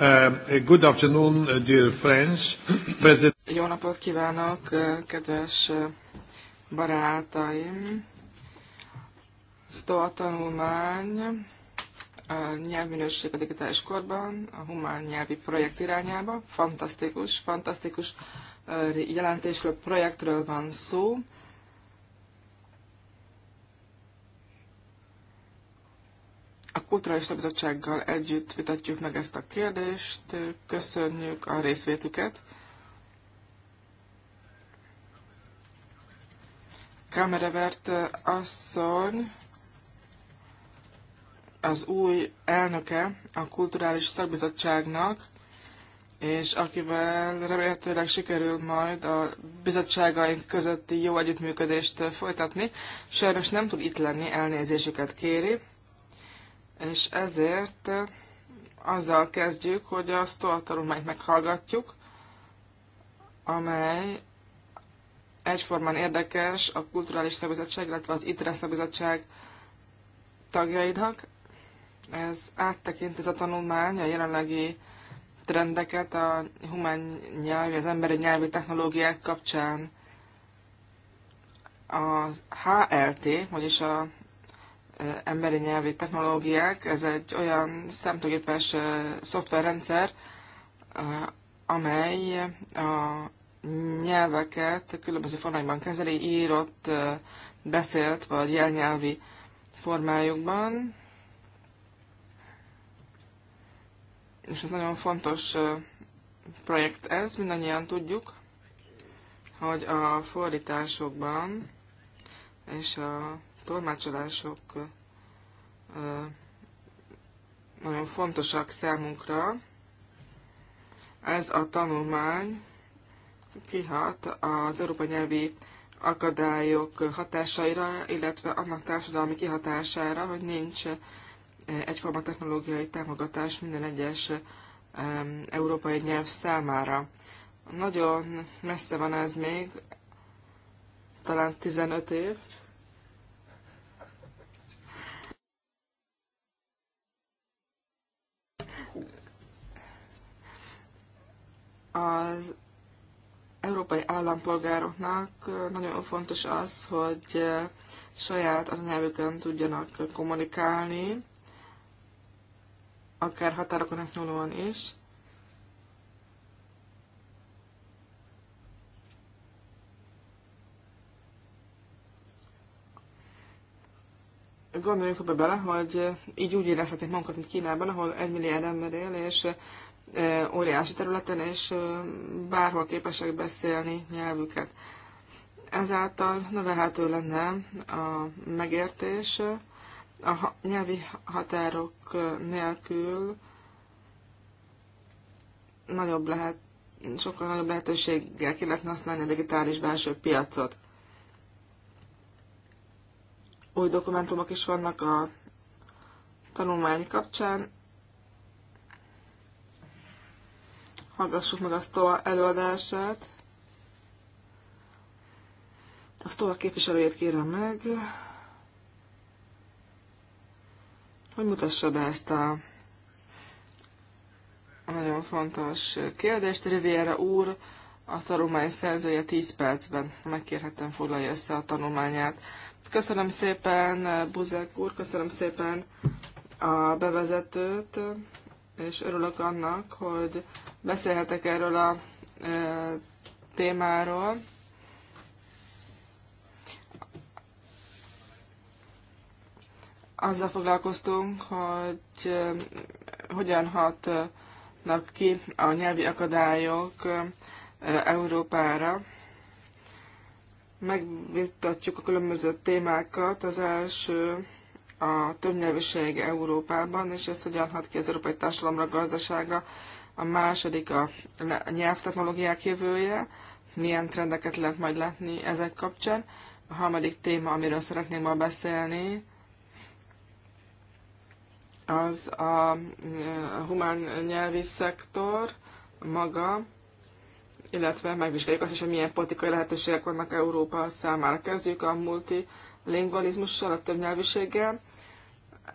Uh, good afternoon, uh, dear friends. President... Jó napot kívánok, uh, kedves barátaim! a tanulmány a nyelvminőség a digitális korban, a humán nyelvi projekt irányába. Fantasztikus, fantasztikus jelentésről, projektről van szó. A Kulturális Szabizottsággal együtt vitatjuk meg ezt a kérdést. Köszönjük a részvétüket. Kamerevert asszony az új elnöke a Kulturális Szakbizottságnak, és akivel remélhetőleg sikerül majd a bizottságaink közötti jó együttműködést folytatni. Sajnos nem tud itt lenni, elnézésüket kéri és ezért azzal kezdjük, hogy a Stoa tanulmányt meghallgatjuk, amely egyformán érdekes a kulturális szakbizottság, illetve az ITRE szakbizottság tagjainak. Ez áttekint ez a tanulmány a jelenlegi trendeket a humán nyelvi, az emberi nyelvi technológiák kapcsán. Az HLT, vagyis a emberi nyelvi technológiák. Ez egy olyan számítógépes szoftverrendszer, amely a nyelveket különböző formájban kezeli, írott, beszélt vagy jelnyelvi formájukban. És ez nagyon fontos projekt ez, mindannyian tudjuk, hogy a fordításokban és a tolmácsolások nagyon fontosak számunkra. Ez a tanulmány kihat az Európa nyelvi akadályok hatásaira, illetve annak társadalmi kihatására, hogy nincs egyforma technológiai támogatás minden egyes európai nyelv számára. Nagyon messze van ez még, talán 15 év, az európai állampolgároknak nagyon fontos az, hogy saját anyanyelvükön tudjanak kommunikálni, akár határokon átnyúlóan is. Gondoljunk be bele, hogy így úgy érezhetnék magunkat, mint Kínában, ahol egy milliárd ember él, és óriási területen, és bárhol képesek beszélni nyelvüket. Ezáltal növelhető lenne a megértés a nyelvi határok nélkül nagyobb lehet, sokkal nagyobb lehetőséggel ki lehetne használni a digitális belső piacot. Új dokumentumok is vannak a tanulmány kapcsán, Hallgassuk meg a STOA előadását. A STOA képviselőjét kérem meg, hogy mutassa be ezt a nagyon fontos kérdést. Riviera úr, a tanulmány szerzője 10 percben megkérhetem foglalja össze a tanulmányát. Köszönöm szépen, Buzek úr, köszönöm szépen a bevezetőt és örülök annak, hogy beszélhetek erről a témáról. Azzal foglalkoztunk, hogy hogyan hatnak ki a nyelvi akadályok Európára. Megvitatjuk a különböző témákat. Az első a többnyelvűség Európában, és ez hogyan hat ki az európai társadalomra, gazdaságra. A második a nyelvtechnológiák jövője, milyen trendeket lehet majd látni ezek kapcsán. A harmadik téma, amiről szeretnék ma beszélni, az a humán nyelvi szektor maga, illetve megvizsgáljuk azt is, hogy milyen politikai lehetőségek vannak Európa számára. Kezdjük a multi lingvalizmussal, a többnyelvűséggel.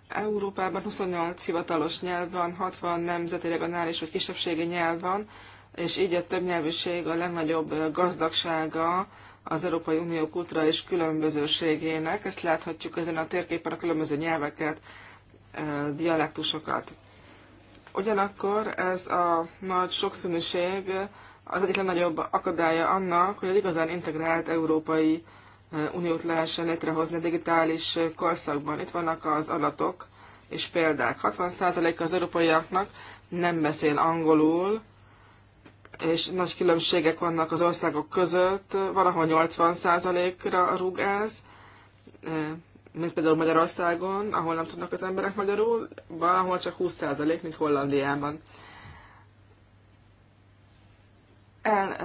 Európában 28 hivatalos nyelv van, 60 nemzeti, regionális vagy kisebbségi nyelv van, és így a többnyelvűség a legnagyobb gazdagsága az Európai Unió kultúra és különbözőségének. Ezt láthatjuk ezen a térképen a különböző nyelveket, dialektusokat. Ugyanakkor ez a nagy sokszínűség az egyik legnagyobb akadálya annak, hogy egy igazán integrált európai uniót lehessen létrehozni a digitális korszakban. Itt vannak az adatok és példák. 60% az európaiaknak nem beszél angolul, és nagy különbségek vannak az országok között, valahol 80%-ra rúg ez, mint például Magyarországon, ahol nem tudnak az emberek magyarul, valahol csak 20%, mint Hollandiában. El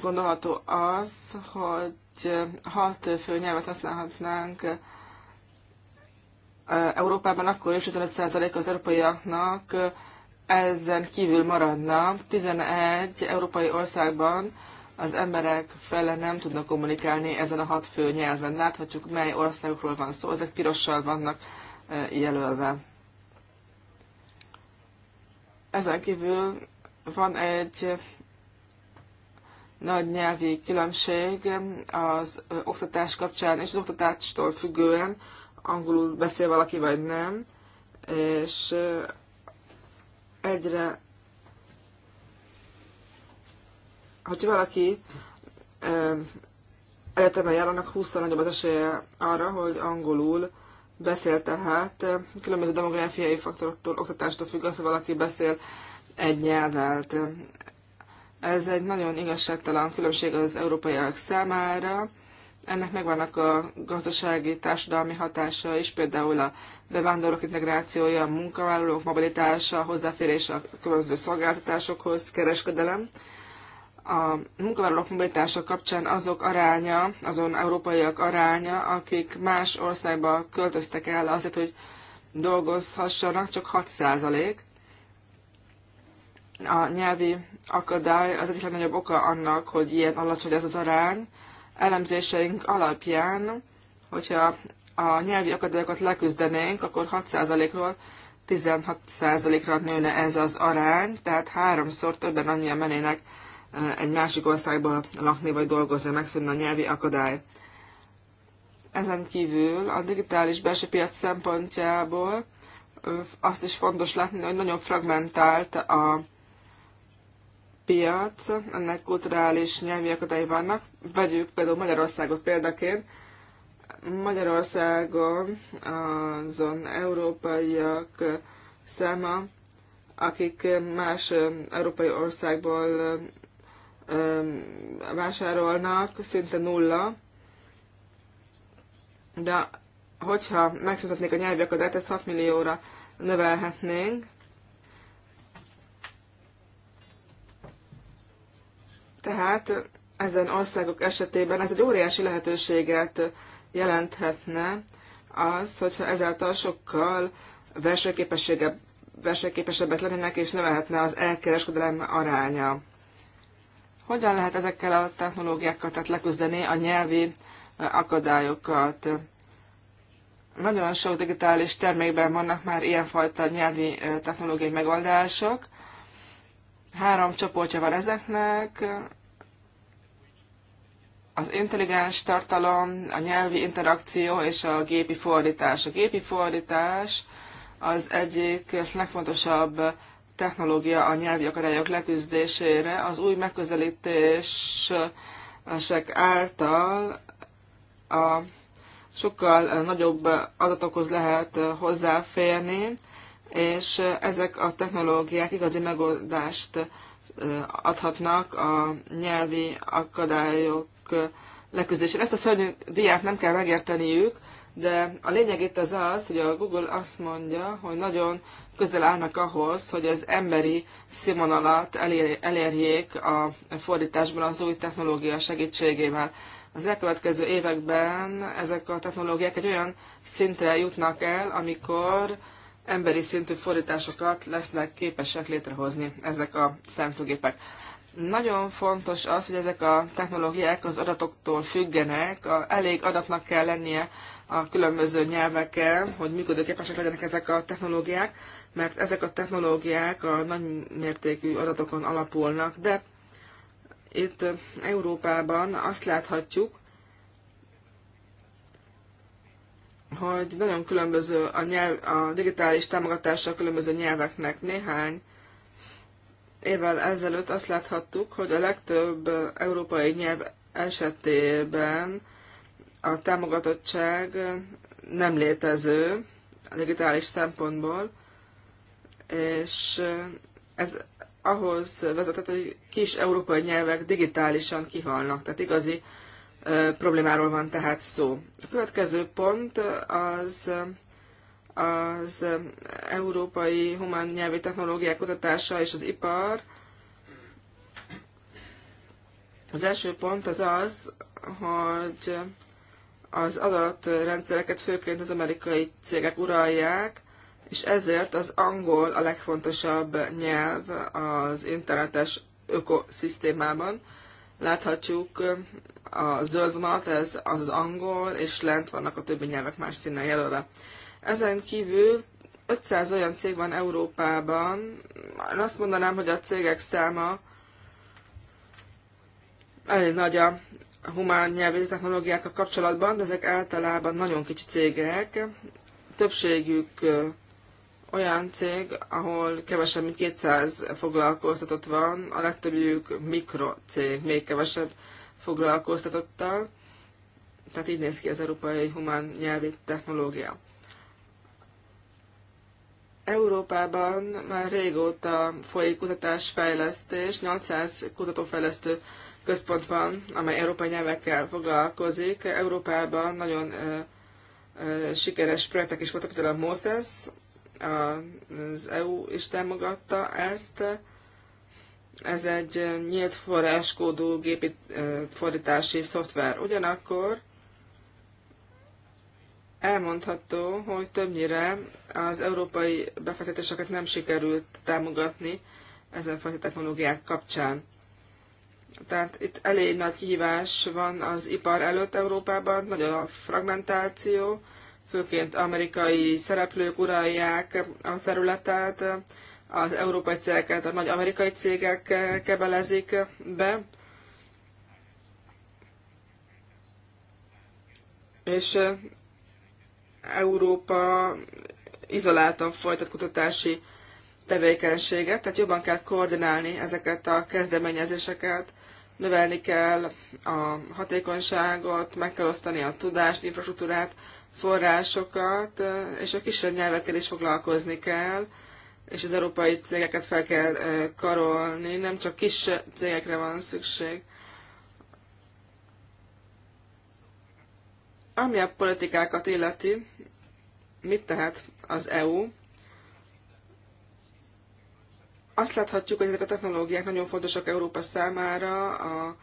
gondolható az, hogy hat fő nyelvet használhatnánk Európában, akkor is 15% az európaiaknak ezen kívül maradna. 11 európai országban az emberek fele nem tudnak kommunikálni ezen a hat fő nyelven. Láthatjuk, mely országokról van szó, ezek pirossal vannak jelölve. Ezen kívül van egy nagy nyelvi különbség az oktatás kapcsán, és az oktatástól függően angolul beszél valaki, vagy nem, és egyre hogyha valaki egyetemen jár, annak 20 nagyobb az esélye arra, hogy angolul beszél, tehát különböző demográfiai faktoroktól, oktatástól függ az, hogy valaki beszél egy nyelvet. Ez egy nagyon igazságtalan különbség az európaiak számára. Ennek megvannak a gazdasági, társadalmi hatása is, például a bevándorlók integrációja, a munkavállalók mobilitása, hozzáférés a különböző szolgáltatásokhoz, kereskedelem. A munkavállalók mobilitása kapcsán azok aránya, azon európaiak aránya, akik más országba költöztek el azért, hogy dolgozhassanak, csak 6 százalék a nyelvi akadály az egyik legnagyobb oka annak, hogy ilyen alacsony ez az arány. Elemzéseink alapján, hogyha a nyelvi akadályokat leküzdenénk, akkor 6%-ról 16%-ra nőne ez az arány, tehát háromszor többen annyian mennének egy másik országba lakni vagy dolgozni, megszűnne a nyelvi akadály. Ezen kívül a digitális belső piac szempontjából azt is fontos látni, hogy nagyon fragmentált a piac, ennek kulturális nyelvi akadály vannak. Vegyük például Magyarországot példaként. Magyarországon azon európaiak száma, akik más európai országból vásárolnak, szinte nulla. De hogyha megszüntetnék a nyelvi akadályt, ezt 6 millióra növelhetnénk, Tehát ezen országok esetében ez egy óriási lehetőséget jelenthetne az, hogyha ezáltal sokkal versenyképesebbek lennének, és növelhetne az elkereskedelem aránya. Hogyan lehet ezekkel a technológiákkal tehát leküzdeni a nyelvi akadályokat? Nagyon sok digitális termékben vannak már ilyenfajta nyelvi technológiai megoldások, Három csoportja van ezeknek, az intelligens tartalom, a nyelvi interakció és a gépi fordítás. A gépi fordítás az egyik legfontosabb technológia a nyelvi akadályok leküzdésére. Az új megközelítések által a sokkal nagyobb adatokhoz lehet hozzáférni, és ezek a technológiák igazi megoldást adhatnak a nyelvi akadályok leküzdésére. Ezt a szörnyű diát nem kell megérteniük, de a lényeg itt az az, hogy a Google azt mondja, hogy nagyon közel állnak ahhoz, hogy az emberi színvonalat elérjék a fordításban az új technológia segítségével. Az elkövetkező években ezek a technológiák egy olyan szintre jutnak el, amikor emberi szintű fordításokat lesznek képesek létrehozni ezek a számítógépek. Nagyon fontos az, hogy ezek a technológiák az adatoktól függenek, a, elég adatnak kell lennie a különböző nyelveken, hogy működőképesek legyenek ezek a technológiák, mert ezek a technológiák a nagymértékű adatokon alapulnak, de itt Európában azt láthatjuk, hogy nagyon különböző a, nyelv, a digitális támogatása a különböző nyelveknek. Néhány évvel ezelőtt azt láthattuk, hogy a legtöbb európai nyelv esetében a támogatottság nem létező a digitális szempontból, és ez ahhoz vezetett, hogy kis európai nyelvek digitálisan kihalnak, tehát igazi problémáról van tehát szó. A következő pont az az európai humán nyelvi technológiák kutatása és az ipar. Az első pont az az, hogy az adatrendszereket főként az amerikai cégek uralják, és ezért az angol a legfontosabb nyelv az internetes ökoszisztémában. Láthatjuk a zöld vonalat, ez az angol, és lent vannak a többi nyelvek más színnel jelölve. Ezen kívül 500 olyan cég van Európában, azt mondanám, hogy a cégek száma elég nagy a humán nyelvi technológiákkal kapcsolatban, de ezek általában nagyon kicsi cégek, többségük olyan cég, ahol kevesebb, mint 200 foglalkoztatott van, a legtöbbjük mikrocég, még kevesebb foglalkoztatottal. Tehát így néz ki az európai humán nyelvi technológia. Európában már régóta folyik kutatásfejlesztés, 800 kutatófejlesztő központ van, amely európai nyelvekkel foglalkozik. Európában nagyon sikeres projektek is voltak, például a MOSES, az EU is támogatta ezt. Ez egy nyílt forráskódú gépi fordítási szoftver. Ugyanakkor elmondható, hogy többnyire az európai befektetéseket nem sikerült támogatni ezen fajta technológiák kapcsán. Tehát itt elég nagy kihívás van az ipar előtt Európában, nagy a fragmentáció, főként amerikai szereplők uralják a területet, az európai cégeket, a nagy amerikai cégek kebelezik be. És Európa izoláltan folytat kutatási tevékenységet, tehát jobban kell koordinálni ezeket a kezdeményezéseket, növelni kell a hatékonyságot, meg kell osztani a tudást, infrastruktúrát, forrásokat, és a kisebb nyelvekkel is foglalkozni kell, és az európai cégeket fel kell karolni, nem csak kis cégekre van szükség. Ami a politikákat illeti, mit tehet az EU? Azt láthatjuk, hogy ezek a technológiák nagyon fontosak Európa számára, a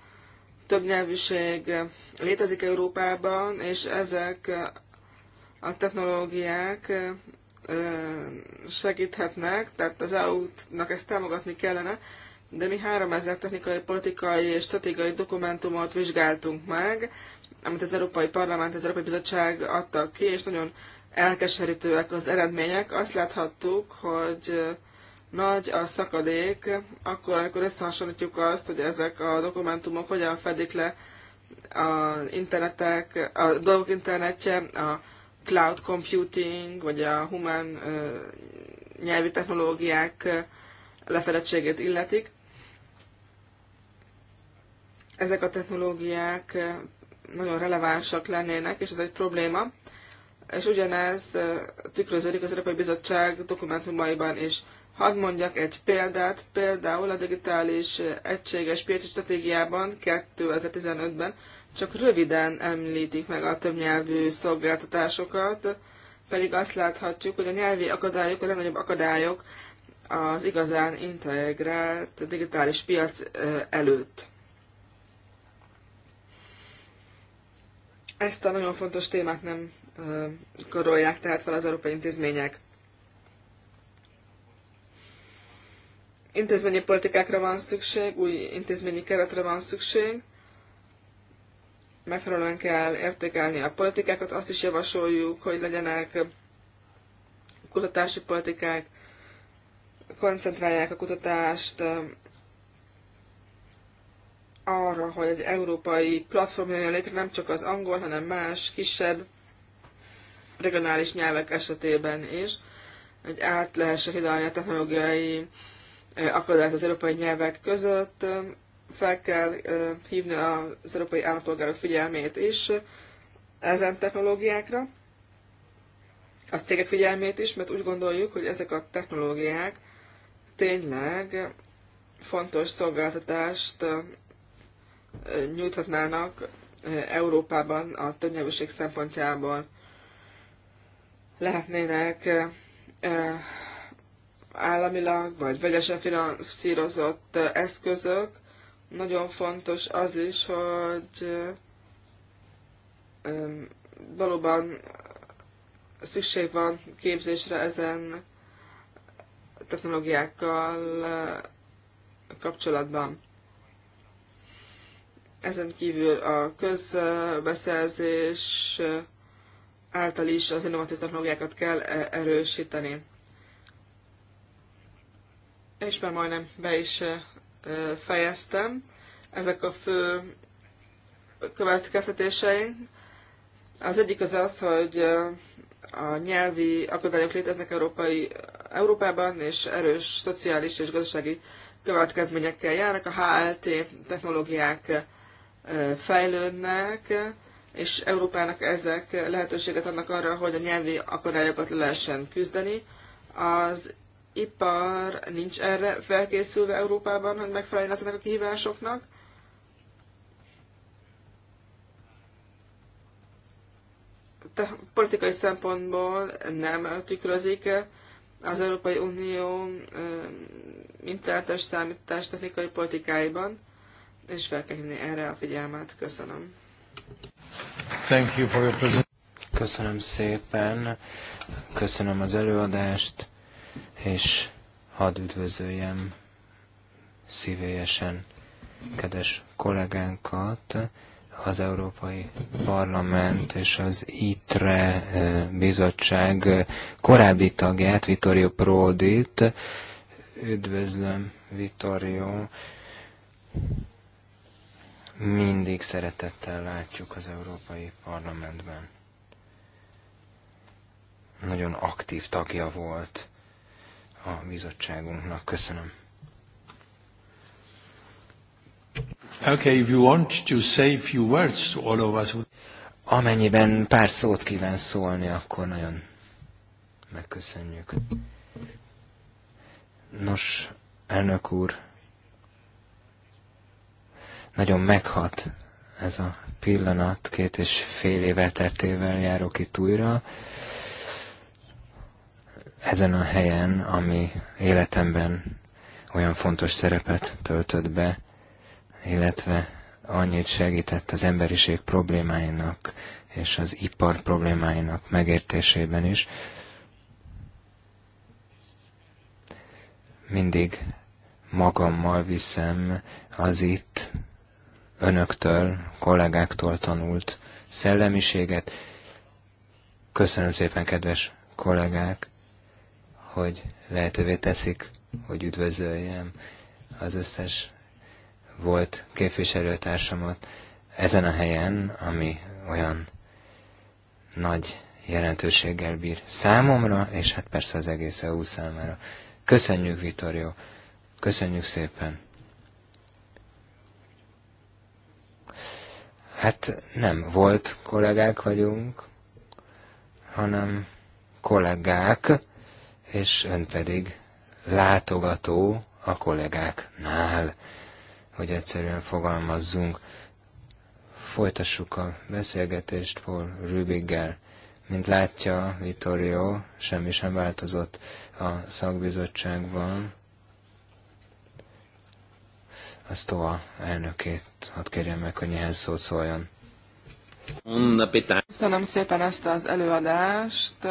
többnyelvűség létezik Európában, és ezek a technológiák segíthetnek, tehát az EU-nak ezt támogatni kellene, de mi 3000 technikai, politikai és stratégiai dokumentumot vizsgáltunk meg, amit az Európai Parlament, az Európai Bizottság adtak ki, és nagyon elkeserítőek az eredmények. Azt láthattuk, hogy nagy a szakadék, akkor, amikor összehasonlítjuk azt, hogy ezek a dokumentumok hogyan fedik le a internetek, a dolgok internetje, a cloud computing, vagy a humán nyelvi technológiák lefedettségét illetik. Ezek a technológiák nagyon relevánsak lennének, és ez egy probléma. És ugyanez tükröződik az Európai Bizottság dokumentumaiban is. Hadd mondjak egy példát, például a digitális egységes piaci stratégiában 2015-ben csak röviden említik meg a többnyelvű szolgáltatásokat, pedig azt láthatjuk, hogy a nyelvi akadályok a legnagyobb akadályok az igazán integrált digitális piac előtt. Ezt a nagyon fontos témát nem korolják tehát fel az európai intézmények. Intézményi politikákra van szükség, új intézményi keretre van szükség, megfelelően kell értékelni a politikákat. Azt is javasoljuk, hogy legyenek kutatási politikák, koncentrálják a kutatást um, arra, hogy egy európai platform jön létre, nem csak az angol, hanem más, kisebb, regionális nyelvek esetében is, hogy át lehessen hidalni a technológiai eh, akadályt az európai nyelvek között. Um, fel kell hívni az európai állampolgárok figyelmét is ezen technológiákra, a cégek figyelmét is, mert úgy gondoljuk, hogy ezek a technológiák tényleg fontos szolgáltatást nyújthatnának Európában a többnyelvűség szempontjából. Lehetnének államilag vagy vegyesen finanszírozott eszközök, nagyon fontos az is, hogy valóban szükség van képzésre ezen technológiákkal kapcsolatban. Ezen kívül a közbeszerzés által is az innovatív technológiákat kell erősíteni. És már majdnem be is fejeztem. Ezek a fő következtetéseink. Az egyik az az, hogy a nyelvi akadályok léteznek európai, Európában, és erős szociális és gazdasági következményekkel járnak. A HLT technológiák fejlődnek, és Európának ezek lehetőséget adnak arra, hogy a nyelvi akadályokat lehessen küzdeni. Az ipar nincs erre felkészülve Európában, hogy megfeleljen ezeknek a kihívásoknak. Te, politikai szempontból nem tükrözik az Európai Unió internetes számítás technikai politikáiban, és fel kell hívni erre a figyelmet. Köszönöm. Thank you for your Köszönöm szépen, köszönöm az előadást és hadd üdvözöljem szívélyesen kedves kollégánkat, az Európai Parlament és az ITRE eh, bizottság korábbi tagját, Vittorio Prodit. Üdvözlöm, Vittorio! Mindig szeretettel látjuk az Európai Parlamentben. Nagyon aktív tagja volt a bizottságunknak. Köszönöm. Okay, if you want to say few words to all of us. Amennyiben pár szót kíván szólni, akkor nagyon megköszönjük. Nos, elnök úr, nagyon meghat ez a pillanat, két és fél év elteltével járok itt újra ezen a helyen, ami életemben olyan fontos szerepet töltött be, illetve annyit segített az emberiség problémáinak és az ipar problémáinak megértésében is, mindig magammal viszem az itt önöktől, kollégáktól tanult szellemiséget. Köszönöm szépen, kedves kollégák! hogy lehetővé teszik, hogy üdvözöljem az összes volt képviselőtársamat ezen a helyen, ami olyan nagy jelentőséggel bír számomra, és hát persze az egész EU számára. Köszönjük, Vitorio! Köszönjük szépen! Hát nem volt kollégák vagyunk, hanem kollégák, és ön pedig látogató a kollégáknál, hogy egyszerűen fogalmazzunk. Folytassuk a beszélgetést Paul Rübiggel. Mint látja, Vittorio, semmi sem változott a szakbizottságban. A STOA elnökét hadd kérjem meg, hogy néhány szót szóljon. Köszönöm szépen ezt az előadást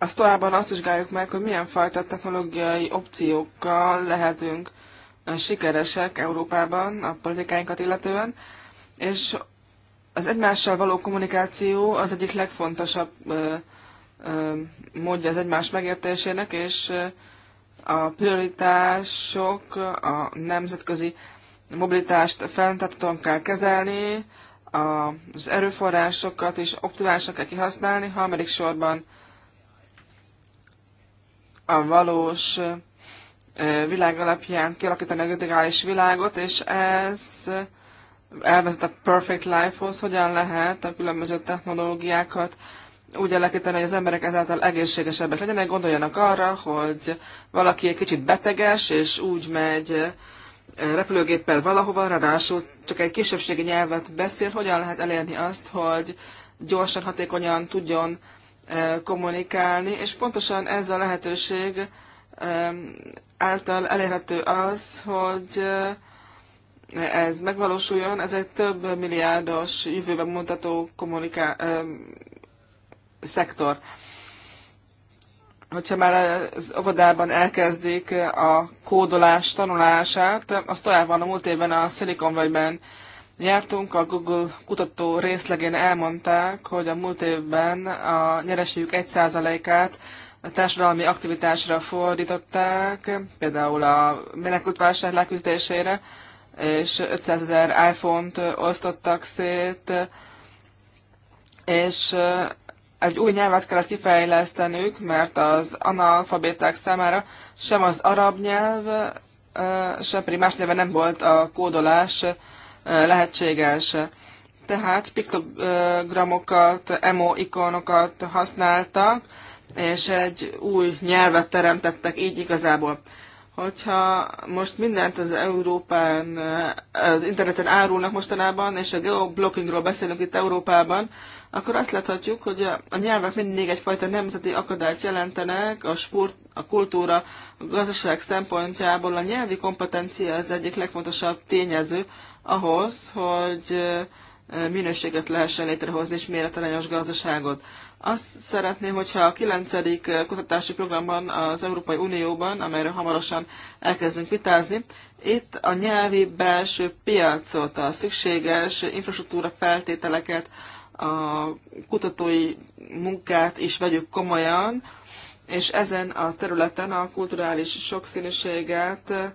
Azt továbbá azt vizsgáljuk meg, hogy milyen fajta technológiai opciókkal lehetünk sikeresek Európában a politikáinkat illetően, és az egymással való kommunikáció az egyik legfontosabb módja az egymás megértésének, és a prioritások, a nemzetközi mobilitást fenntartatóan kell kezelni, az erőforrásokat is optimálisan kell kihasználni, harmadik sorban a valós világ alapján kialakítani a ideális világot, és ez elvezet a perfect life-hoz, hogyan lehet a különböző technológiákat úgy alakítani, hogy az emberek ezáltal egészségesebbek legyenek, gondoljanak arra, hogy valaki egy kicsit beteges, és úgy megy repülőgéppel valahova, ráadásul csak egy kisebbségi nyelvet beszél, hogyan lehet elérni azt, hogy gyorsan, hatékonyan tudjon kommunikálni, és pontosan ez a lehetőség által elérhető az, hogy ez megvalósuljon, ez egy több milliárdos jövőben mutató kommuniká- szektor. Hogyha már az óvodában elkezdik a kódolás tanulását, az tovább van a múlt évben a Silicon Valley-ben jártunk, a Google kutató részlegén elmondták, hogy a múlt évben a nyereségük 1%-át a társadalmi aktivitásra fordították, például a menekültválság leküzdésére, és 500 ezer iPhone-t osztottak szét, és egy új nyelvet kellett kifejlesztenük, mert az analfabéták számára sem az arab nyelv, sem pedig más nyelve nem volt a kódolás lehetséges. Tehát piktogramokat, emo ikonokat használtak, és egy új nyelvet teremtettek így igazából hogyha most mindent az Európán, az interneten árulnak mostanában, és a geoblockingról beszélünk itt Európában, akkor azt láthatjuk, hogy a nyelvek mindig egyfajta nemzeti akadályt jelentenek, a sport, a kultúra, a gazdaság szempontjából a nyelvi kompetencia az egyik legfontosabb tényező ahhoz, hogy eh, minőséget lehessen létrehozni és méretarányos gazdaságot. Azt szeretném, hogyha a 9. Eh, kutatási programban az Európai Unióban, amelyről hamarosan elkezdünk vitázni, itt a nyelvi belső piacot, a szükséges infrastruktúra feltételeket, a kutatói munkát is vegyük komolyan, és ezen a területen a kulturális sokszínűséget eh,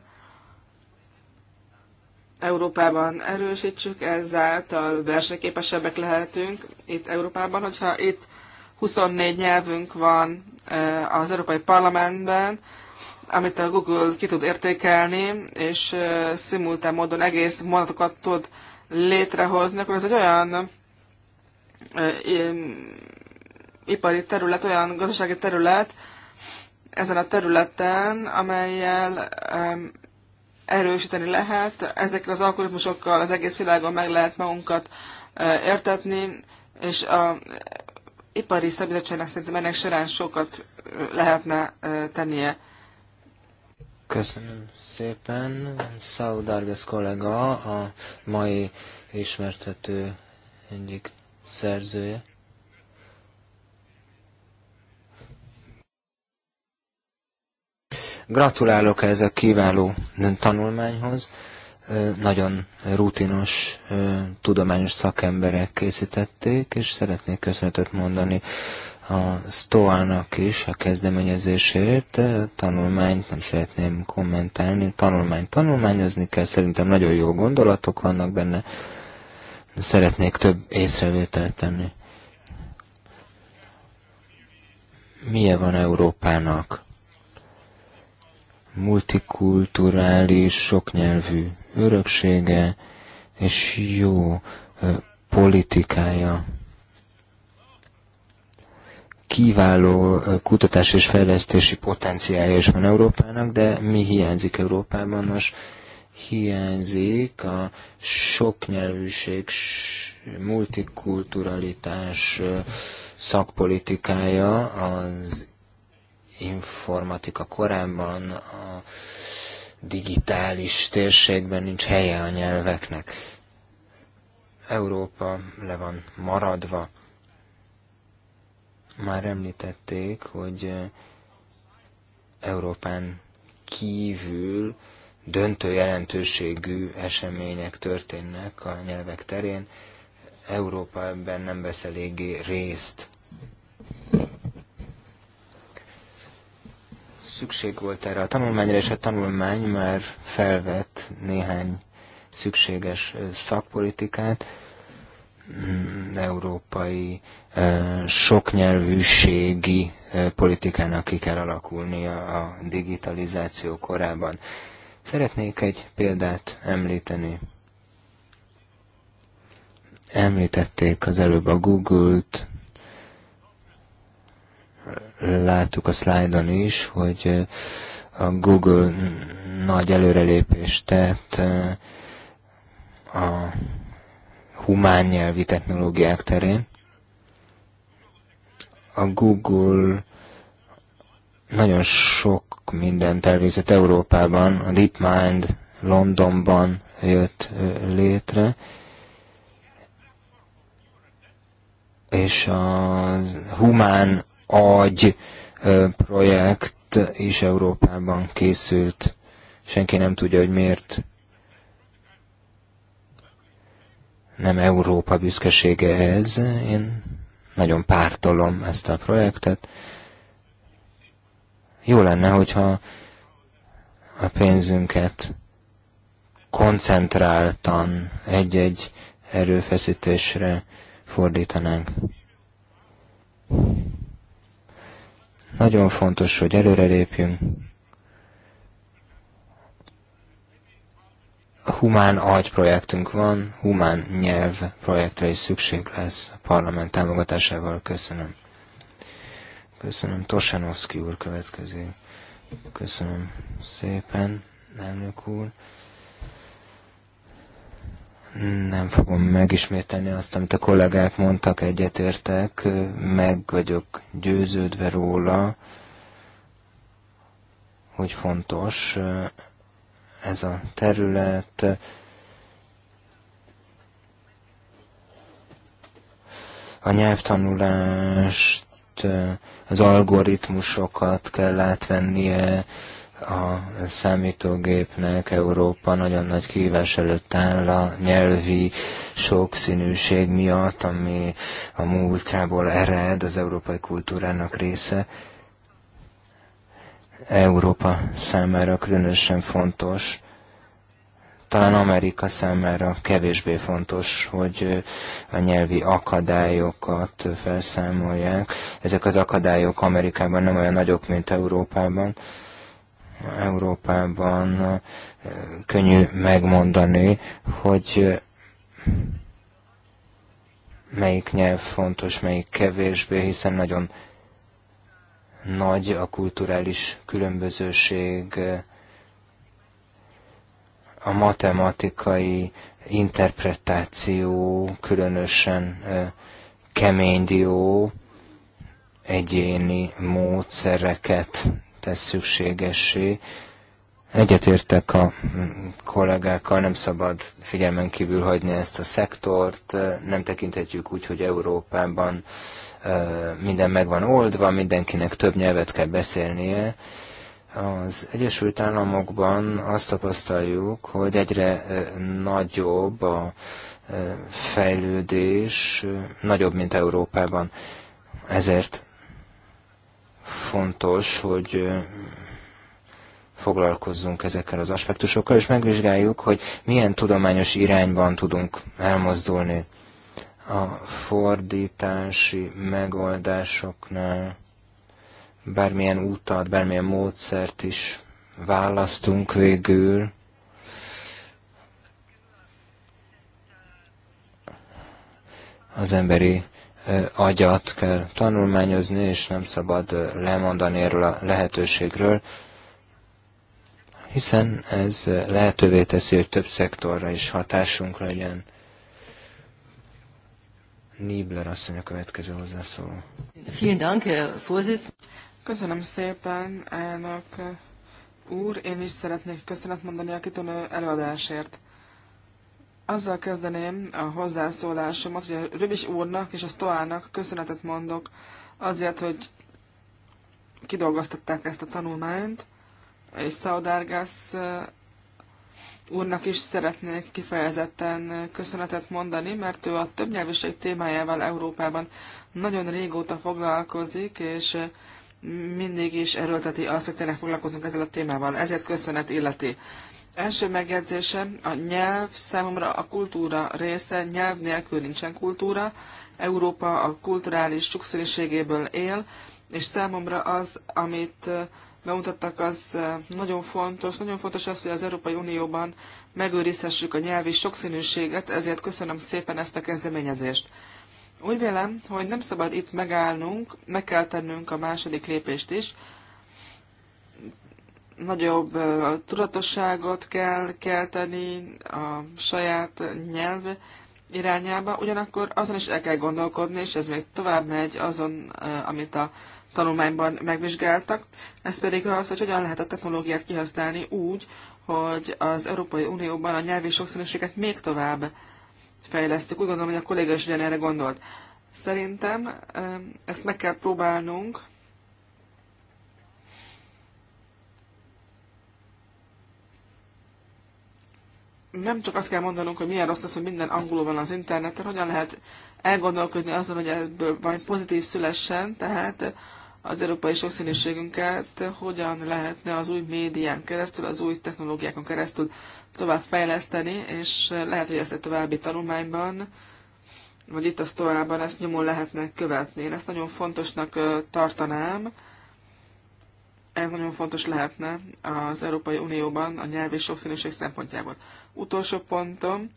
Európában erősítsük, ezáltal versenyképesebbek lehetünk itt Európában, hogyha itt 24 nyelvünk van az Európai Parlamentben, amit a Google ki tud értékelni, és szimultán módon egész mondatokat tud létrehozni, akkor ez egy olyan ipari terület, olyan gazdasági terület ezen a területen, amelyel erősíteni lehet. Ezekkel az algoritmusokkal az egész világon meg lehet magunkat értetni, és a ipari szabadságnak szerintem ennek során sokat lehetne tennie. Köszönöm szépen. Szaudarges kollega a mai ismertető egyik szerzője. Gratulálok ez a kiváló tanulmányhoz nagyon rutinos tudományos szakemberek készítették, és szeretnék köszönetet mondani a Stoának is a kezdeményezésért. Tanulmányt nem szeretném kommentálni, tanulmányt tanulmányozni kell, szerintem nagyon jó gondolatok vannak benne, szeretnék több észrevételt tenni. Milyen van Európának? Multikulturális, soknyelvű öröksége és jó politikája. Kiváló kutatás és fejlesztési potenciálja is van Európának, de mi hiányzik Európában? Most hiányzik a soknyelvűség, multikulturalitás szakpolitikája az informatika korábban, a digitális térségben nincs helye a nyelveknek. Európa le van maradva. Már említették, hogy Európán kívül döntő jelentőségű események történnek a nyelvek terén. Európa ebben nem vesz eléggé részt. szükség volt erre a tanulmányra, és a tanulmány már felvett néhány szükséges szakpolitikát, mm, európai soknyelvűségi politikának ki kell alakulnia a digitalizáció korában. Szeretnék egy példát említeni. Említették az előbb a Google-t, láttuk a szlájdon is, hogy eh, a Google nagy előrelépést tett eh, a humán nyelvi technológiák terén. A Google nagyon sok mindent elvégzett Európában, a DeepMind Londonban jött eh, létre, és a humán agy projekt is Európában készült. Senki nem tudja, hogy miért nem Európa büszkesége ez. Én nagyon pártolom ezt a projektet. Jó lenne, hogyha a pénzünket koncentráltan egy-egy erőfeszítésre fordítanánk. Nagyon fontos, hogy előrelépjünk. A humán projektünk van, humán nyelv projektre is szükség lesz a parlament támogatásával. Köszönöm. Köszönöm. Tosanowski úr következő, Köszönöm szépen, elnök úr. Nem fogom megismételni azt, amit a kollégák mondtak, egyetértek, meg vagyok győződve róla, hogy fontos eh, ez a terület. A nyelvtanulást, eh, az algoritmusokat kell átvennie, a számítógépnek Európa nagyon nagy kihívás előtt áll a nyelvi sokszínűség miatt, ami a múltjából ered, az európai kultúrának része. Európa számára különösen fontos, talán Amerika számára kevésbé fontos, hogy a nyelvi akadályokat felszámolják. Ezek az akadályok Amerikában nem olyan nagyok, mint Európában Európában könnyű megmondani, hogy melyik nyelv fontos, melyik kevésbé, hiszen nagyon nagy a kulturális különbözőség, a matematikai interpretáció különösen kemény dió, egyéni módszereket tesz szükségessé. Egyetértek a kollégákkal, nem szabad figyelmen kívül hagyni ezt a szektort, nem tekinthetjük úgy, hogy Európában minden meg van oldva, mindenkinek több nyelvet kell beszélnie. Az Egyesült Államokban azt tapasztaljuk, hogy egyre nagyobb a fejlődés, nagyobb, mint Európában. Ezért fontos, hogy foglalkozzunk ezekkel az aspektusokkal, és megvizsgáljuk, hogy milyen tudományos irányban tudunk elmozdulni a fordítási megoldásoknál. Bármilyen útat, bármilyen módszert is választunk végül, az emberi agyat kell tanulmányozni, és nem szabad lemondani erről a lehetőségről, hiszen ez lehetővé teszi, hogy több szektorra is hatásunk legyen. Niebler asszony a következő hozzászóló. Vielen Vorsitz. Köszönöm szépen, elnök úr. Én is szeretnék köszönet mondani a kitűnő előadásért. Azzal kezdeném a hozzászólásomat, hogy a Röbis úrnak és a Stoának köszönetet mondok azért, hogy kidolgoztatták ezt a tanulmányt, és Szaudárgász eh, úrnak is szeretnék kifejezetten köszönetet mondani, mert ő a többnyelvűség témájával Európában nagyon régóta foglalkozik, és eh, mindig is erőlteti azt, hogy tényleg foglalkozunk ezzel a témával. Ezért köszönet illeti. Első megjegyzésem a nyelv számomra a kultúra része, nyelv nélkül nincsen kultúra. Európa a kulturális sokszínűségéből él, és számomra az, amit bemutattak, az nagyon fontos. Nagyon fontos az, hogy az Európai Unióban megőrizhessük a nyelvi sokszínűséget, ezért köszönöm szépen ezt a kezdeményezést. Úgy vélem, hogy nem szabad itt megállnunk, meg kell tennünk a második lépést is, Nagyobb tudatosságot kell kelteni a saját nyelv irányába, ugyanakkor azon is el kell gondolkodni, és ez még tovább megy azon, amit a tanulmányban megvizsgáltak, ez pedig az, hogy hogyan lehet a technológiát kihasználni úgy, hogy az Európai Unióban a nyelvi sokszínűséget még tovább fejlesztjük. Úgy gondolom, hogy a kolléga is erre gondolt. Szerintem ezt meg kell próbálnunk nem csak azt kell mondanunk, hogy milyen rossz az, hogy minden angolul van az interneten, hogyan lehet elgondolkodni azon, hogy ebből vagy pozitív szülessen, tehát az európai sokszínűségünket hogyan lehetne az új médián keresztül, az új technológiákon keresztül tovább fejleszteni, és lehet, hogy ezt egy további tanulmányban, vagy itt a sztorában ezt nyomon lehetne követni. Én ezt nagyon fontosnak tartanám, ez nagyon fontos lehetne az Európai Unióban a nyelv és sokszínűség szempontjából. Utolsó pontom,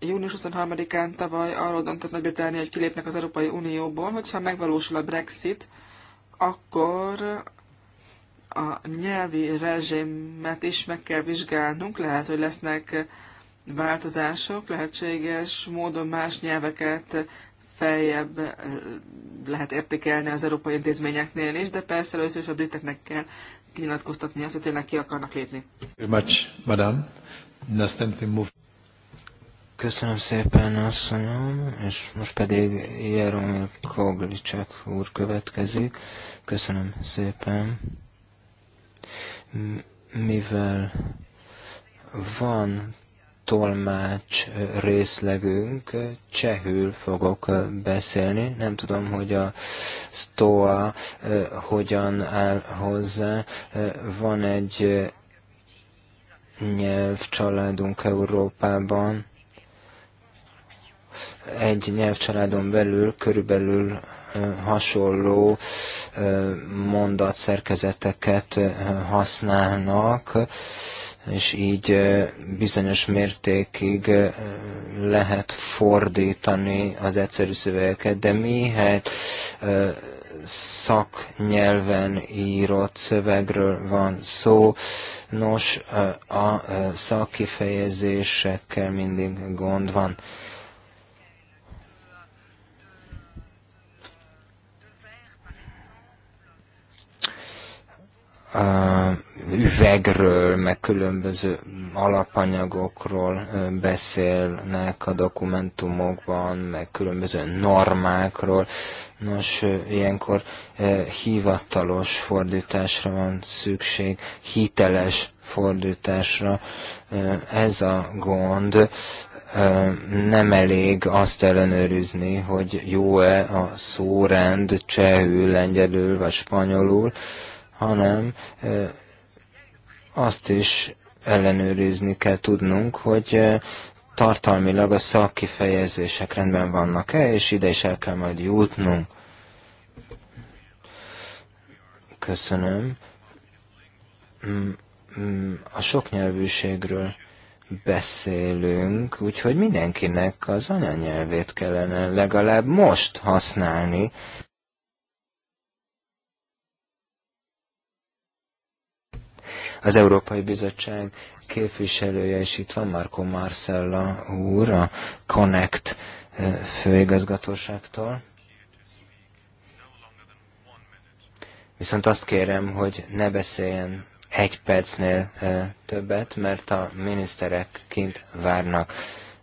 június 23-án tavaly arról döntött Nagy-Britannia, hogy kilépnek az Európai Unióból, hogyha megvalósul a Brexit, akkor a nyelvi rezsimet is meg kell vizsgálnunk, lehet, hogy lesznek változások, lehetséges módon más nyelveket feljebb eh, lehet értékelni az európai intézményeknél is, de persze először is a briteknek kell kinyilatkoztatni azt, hogy tényleg ki akarnak lépni. Köszönöm szépen, asszonyom, és most pedig Jeromir Koglicek úr következik. Köszönöm szépen. Mivel van tolmács részlegünk, csehül fogok beszélni. Nem tudom, hogy a STOA hogyan áll hozzá. Van egy nyelvcsaládunk Európában. Egy nyelvcsaládon belül körülbelül hasonló mondatszerkezeteket használnak és így bizonyos mértékig lehet fordítani az egyszerű szövegeket, de mihelyt szaknyelven írott szövegről van szó, nos, a szakkifejezésekkel mindig gond van üvegről, meg különböző alapanyagokról beszélnek a dokumentumokban, meg különböző normákról. Nos, ilyenkor hivatalos fordításra van szükség, hiteles fordításra. Ez a gond, nem elég azt ellenőrizni, hogy jó-e a szórend csehül, lengyelül vagy spanyolul, hanem azt is ellenőrizni kell tudnunk, hogy tartalmilag a szakkifejezések rendben vannak-e, és ide is el kell majd jutnunk. Köszönöm. A soknyelvűségről beszélünk, úgyhogy mindenkinek az anyanyelvét kellene legalább most használni, Az Európai Bizottság képviselője és itt van, Marco Marcella úr, a Connect főigazgatóságtól. Viszont azt kérem, hogy ne beszéljen egy percnél többet, mert a miniszterek kint várnak.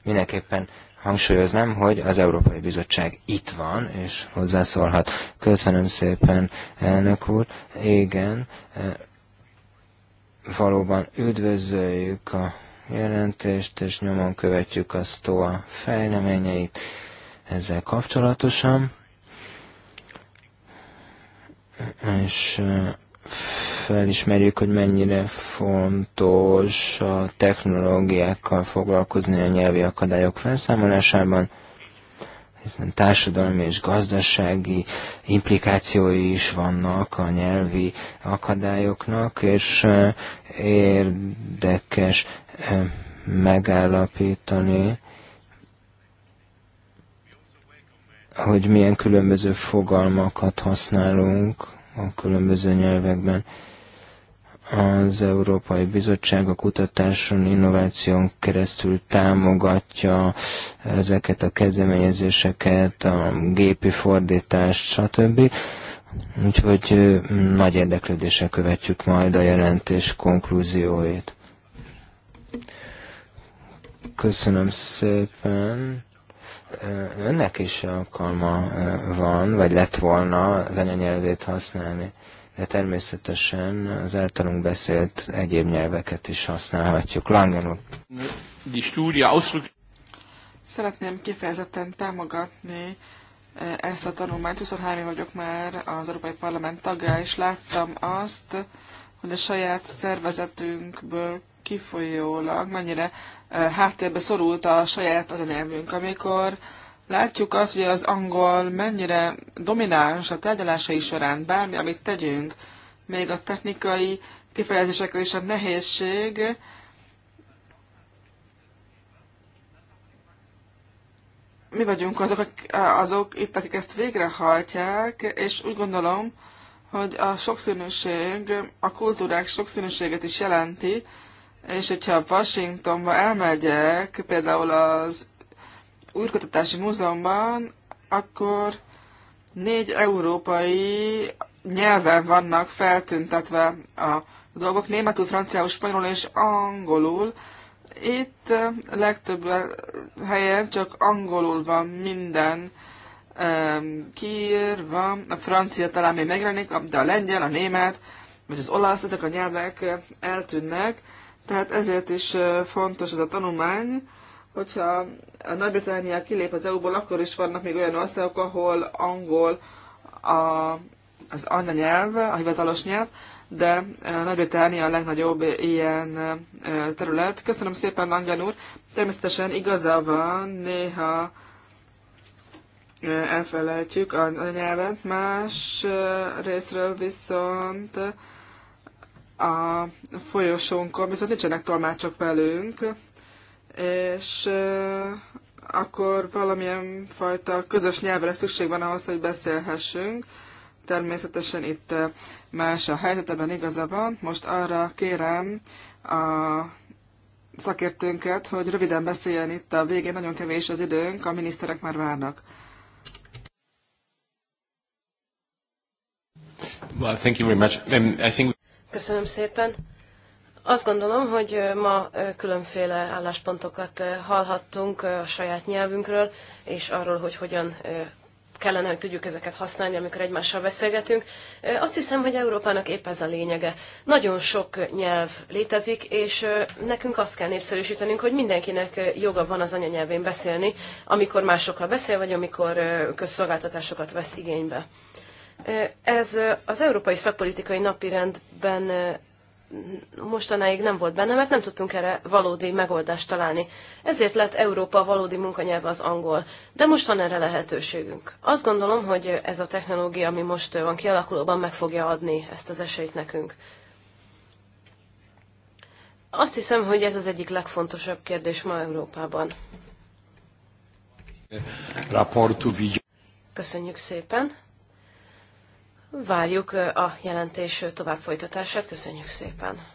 Mindenképpen hangsúlyoznám, hogy az Európai Bizottság itt van, és hozzászólhat. Köszönöm szépen, elnök úr. Igen, valóban üdvözöljük a jelentést, és nyomon követjük a a fejleményeit ezzel kapcsolatosan. És felismerjük, hogy mennyire fontos a technológiákkal foglalkozni a nyelvi akadályok felszámolásában hiszen társadalmi és gazdasági implikációi is vannak a nyelvi akadályoknak, és eh, érdekes eh, megállapítani, hogy milyen különböző fogalmakat használunk a különböző nyelvekben az Európai Bizottság a kutatáson, innováción keresztül támogatja ezeket a kezdeményezéseket, a gépi fordítást, stb. Úgyhogy nagy érdeklődéssel követjük majd a jelentés konklúzióit. Köszönöm szépen. Önnek is alkalma van, vagy lett volna az anyanyelvét használni de természetesen az általunk beszélt egyéb nyelveket is használhatjuk. Langen úr. Szeretném kifejezetten támogatni e, ezt a tanulmányt. 23 vagyok már az Európai Parlament tagja, és láttam azt, hogy a saját szervezetünkből kifolyólag mennyire e, háttérbe szorult a saját anyanyelvünk, amikor Látjuk azt, hogy az angol mennyire domináns a tárgyalásai során, bármi, amit tegyünk, még a technikai kifejezésekkel is a nehézség, mi vagyunk azok, azok itt, akik ezt végrehajtják, és úgy gondolom, hogy a sokszínűség, a kultúrák sokszínűséget is jelenti, és hogyha Washingtonba elmegyek, például az Újkutatási múzeumban, akkor négy európai nyelven vannak feltüntetve a dolgok, németül, franciául, spanyolul és angolul. Itt legtöbb helyen csak angolul van minden kiírva, a francia talán még megjelenik, de a lengyel, a német, vagy az olasz, ezek a nyelvek eltűnnek, tehát ezért is fontos ez a tanulmány, hogyha a Nagy-Britannia kilép az EU-ból, akkor is vannak még olyan országok, ahol angol a, az anyanyelv, a hivatalos nyelv, de eh, Nagy-Britannia a legnagyobb ilyen eh, terület. Köszönöm szépen, Langen úr. Természetesen igaza van, néha eh, elfelejtjük a nyelvet. Más részről viszont a folyosónkon viszont nincsenek tolmácsok velünk, és akkor valamilyen fajta közös nyelvre szükség van ahhoz, hogy beszélhessünk. Természetesen itt más a helyzet, ebben igaza van. Most arra kérem a szakértőnket, hogy röviden beszéljen itt a végén, nagyon kevés az időnk, a miniszterek már várnak. Um, Köszönöm szépen. Azt gondolom, hogy ma különféle álláspontokat hallhattunk a saját nyelvünkről, és arról, hogy hogyan kellene, hogy tudjuk ezeket használni, amikor egymással beszélgetünk. Azt hiszem, hogy Európának épp ez a lényege. Nagyon sok nyelv létezik, és nekünk azt kell népszerűsítenünk, hogy mindenkinek joga van az anyanyelvén beszélni, amikor másokkal beszél, vagy amikor közszolgáltatásokat vesz igénybe. Ez az Európai Szakpolitikai Napirendben mostanáig nem volt benne, mert nem tudtunk erre valódi megoldást találni. Ezért lett Európa valódi munkanyelve az angol. De most van erre lehetőségünk. Azt gondolom, hogy ez a technológia, ami most van kialakulóban, meg fogja adni ezt az esélyt nekünk. Azt hiszem, hogy ez az egyik legfontosabb kérdés ma Európában. Köszönjük szépen! Várjuk a jelentés tovább folytatását. Köszönjük szépen!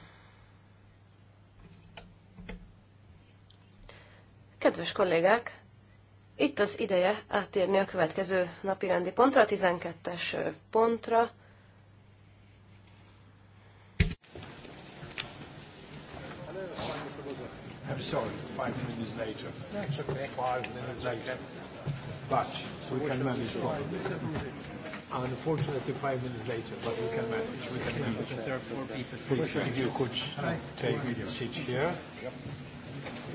Kedves kollégák, itt az ideje áttérni a következő napi rendi pontra, a 12-es pontra. I'm sorry, five minutes later. That's okay. Five minutes later. But we can manage problems. Unfortunately, five minutes later, but we can manage. We can manage. Because there are four people. Please, if you could uh, take a seat here.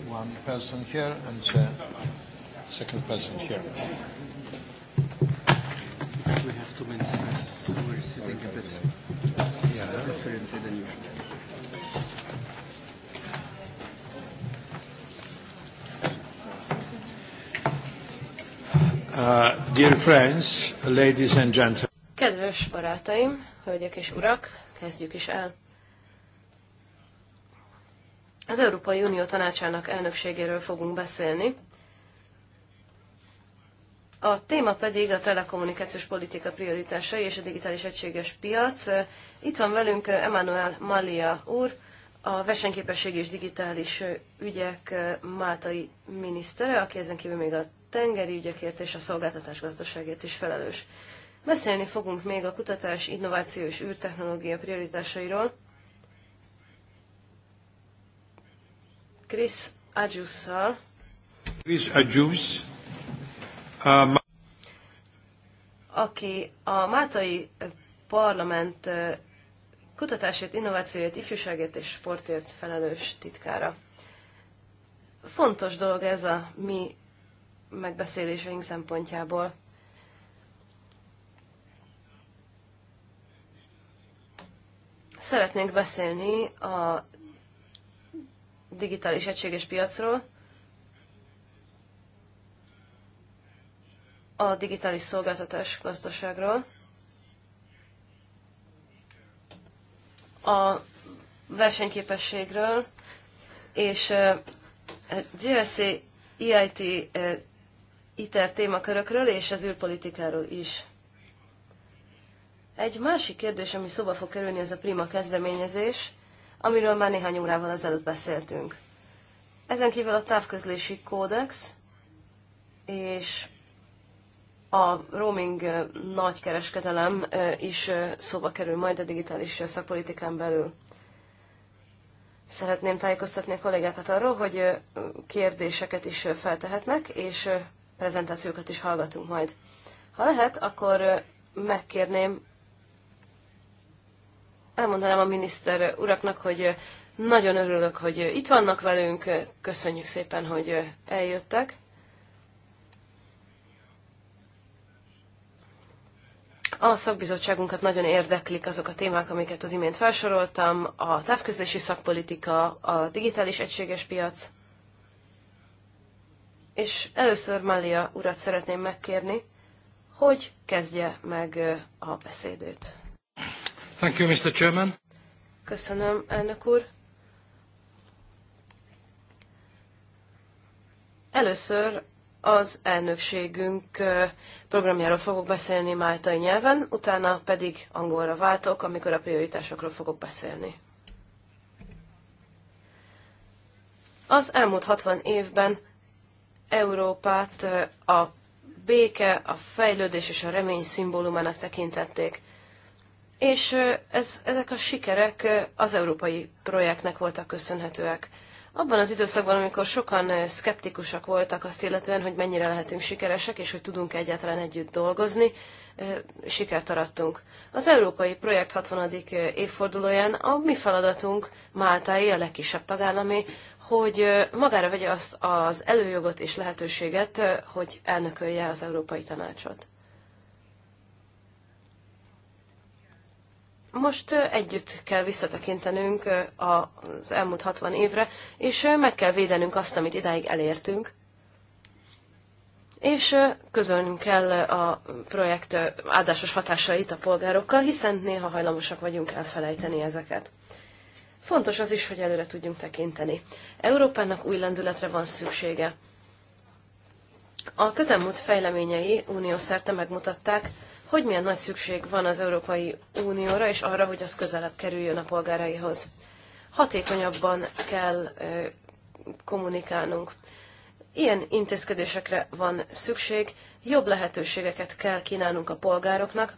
One person here and the second person here. We have two minutes, so we're sitting a bit yeah. differently than usual. Uh, dear friends, ladies and gentlemen. Kedves barátaim, hölgyek és urak, kezdjük is el. Az Európai Unió tanácsának elnökségéről fogunk beszélni. A téma pedig a telekommunikációs politika prioritásai és a digitális egységes piac. Itt van velünk Emmanuel Malia úr, a versenyképesség és digitális ügyek máltai minisztere, aki ezen kívül még a tengeri ügyekért és a szolgáltatás gazdaságért is felelős. Beszélni fogunk még a kutatás, innováció és űrtechnológia prioritásairól. Chris Adjusszal. Chris Adjus, um... aki a Mátai Parlament kutatásért, innovációért, ifjúságért és sportért felelős titkára. Fontos dolog ez a mi megbeszéléseink szempontjából. Szeretnénk beszélni a digitális egységes piacról, a digitális szolgáltatás gazdaságról, a versenyképességről, és a eh, GSC EIT eh, ITER témakörökről és az űrpolitikáról is. Egy másik kérdés, ami szóba fog kerülni, ez a prima kezdeményezés, amiről már néhány órával ezelőtt beszéltünk. Ezen kívül a távközlési kódex és a roaming nagykereskedelem is szóba kerül majd a digitális szakpolitikán belül. Szeretném tájékoztatni a kollégákat arról, hogy kérdéseket is feltehetnek, és prezentációkat is hallgatunk majd. Ha lehet, akkor megkérném, elmondanám a miniszter uraknak, hogy nagyon örülök, hogy itt vannak velünk, köszönjük szépen, hogy eljöttek. A szakbizottságunkat nagyon érdeklik azok a témák, amiket az imént felsoroltam, a távközlési szakpolitika, a digitális egységes piac, és először Malia urat szeretném megkérni, hogy kezdje meg a beszédét. Thank you, Mr. Chairman. Köszönöm, elnök úr. Először az elnökségünk programjáról fogok beszélni máltai nyelven, utána pedig angolra váltok, amikor a prioritásokról fogok beszélni. Az elmúlt 60 évben Európát a béke, a fejlődés és a remény szimbólumának tekintették. És ez, ezek a sikerek az európai projektnek voltak köszönhetőek. Abban az időszakban, amikor sokan szkeptikusak voltak azt illetően, hogy mennyire lehetünk sikeresek, és hogy tudunk egyáltalán együtt dolgozni, sikert arattunk. Az európai projekt 60. évfordulóján a mi feladatunk Máltáé, a legkisebb tagállami hogy magára vegye azt az előjogot és lehetőséget, hogy elnökölje az Európai Tanácsot. Most együtt kell visszatekintenünk az elmúlt 60 évre, és meg kell védenünk azt, amit idáig elértünk, és közölnünk kell a projekt áldásos hatásait a polgárokkal, hiszen néha hajlamosak vagyunk elfelejteni ezeket fontos az is, hogy előre tudjunk tekinteni. Európának új lendületre van szüksége. A közelmúlt fejleményei Unió szerte megmutatták, hogy milyen nagy szükség van az Európai Unióra, és arra, hogy az közelebb kerüljön a polgáraihoz. Hatékonyabban kell kommunikálnunk. Ilyen intézkedésekre van szükség, jobb lehetőségeket kell kínálnunk a polgároknak,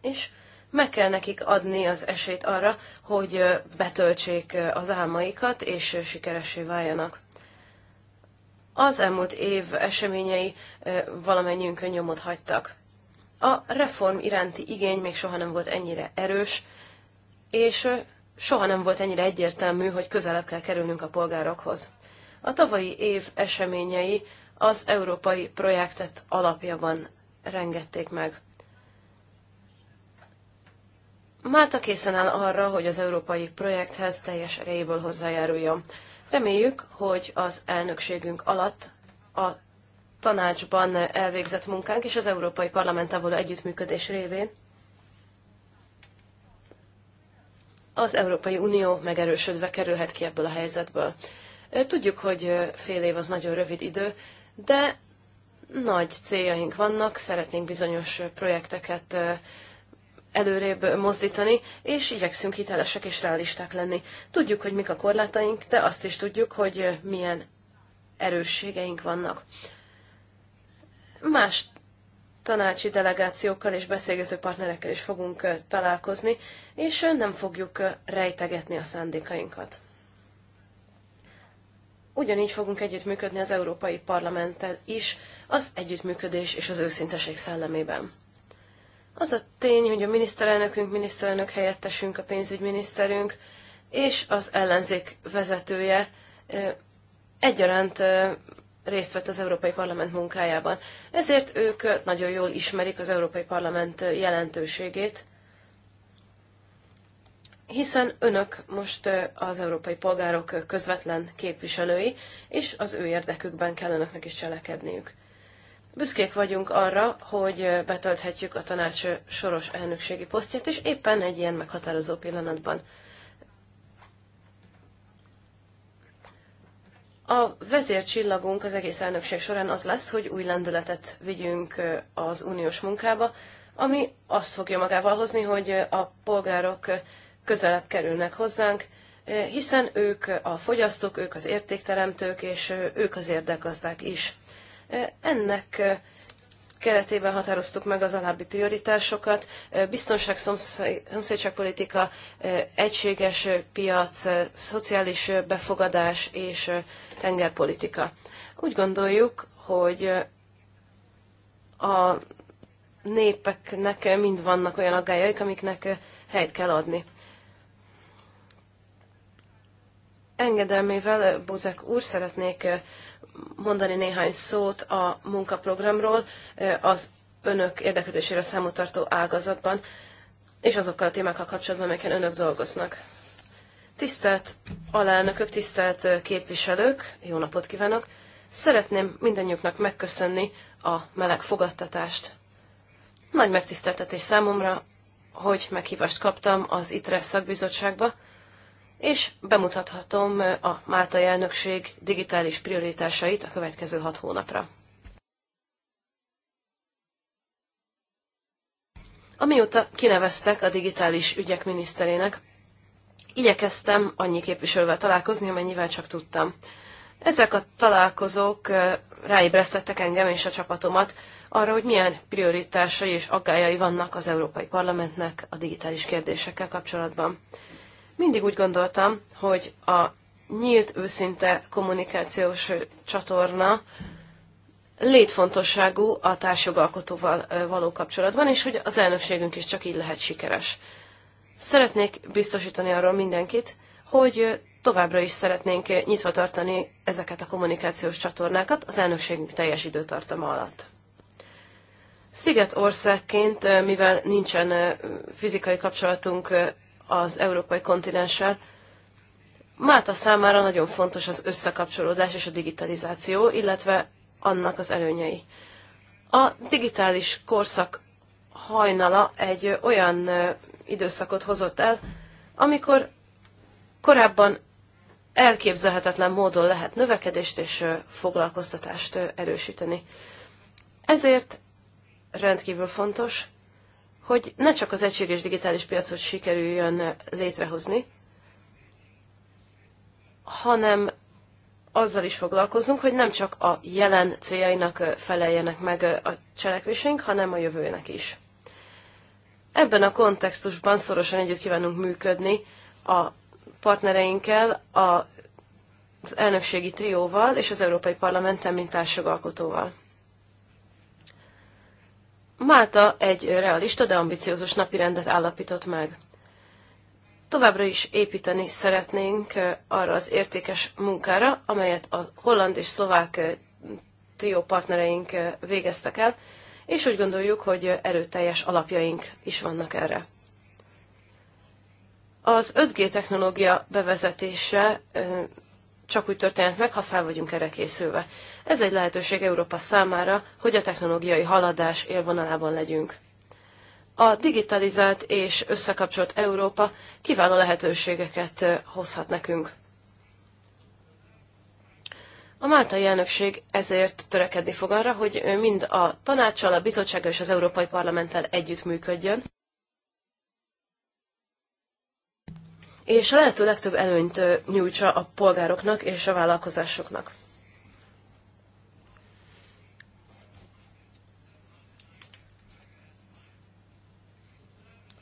és meg kell nekik adni az esélyt arra, hogy betöltsék az álmaikat és sikeressé váljanak. Az elmúlt év eseményei valamennyiünkön nyomot hagytak. A reform iránti igény még soha nem volt ennyire erős, és soha nem volt ennyire egyértelmű, hogy közelebb kell kerülnünk a polgárokhoz. A tavalyi év eseményei az európai projektet alapjában rengették meg. Málta készen áll arra, hogy az európai projekthez teljes erejéből hozzájáruljon. Reméljük, hogy az elnökségünk alatt a tanácsban elvégzett munkánk és az Európai Parlamenttel való együttműködés révén az Európai Unió megerősödve kerülhet ki ebből a helyzetből. Tudjuk, hogy fél év az nagyon rövid idő, de nagy céljaink vannak, szeretnénk bizonyos projekteket előrébb mozdítani, és igyekszünk hitelesek és realisták lenni. Tudjuk, hogy mik a korlátaink, de azt is tudjuk, hogy milyen erősségeink vannak. Más tanácsi delegációkkal és beszélgető partnerekkel is fogunk találkozni, és nem fogjuk rejtegetni a szándékainkat. Ugyanígy fogunk együttműködni az Európai Parlamenttel is, az együttműködés és az őszinteség szellemében. Az a tény, hogy a miniszterelnökünk, miniszterelnök helyettesünk, a pénzügyminiszterünk és az ellenzék vezetője egyaránt részt vett az Európai Parlament munkájában. Ezért ők nagyon jól ismerik az Európai Parlament jelentőségét, hiszen önök most az európai polgárok közvetlen képviselői, és az ő érdekükben kell önöknek is cselekedniük. Büszkék vagyunk arra, hogy betölthetjük a tanács soros elnökségi posztját, és éppen egy ilyen meghatározó pillanatban. A vezércsillagunk az egész elnökség során az lesz, hogy új lendületet vigyünk az uniós munkába, ami azt fogja magával hozni, hogy a polgárok közelebb kerülnek hozzánk, hiszen ők a fogyasztók, ők az értékteremtők, és ők az érdekgazdák is. Ennek keretében határoztuk meg az alábbi prioritásokat, biztonság, szomszédságpolitika, egységes piac, szociális befogadás és tengerpolitika. Úgy gondoljuk, hogy a népeknek mind vannak olyan aggájaik, amiknek helyt kell adni. Engedelmével Bozek úr szeretnék mondani néhány szót a munkaprogramról az önök érdeklődésére számot tartó ágazatban, és azokkal a témákkal kapcsolatban, amelyeken önök dolgoznak. Tisztelt alelnökök, tisztelt képviselők, jó napot kívánok! Szeretném mindannyiuknak megköszönni a meleg fogadtatást. Nagy megtiszteltetés számomra, hogy meghívást kaptam az ITRE szakbizottságba, és bemutathatom a Máltai elnökség digitális prioritásait a következő hat hónapra. Amióta kineveztek a digitális ügyek miniszterének, igyekeztem annyi képviselővel találkozni, amennyivel csak tudtam. Ezek a találkozók ráébresztettek engem és a csapatomat arra, hogy milyen prioritásai és aggályai vannak az Európai Parlamentnek a digitális kérdésekkel kapcsolatban. Mindig úgy gondoltam, hogy a nyílt, őszinte kommunikációs csatorna létfontosságú a társjogalkotóval való kapcsolatban, és hogy az elnökségünk is csak így lehet sikeres. Szeretnék biztosítani arról mindenkit, hogy továbbra is szeretnénk nyitva tartani ezeket a kommunikációs csatornákat az elnökségünk teljes időtartama alatt. Szigetországként, mivel nincsen fizikai kapcsolatunk az európai kontinenssel. Máta számára nagyon fontos az összekapcsolódás és a digitalizáció, illetve annak az előnyei. A digitális korszak hajnala egy olyan időszakot hozott el, amikor korábban elképzelhetetlen módon lehet növekedést és foglalkoztatást erősíteni. Ezért rendkívül fontos, hogy ne csak az egységes digitális piacot sikerüljön létrehozni, hanem azzal is foglalkozunk, hogy nem csak a jelen céljainak feleljenek meg a cselekvéseink, hanem a jövőnek is. Ebben a kontextusban szorosan együtt kívánunk működni a partnereinkkel, az elnökségi trióval és az Európai Parlamenten, mint társjogalkotóval. Málta egy realista, de ambiciózus napirendet állapított meg. Továbbra is építeni szeretnénk arra az értékes munkára, amelyet a holland és szlovák trió partnereink végeztek el, és úgy gondoljuk, hogy erőteljes alapjaink is vannak erre. Az 5G technológia bevezetése csak úgy történhet meg, ha fel vagyunk erre készülve. Ez egy lehetőség Európa számára, hogy a technológiai haladás élvonalában legyünk. A digitalizált és összekapcsolt Európa kiváló lehetőségeket hozhat nekünk. A máltai elnökség ezért törekedni fog arra, hogy mind a tanácssal, a bizottsággal és az Európai Parlamenttel együttműködjön, és a lehető legtöbb előnyt nyújtsa a polgároknak és a vállalkozásoknak.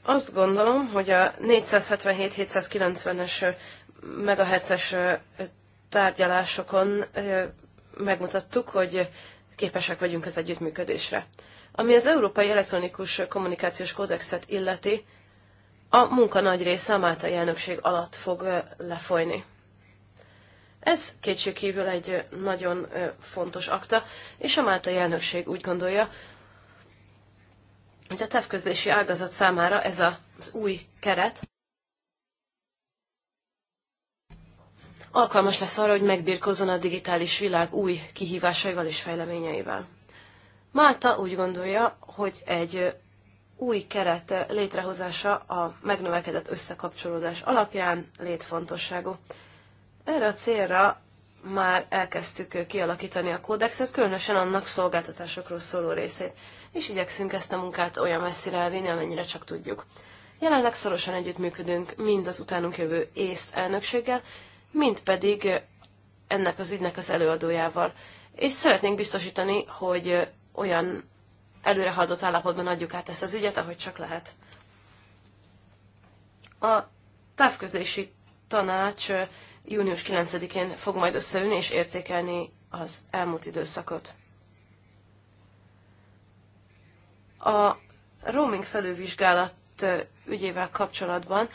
Azt gondolom, hogy a 477-790-es megahertzes tárgyalásokon megmutattuk, hogy képesek vagyunk az együttműködésre. Ami az Európai Elektronikus Kommunikációs Kódexet illeti, a munka nagy része a Máltai elnökség alatt fog lefolyni. Ez kétségkívül egy nagyon fontos akta, és a Máltai elnökség úgy gondolja, hogy a tevközlési ágazat számára ez az új keret alkalmas lesz arra, hogy megbirkozzon a digitális világ új kihívásaival és fejleményeivel. Málta úgy gondolja, hogy egy új keret létrehozása a megnövekedett összekapcsolódás alapján létfontosságú. Erre a célra már elkezdtük kialakítani a kódexet, különösen annak szolgáltatásokról szóló részét, és igyekszünk ezt a munkát olyan messzire elvinni, amennyire csak tudjuk. Jelenleg szorosan együttműködünk mind az utánunk jövő észt elnökséggel, mind pedig ennek az ügynek az előadójával. És szeretnénk biztosítani, hogy olyan előrehaladott állapotban adjuk át ezt az ügyet, ahogy csak lehet. A távközlési tanács június 9-én fog majd összeülni és értékelni az elmúlt időszakot. A roaming felülvizsgálat ügyével kapcsolatban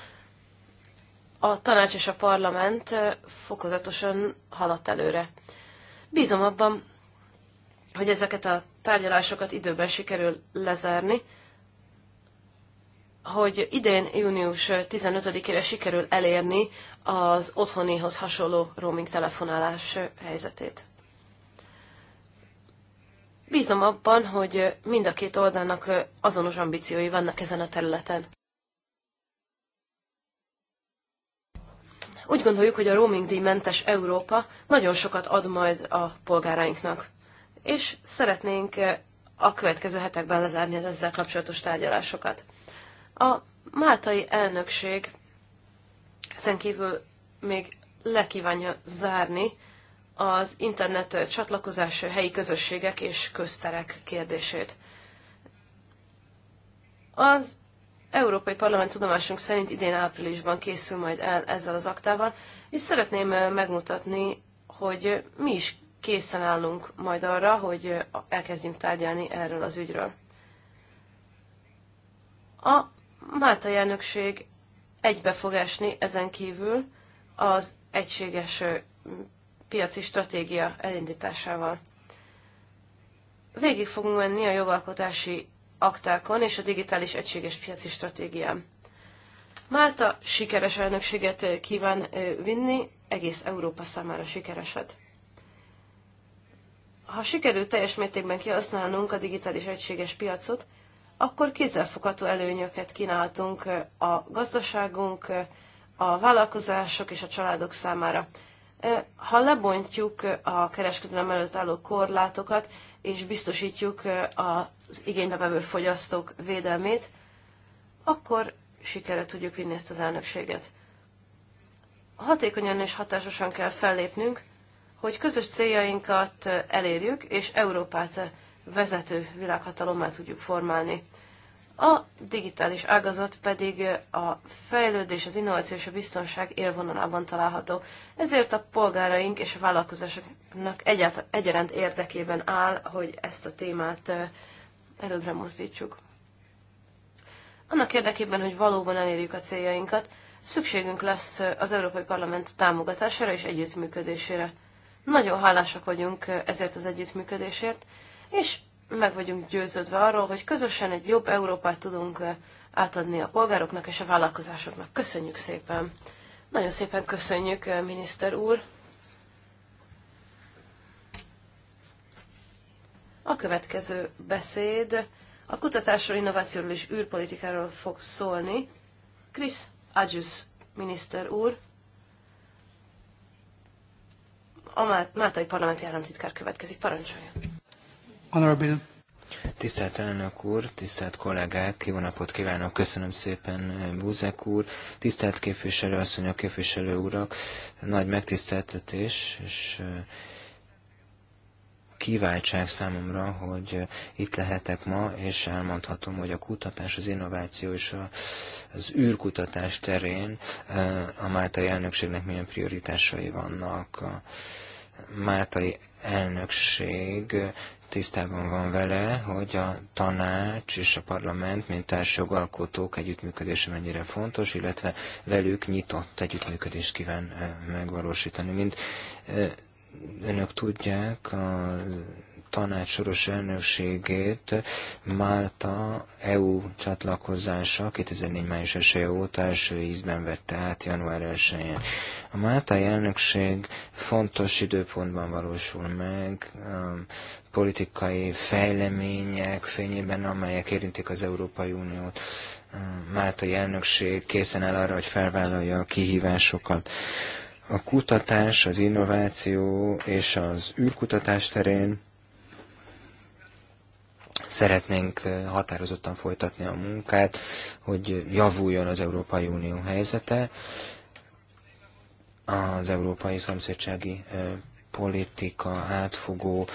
a tanács és a parlament fokozatosan haladt előre. Bízom abban, hogy ezeket a tárgyalásokat időben sikerül lezárni, hogy idén június 15-ére sikerül elérni az otthonihoz hasonló roaming telefonálás helyzetét. Bízom abban, hogy mind a két oldalnak azonos ambíciói vannak ezen a területen. Úgy gondoljuk, hogy a roaming díjmentes Európa nagyon sokat ad majd a polgárainknak és szeretnénk eh, a következő hetekben lezárni az ezzel kapcsolatos tárgyalásokat. A máltai elnökség ezen kívül még lekívánja zárni az internet csatlakozás helyi közösségek és közterek kérdését. Az Európai Parlament tudomásunk szerint idén áprilisban készül majd el ezzel az aktával, és szeretném eh, megmutatni, hogy mi is készen állunk majd arra, hogy elkezdjünk tárgyalni erről az ügyről. A Máltai elnökség egybe fog esni ezen kívül az egységes piaci stratégia elindításával. Végig fogunk menni a jogalkotási aktákon és a digitális egységes piaci stratégián. Málta sikeres elnökséget kíván vinni, egész Európa számára sikereset. Ha sikerül teljes mértékben kihasználnunk a digitális egységes piacot, akkor kézzelfogható előnyöket kínáltunk a gazdaságunk, a vállalkozások és a családok számára. Ha lebontjuk a kereskedelem előtt álló korlátokat, és biztosítjuk az igénybevevő fogyasztók védelmét, akkor sikerre tudjuk vinni ezt az elnökséget. Hatékonyan és hatásosan kell fellépnünk, hogy közös céljainkat elérjük, és Európát vezető világhatalommá tudjuk formálni. A digitális ágazat pedig a fejlődés, az innováció és a biztonság élvonalában található. Ezért a polgáraink és a vállalkozásoknak egyált, egyaránt érdekében áll, hogy ezt a témát előbbre mozdítsuk. Annak érdekében, hogy valóban elérjük a céljainkat, szükségünk lesz az Európai Parlament támogatására és együttműködésére. Nagyon hálásak vagyunk ezért az együttműködésért, és meg vagyunk győződve arról, hogy közösen egy jobb Európát tudunk átadni a polgároknak és a vállalkozásoknak. Köszönjük szépen! Nagyon szépen köszönjük, miniszter úr! A következő beszéd a kutatásról, innovációról és űrpolitikáról fog szólni. Krisz Agyusz miniszter úr, a Mátai Parlamenti Államtitkár következik. Parancsoljon! Honorable Tisztelt elnök úr, tisztelt kollégák, jó napot kívánok, köszönöm szépen Búzek úr, tisztelt képviselő, asszonyok, képviselő urak, nagy megtiszteltetés, és kiváltság számomra, hogy itt lehetek ma, és elmondhatom, hogy a kutatás, az innováció és az űrkutatás terén a Máltai elnökségnek milyen prioritásai vannak. A Máltai elnökség tisztában van vele, hogy a tanács és a parlament, mint társjogalkotók együttműködése mennyire fontos, illetve velük nyitott együttműködést kíván megvalósítani. Mint önök tudják, a tanácsoros elnökségét Málta EU csatlakozása 2004. május esélye óta első ízben vette át január 1-én. A Máltai elnökség fontos időpontban valósul meg, politikai fejlemények fényében, amelyek érintik az Európai Uniót. Máltai elnökség készen áll arra, hogy felvállalja a kihívásokat a kutatás, az innováció és az űrkutatás terén szeretnénk határozottan folytatni a munkát, hogy javuljon az Európai Unió helyzete. Az európai szomszédsági politika átfogó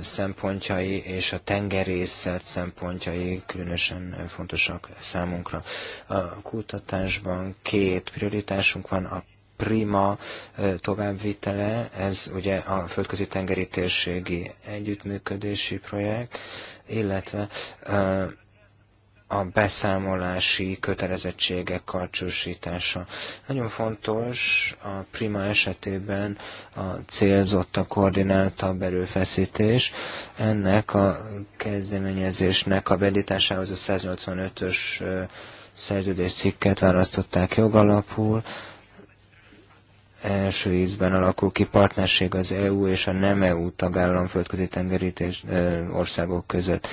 szempontjai és a tengerészet szempontjai különösen fontosak számunkra. A kutatásban két prioritásunk van, a prima e, továbbvitele, ez ugye a földközi tengeri térségi együttműködési projekt, illetve e, a beszámolási kötelezettségek karcsúsítása. Nagyon fontos a prima esetében a célzott, a koordináltabb erőfeszítés. Ennek a kezdeményezésnek a bedításához a 185-ös szerződés cikket választották jogalapul, első ízben alakul ki partnerség az EU és a nem EU tagállam földközi tengerítés országok között.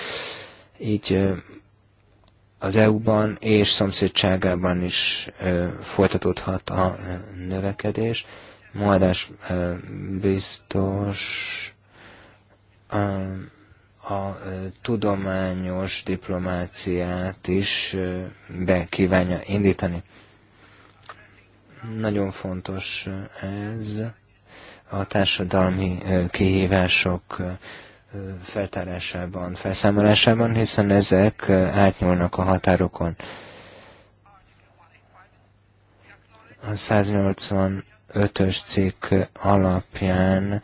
Így az EU-ban és szomszédságában is folytatódhat a növekedés. Moadás biztos a, a tudományos diplomáciát is be kívánja indítani. Nagyon fontos ez a társadalmi kihívások feltárásában, felszámolásában, hiszen ezek átnyúlnak a határokon. A 185-ös cikk alapján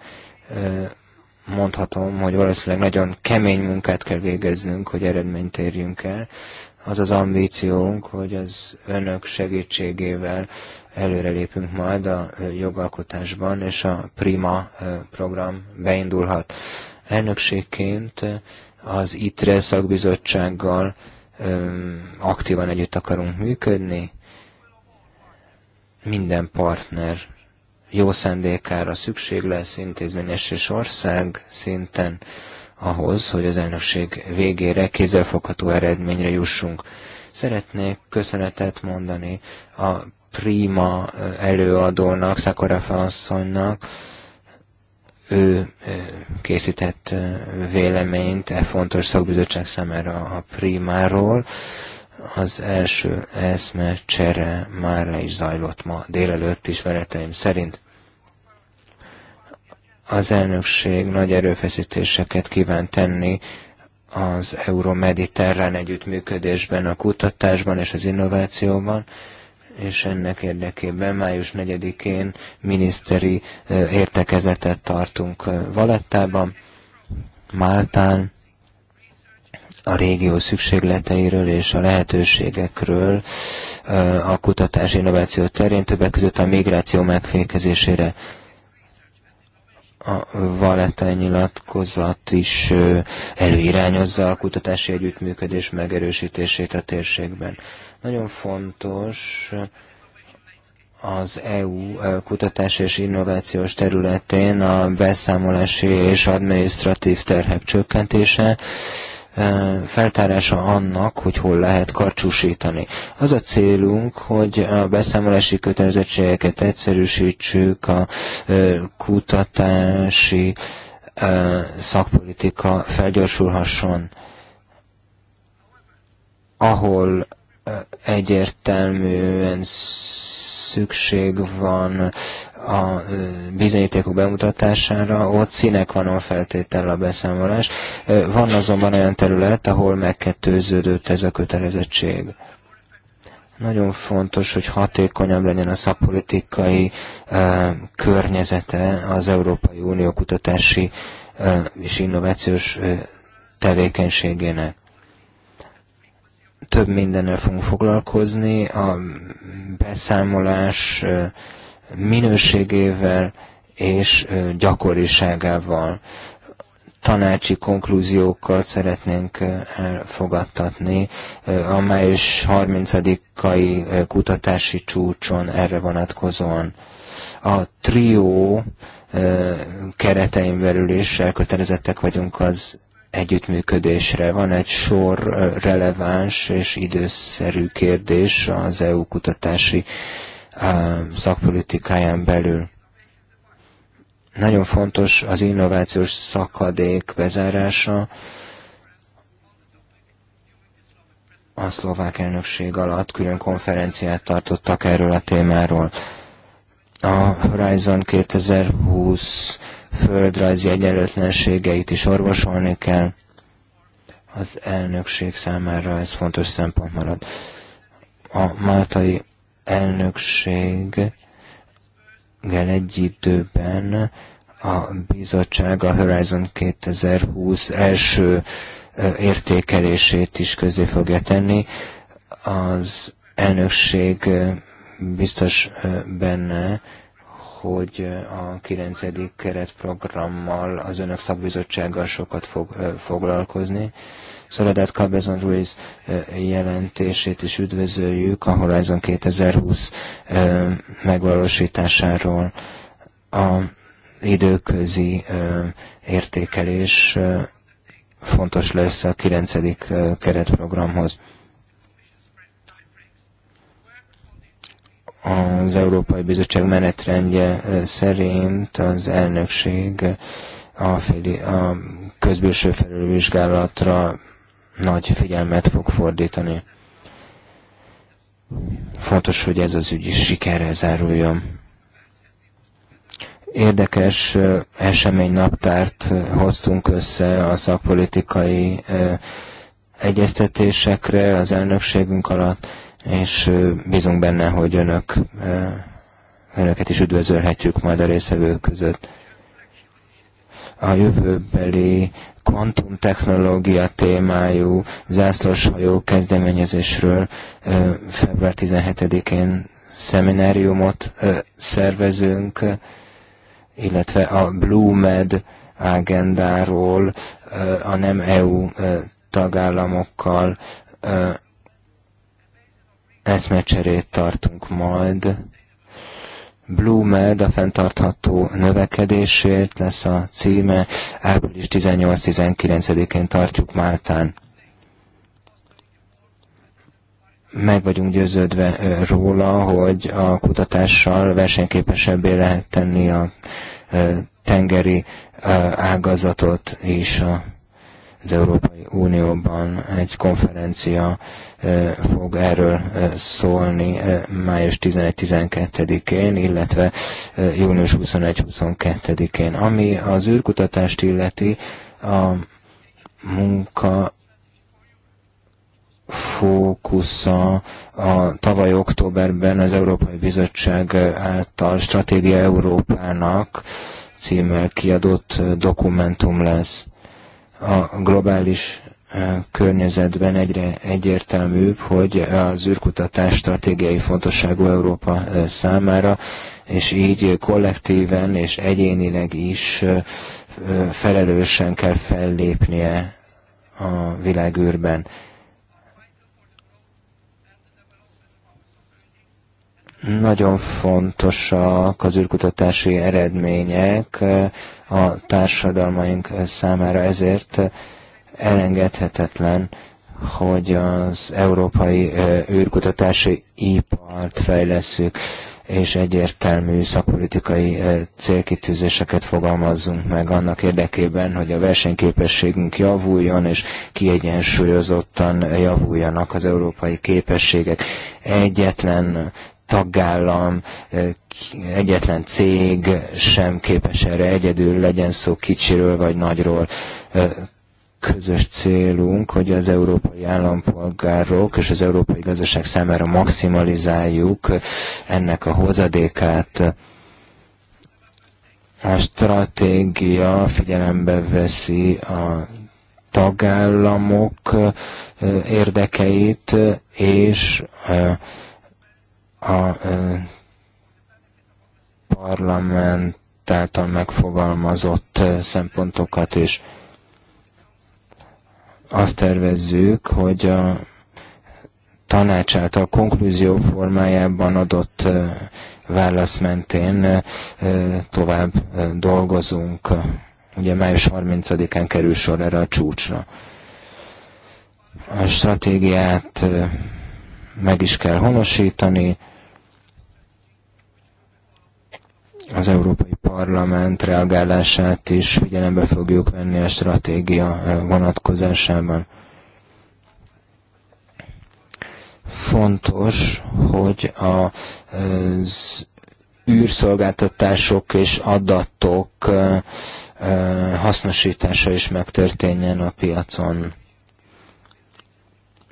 mondhatom, hogy valószínűleg nagyon kemény munkát kell végeznünk, hogy eredményt érjünk el. Az az ambíciónk, hogy az önök segítségével előrelépünk majd a jogalkotásban, és a PRIMA program beindulhat. Elnökségként az ITRE szakbizottsággal aktívan együtt akarunk működni, minden partner jó szendékára szükség lesz intézményes és ország szinten ahhoz, hogy az elnökség végére kézzelfogható eredményre jussunk. Szeretnék köszönetet mondani a prima előadónak, Szakorafa asszonynak. Ő készített véleményt e fontos szakbizottság számára a primáról. Az első eszme csere már le is zajlott ma délelőtt is ismereteim szerint az elnökség nagy erőfeszítéseket kíván tenni az euró-mediterrán együttműködésben, a kutatásban és az innovációban, és ennek érdekében május 4-én miniszteri értekezetet tartunk Valettában, Máltán, a régió szükségleteiről és a lehetőségekről a kutatás innováció terén, többek között a migráció megfékezésére a Valeta nyilatkozat is előirányozza a kutatási együttműködés megerősítését a térségben. Nagyon fontos az EU kutatás és innovációs területén a beszámolási és adminisztratív terhek csökkentése, feltárása annak, hogy hol lehet karcsúsítani. Az a célunk, hogy a beszámolási kötelezettségeket egyszerűsítsük, a kutatási szakpolitika felgyorsulhasson, ahol egyértelműen szükség van a bizonyítékok bemutatására, ott színek van a feltétel a beszámolás. Van azonban olyan terület, ahol megkettőződött ez a kötelezettség. Nagyon fontos, hogy hatékonyabb legyen a szapolitikai környezete az Európai Unió kutatási és innovációs tevékenységének több mindennel fogunk foglalkozni, a beszámolás minőségével és gyakoriságával tanácsi konklúziókkal szeretnénk elfogadtatni. A május 30-ai kutatási csúcson erre vonatkozóan a trió keretein belül is elkötelezettek vagyunk az együttműködésre. Van egy sor releváns és időszerű kérdés az EU kutatási szakpolitikáján belül. Nagyon fontos az innovációs szakadék bezárása a szlovák elnökség alatt külön konferenciát tartottak erről a témáról. A Horizon 2020 földrajzi egyenlőtlenségeit is orvosolni kell. Az elnökség számára ez fontos szempont marad. A máltai elnökség egy időben a bizottság a Horizon 2020 első értékelését is közé fogja tenni. Az elnökség biztos benne, hogy a 9. keretprogrammal az önök szakbizottsággal sokat fog foglalkozni. Soledad Cabezon Ruiz jelentését is üdvözöljük a Horizon 2020 megvalósításáról. A időközi értékelés fontos lesz a 9. keretprogramhoz. Az Európai Bizottság menetrendje szerint az elnökség a, féli, a közbülső felülvizsgálatra nagy figyelmet fog fordítani. Fontos, hogy ez az ügy is sikerre záruljon. Érdekes eseménynaptárt hoztunk össze a szakpolitikai egyeztetésekre az elnökségünk alatt, és bízunk benne, hogy önök, önöket is üdvözölhetjük majd a részvevők között a jövőbeli kvantumtechnológia témájú zászlóshajó kezdeményezésről február 17-én szemináriumot szervezünk, illetve a BlueMed agendáról a nem EU tagállamokkal eszmecserét tartunk majd. Med a fenntartható növekedésért lesz a címe. Április 18-19-én tartjuk Máltán. Meg vagyunk győződve róla, hogy a kutatással versenyképesebbé lehet tenni a tengeri ágazatot és a az Európai Unióban egy konferencia eh, fog erről eh, szólni eh, május 11-12-én, illetve június 21-22-én. Ami az űrkutatást illeti, a munka fókusza a tavaly októberben az Európai Bizottság által Stratégia Európának címmel kiadott dokumentum lesz a globális e, környezetben egyre egyértelműbb, hogy az űrkutatás stratégiai fontosságú Európa e, számára, és így kollektíven és egyénileg is e, felelősen kell fellépnie a világűrben. Nagyon fontosak az űrkutatási eredmények, a társadalmaink számára. Ezért elengedhetetlen, hogy az európai űrkutatási ipart fejleszünk, és egyértelmű szakpolitikai célkitűzéseket fogalmazzunk meg annak érdekében, hogy a versenyképességünk javuljon, és kiegyensúlyozottan javuljanak az európai képességek. Egyetlen tagállam, eh, egyetlen cég sem képes erre egyedül, legyen szó kicsiről vagy nagyról. Eh, közös célunk, hogy az európai állampolgárok és az európai gazdaság számára maximalizáljuk ennek a hozadékát. A stratégia figyelembe veszi a tagállamok eh, érdekeit és a parlament által megfogalmazott szempontokat és Azt tervezzük, hogy a tanács által konklúzió formájában adott válasz mentén tovább dolgozunk. Ugye május 30-án kerül sor erre a csúcsra. A stratégiát meg is kell honosítani, az Európai Parlament reagálását is figyelembe fogjuk venni a stratégia eh, vonatkozásában. Fontos, hogy az eh, űrszolgáltatások és adatok eh, hasznosítása is megtörténjen a piacon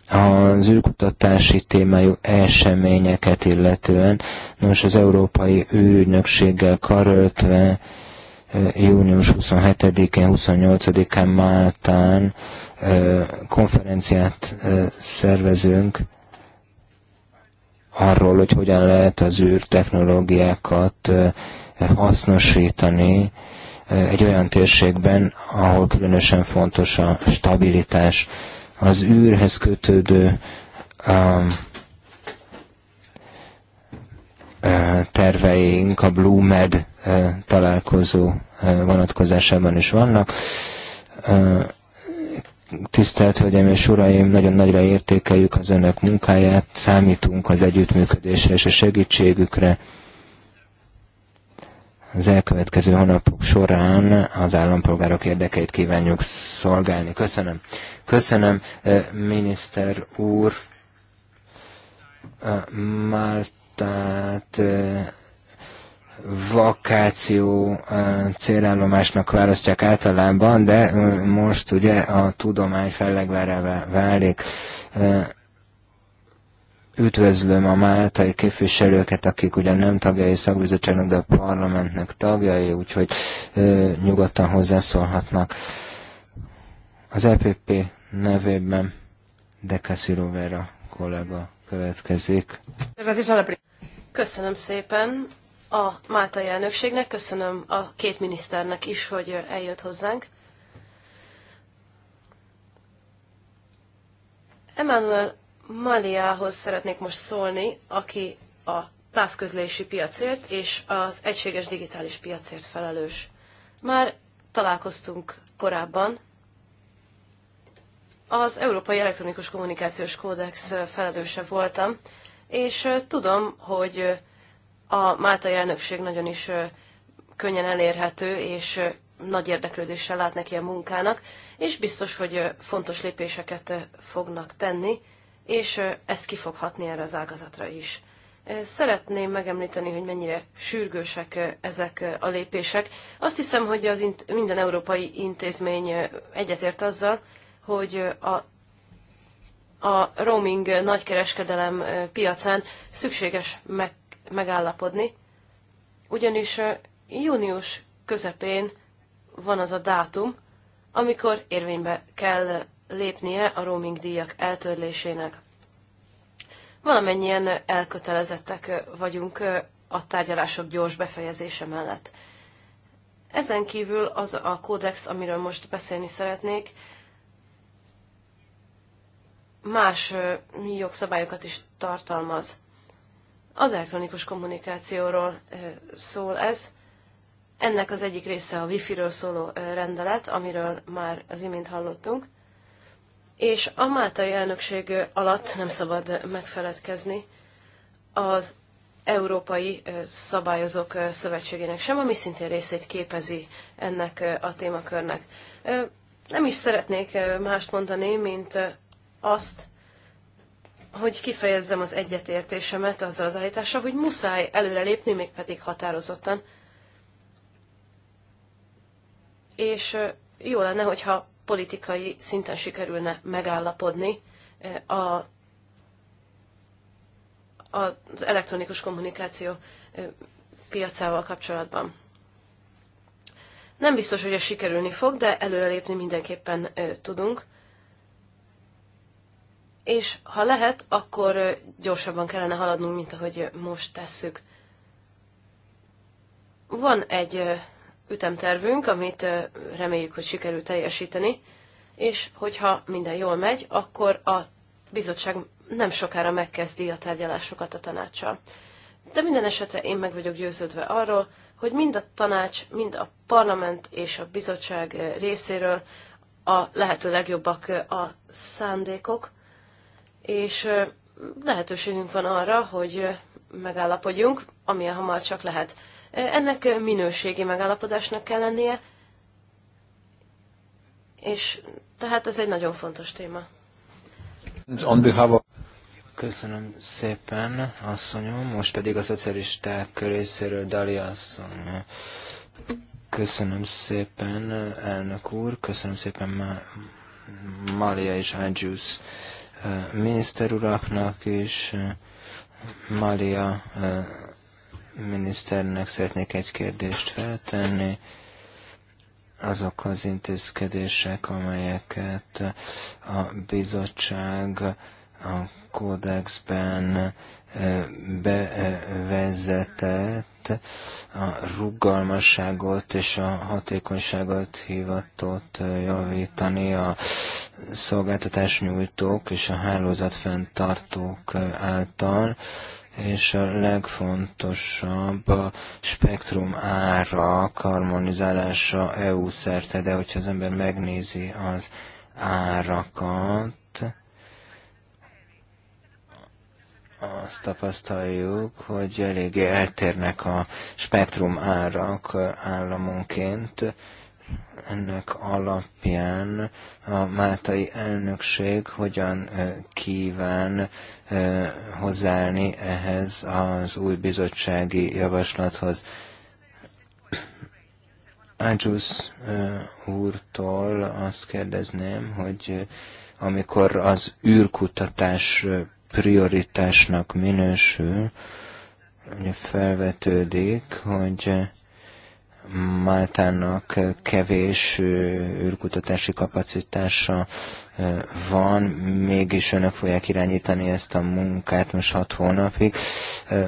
az űrkutatási témájú eseményeket illetően, nos az Európai űrnökséggel karöltve június 27-én, 28-án Máltán konferenciát szervezünk arról, hogy hogyan lehet az űrtechnológiákat hasznosítani egy olyan térségben, ahol különösen fontos a stabilitás az űrhez kötődő a um, uh, terveink a Blue Med uh, találkozó uh, vonatkozásában is vannak. Tisztelt Hölgyeim és Uraim, nagyon nagyra értékeljük az Önök munkáját, számítunk az együttműködésre és a segítségükre az elkövetkező hónapok során az állampolgárok érdekeit kívánjuk szolgálni. Köszönöm. Köszönöm, miniszter úr. Máltát vakáció célállomásnak választják általában, de most ugye a tudomány fellegvárává válik Üdvözlöm a máltai képviselőket, akik ugyan nem tagjai szakbizottságnak, de a parlamentnek tagjai, úgyhogy ö, nyugodtan hozzászólhatnak. Az EPP nevében Decasiro Vera kollega következik. Köszönöm szépen a Máltai elnökségnek, köszönöm a két miniszternek is, hogy eljött hozzánk. Emmanuel Maliához szeretnék most szólni, aki a távközlési piacért és az egységes digitális piacért felelős. Már találkoztunk korábban. Az Európai Elektronikus Kommunikációs Kódex felelőse voltam, és tudom, hogy a Máltai elnökség nagyon is könnyen elérhető, és nagy érdeklődéssel lát neki a munkának, és biztos, hogy fontos lépéseket fognak tenni, és ez kifoghatni erre az ágazatra is. Szeretném megemlíteni, hogy mennyire sürgősek ezek a lépések. Azt hiszem, hogy az minden európai intézmény egyetért azzal, hogy a a roaming nagykereskedelem piacán szükséges meg, megállapodni, ugyanis június közepén van az a dátum, amikor érvénybe kell lépnie a roaming díjak eltörlésének. Valamennyien elkötelezettek vagyunk a tárgyalások gyors befejezése mellett. Ezen kívül az a kódex, amiről most beszélni szeretnék, más jogszabályokat is tartalmaz. Az elektronikus kommunikációról szól ez. Ennek az egyik része a Wi-Fi-ről szóló rendelet, amiről már az imént hallottunk és a Máltai elnökség alatt nem szabad megfeledkezni az Európai Szabályozók Szövetségének sem, ami szintén részét képezi ennek a témakörnek. Nem is szeretnék mást mondani, mint azt, hogy kifejezzem az egyetértésemet azzal az állítással, hogy muszáj előrelépni, mégpedig határozottan. És jó lenne, hogyha politikai szinten sikerülne megállapodni eh, a, az elektronikus kommunikáció eh, piacával kapcsolatban. Nem biztos, hogy ez sikerülni fog, de előrelépni mindenképpen eh, tudunk. És ha lehet, akkor gyorsabban kellene haladnunk, mint ahogy most tesszük. Van egy ütemtervünk, amit reméljük, hogy sikerül teljesíteni, és hogyha minden jól megy, akkor a bizottság nem sokára megkezdi a tárgyalásokat a tanácssal. De minden esetre én meg vagyok győződve arról, hogy mind a tanács, mind a parlament és a bizottság részéről a lehető legjobbak a szándékok, és lehetőségünk van arra, hogy megállapodjunk, amilyen hamar csak lehet. Ennek minőségi megállapodásnak kell lennie, és tehát ez egy nagyon fontos téma. Köszönöm szépen, asszonyom. Most pedig a szocialisták részéről Dali asszony. Köszönöm szépen, elnök úr. Köszönöm szépen Ma Malia és Ágyusz eh, miniszter uraknak is. Malia eh, miniszternek szeretnék egy kérdést feltenni. Azok az intézkedések, amelyeket a bizottság a kódexben bevezetett, a rugalmasságot és a hatékonyságot hivatott javítani a szolgáltatásnyújtók és a hálózatfenntartók által és a legfontosabb a spektrum ára harmonizálása EU szerte, de hogyha az ember megnézi az árakat, azt tapasztaljuk, hogy eléggé eltérnek a spektrum árak államonként, ennek alapján a Mátai elnökség hogyan kíván hozzáállni ehhez az új bizottsági javaslathoz. Ágyusz úrtól azt kérdezném, hogy amikor az űrkutatás prioritásnak minősül, felvetődik, hogy Máltának kevés űrkutatási kapacitása van, mégis önök fogják irányítani ezt a munkát most hat hónapig.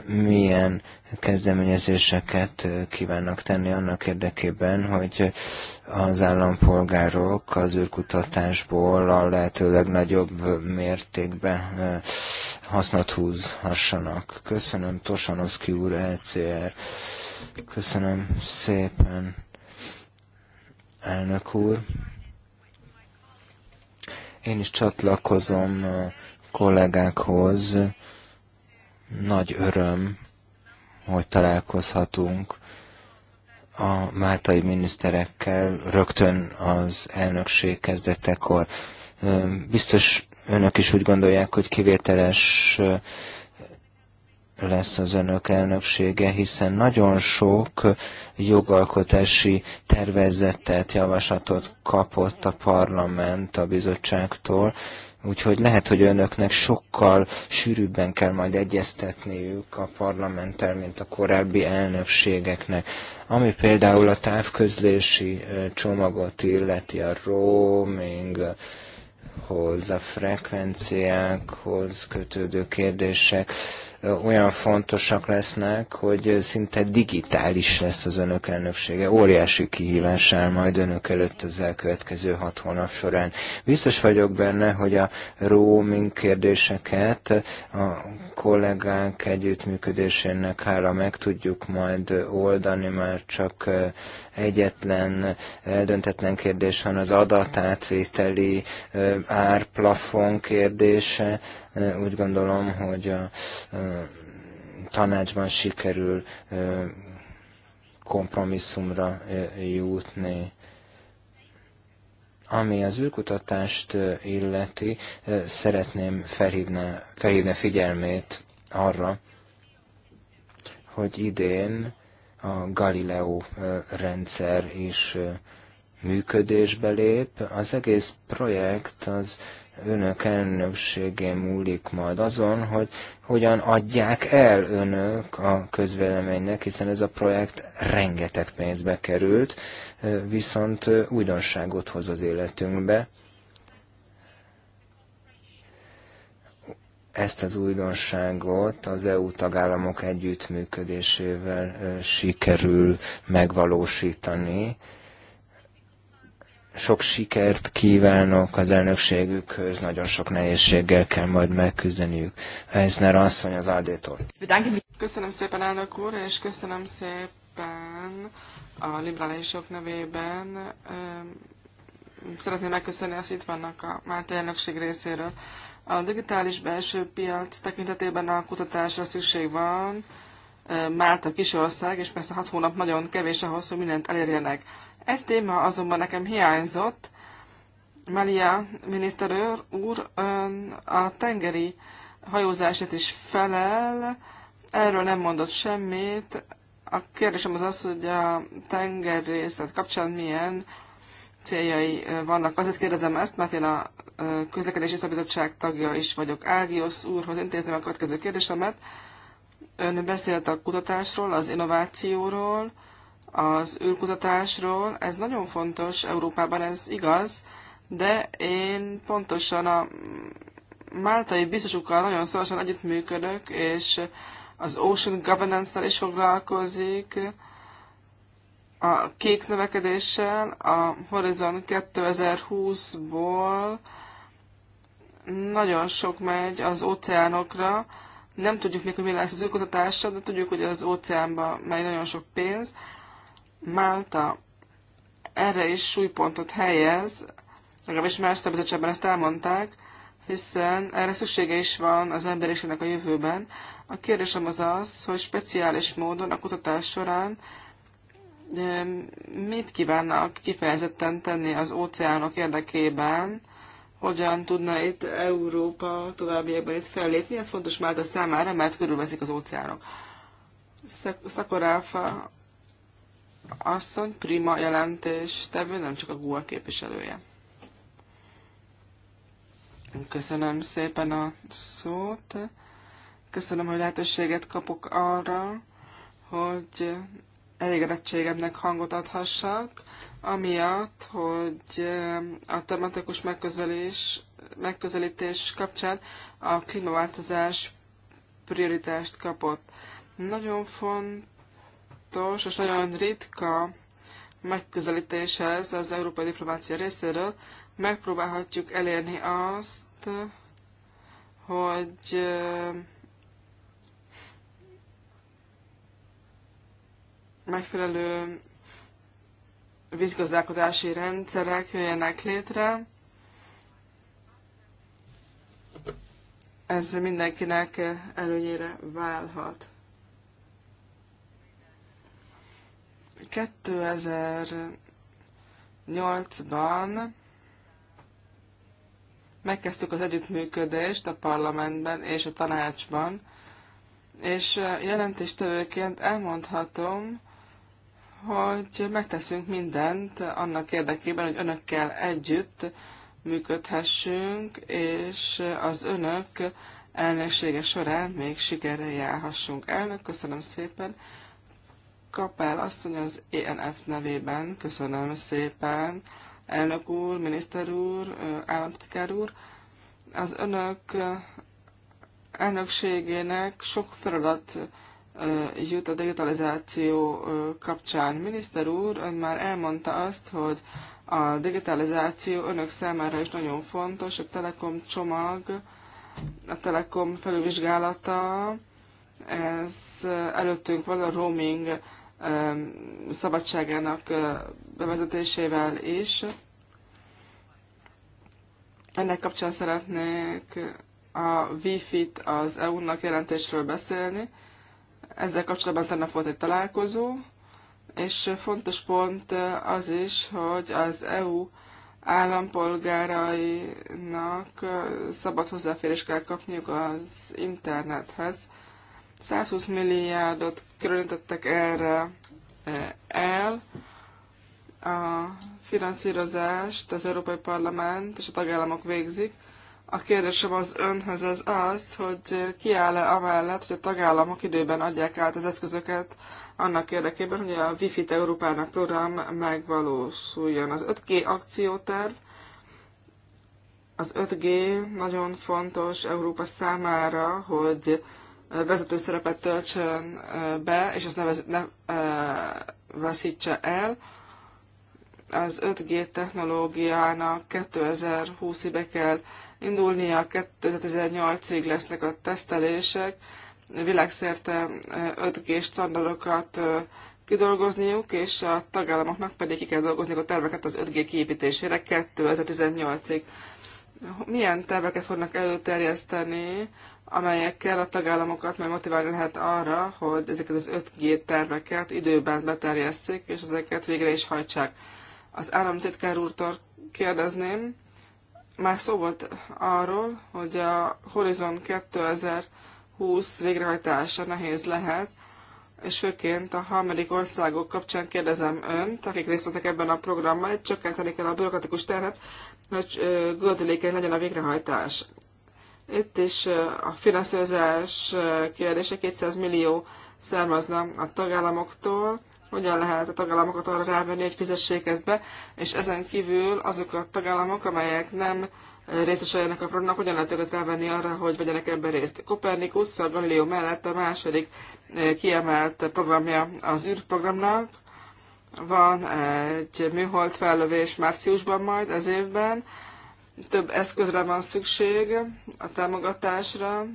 Milyen kezdeményezéseket kívánnak tenni annak érdekében, hogy az állampolgárok az űrkutatásból a lehető legnagyobb mértékben hasznot húzhassanak. Köszönöm, Tosanoszki úr, ECR. Köszönöm szépen, elnök úr. Én is csatlakozom kollégákhoz. Nagy öröm, hogy találkozhatunk a máltai miniszterekkel rögtön az elnökség kezdetekor. Biztos önök is úgy gondolják, hogy kivételes lesz az önök elnöksége, hiszen nagyon sok jogalkotási tervezettet javaslatot kapott a parlament a bizottságtól, úgyhogy lehet, hogy önöknek sokkal sűrűbben kell majd egyeztetniük a parlamenttel, mint a korábbi elnökségeknek. Ami például a távközlési csomagot illeti, a roaming, a frekvenciákhoz kötődő kérdések, olyan fontosak lesznek, hogy szinte digitális lesz az önök elnöksége. Óriási kihívás áll majd önök előtt az elkövetkező hat hónap során. Biztos vagyok benne, hogy a roaming kérdéseket a kollégánk együttműködésének hála meg tudjuk majd oldani, már csak egyetlen eldöntetlen kérdés van az adatátvételi árplafon kérdése, úgy gondolom, hogy a tanácsban sikerül kompromisszumra jutni ami az űrkutatást illeti, szeretném felhívni, felhívni figyelmét arra, hogy idén a Galileo rendszer is működésbe lép. Az egész projekt az önök elnöksége múlik majd azon, hogy hogyan adják el önök a közvéleménynek, hiszen ez a projekt rengeteg pénzbe került, viszont újdonságot hoz az életünkbe. Ezt az újdonságot az EU tagállamok együttműködésével sikerül megvalósítani, sok sikert kívánok az elnökségükhöz, nagyon sok nehézséggel kell majd megküzdeniük. Heisner asszony az Aldétól. Köszönöm szépen, elnök úr, és köszönöm szépen a liberálisok nevében. Szeretném megköszönni azt, hogy itt vannak a Máté elnökség részéről. A digitális belső piac tekintetében a kutatásra szükség van. Málta kisország, és persze hat hónap nagyon kevés ahhoz, hogy mindent elérjenek egy téma azonban nekem hiányzott, Melia miniszter úr ön a tengeri hajózását is felel, erről nem mondott semmit. A kérdésem az az, hogy a tengerrészet kapcsán milyen céljai vannak. Azért kérdezem ezt, mert én a közlekedési szabizottság tagja is vagyok. Ágios úrhoz intézném a következő kérdésemet. Ön beszélt a kutatásról, az innovációról, az űrkutatásról. Ez nagyon fontos Európában, ez igaz, de én pontosan a máltai biztosukkal nagyon szorosan együttműködök, és az Ocean governance tel is foglalkozik, a kék növekedéssel, a Horizon 2020-ból nagyon sok megy az óceánokra. Nem tudjuk még, hogy mi lesz az űrkutatással, de tudjuk, hogy az óceánban megy nagyon sok pénz. Málta erre is súlypontot helyez, legalábbis más szabadzatcsában ezt elmondták, hiszen erre szüksége is van az emberiségnek a jövőben. A kérdésem az az, hogy speciális módon a kutatás során mit kívánnak kifejezetten tenni az óceánok érdekében, hogyan tudna itt Európa továbbiakban itt fellépni, ez fontos már a számára, mert körülveszik az óceánok. Szakoráfa asszony, prima tevő nem csak a GUA képviselője. Köszönöm szépen a szót. Köszönöm, hogy lehetőséget kapok arra, hogy elégedettségemnek hangot adhassak, amiatt, hogy eh, a tematikus megközelés, megközelítés kapcsán a klímaváltozás prioritást kapott. Nagyon font fontos és nagyon ritka megközelítéshez az európai diplomácia részéről. Megpróbálhatjuk elérni azt, hogy megfelelő vízgazdálkodási rendszerek jöjjenek létre. Ez mindenkinek előnyére válhat. 2008-ban megkezdtük az együttműködést a parlamentben és a tanácsban, és jelentéstevőként elmondhatom, hogy megteszünk mindent annak érdekében, hogy önökkel együtt működhessünk, és az önök elnöksége során még sikerre járhassunk. Elnök, köszönöm szépen! Kapel asszony az ENF nevében, köszönöm szépen, elnök úr, miniszter úr, államtitkár úr. Az önök elnökségének sok feladat jut a digitalizáció kapcsán. Miniszter úr, ön már elmondta azt, hogy a digitalizáció önök számára is nagyon fontos, a Telekom csomag, a Telekom felülvizsgálata, ez előttünk van a roaming szabadságának bevezetésével is. Ennek kapcsán szeretnék a wi t az EU-nak jelentésről beszélni. Ezzel kapcsolatban tegnap volt egy találkozó, és fontos pont az is, hogy az EU állampolgárainak szabad hozzáférés kell kapniuk az internethez. 120 milliárdot különítettek erre e, el. A finanszírozást az Európai Parlament és a tagállamok végzik. A kérdésem az önhöz az az, hogy kiáll-e amellett, hogy a tagállamok időben adják át az eszközöket annak érdekében, hogy a Wi-Fi Európának program megvalósuljon. Az 5G akcióterv, az 5G nagyon fontos Európa számára, hogy vezető szerepet töltsön be, és ezt ne, vez, ne veszítse el. Az 5G technológiának 2020-ig be kell indulnia, 2018-ig lesznek a tesztelések, világszerte 5G standardokat kidolgozniuk, és a tagállamoknak pedig ki kell dolgozniuk a terveket az 5G kiépítésére 2018-ig. Milyen terveket fognak előterjeszteni amelyekkel a tagállamokat majd motiválni lehet arra, hogy ezeket az 5G terveket időben beterjesszék, és ezeket végre is hajtsák. Az államtitkár úrtól kérdezném, már szó volt arról, hogy a Horizon 2020 végrehajtása nehéz lehet, és főként a harmadik országok kapcsán kérdezem önt, akik részt vettek ebben a programban, hogy csökkenteni kell a bürokratikus terhet, hogy gördülékeny legyen a végrehajtás. Itt is a finanszírozás kérdése 200 millió származna a tagállamoktól, hogyan lehet a tagállamokat arra rávenni, hogy fizessék ezt be, és ezen kívül azok a tagállamok, amelyek nem részesüljenek a programnak, hogyan lehet őket rávenni arra, hogy vegyenek ebben részt. Kopernikus a Galileo mellett a második kiemelt programja az űrprogramnak. Van egy műhold fellövés márciusban majd, ez évben, több eszközre van szükség a támogatásra,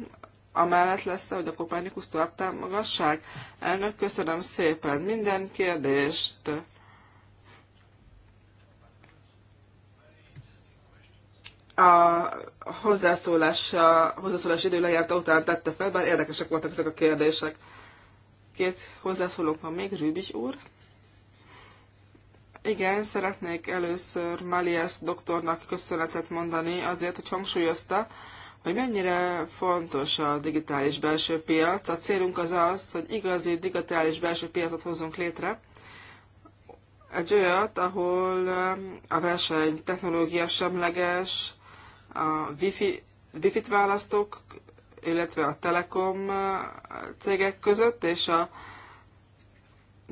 amellett lesz, hogy a Kopernikus tovább támogassák. Elnök, köszönöm szépen minden kérdést. a hozzászólás, a hozzászólás idő lejárta után tette fel, bár érdekesek voltak ezek a kérdések. Két hozzászólók van még, Rübis úr. Igen, szeretnék először Malias doktornak köszönetet mondani azért, hogy hangsúlyozta, hogy mennyire fontos a digitális belső piac. A célunk az az, hogy igazi digitális belső piacot hozzunk létre, egy olyat, ahol um, a verseny technológia semleges, a wifi, wifi-t választok, illetve a telekom uh, cégek között, és a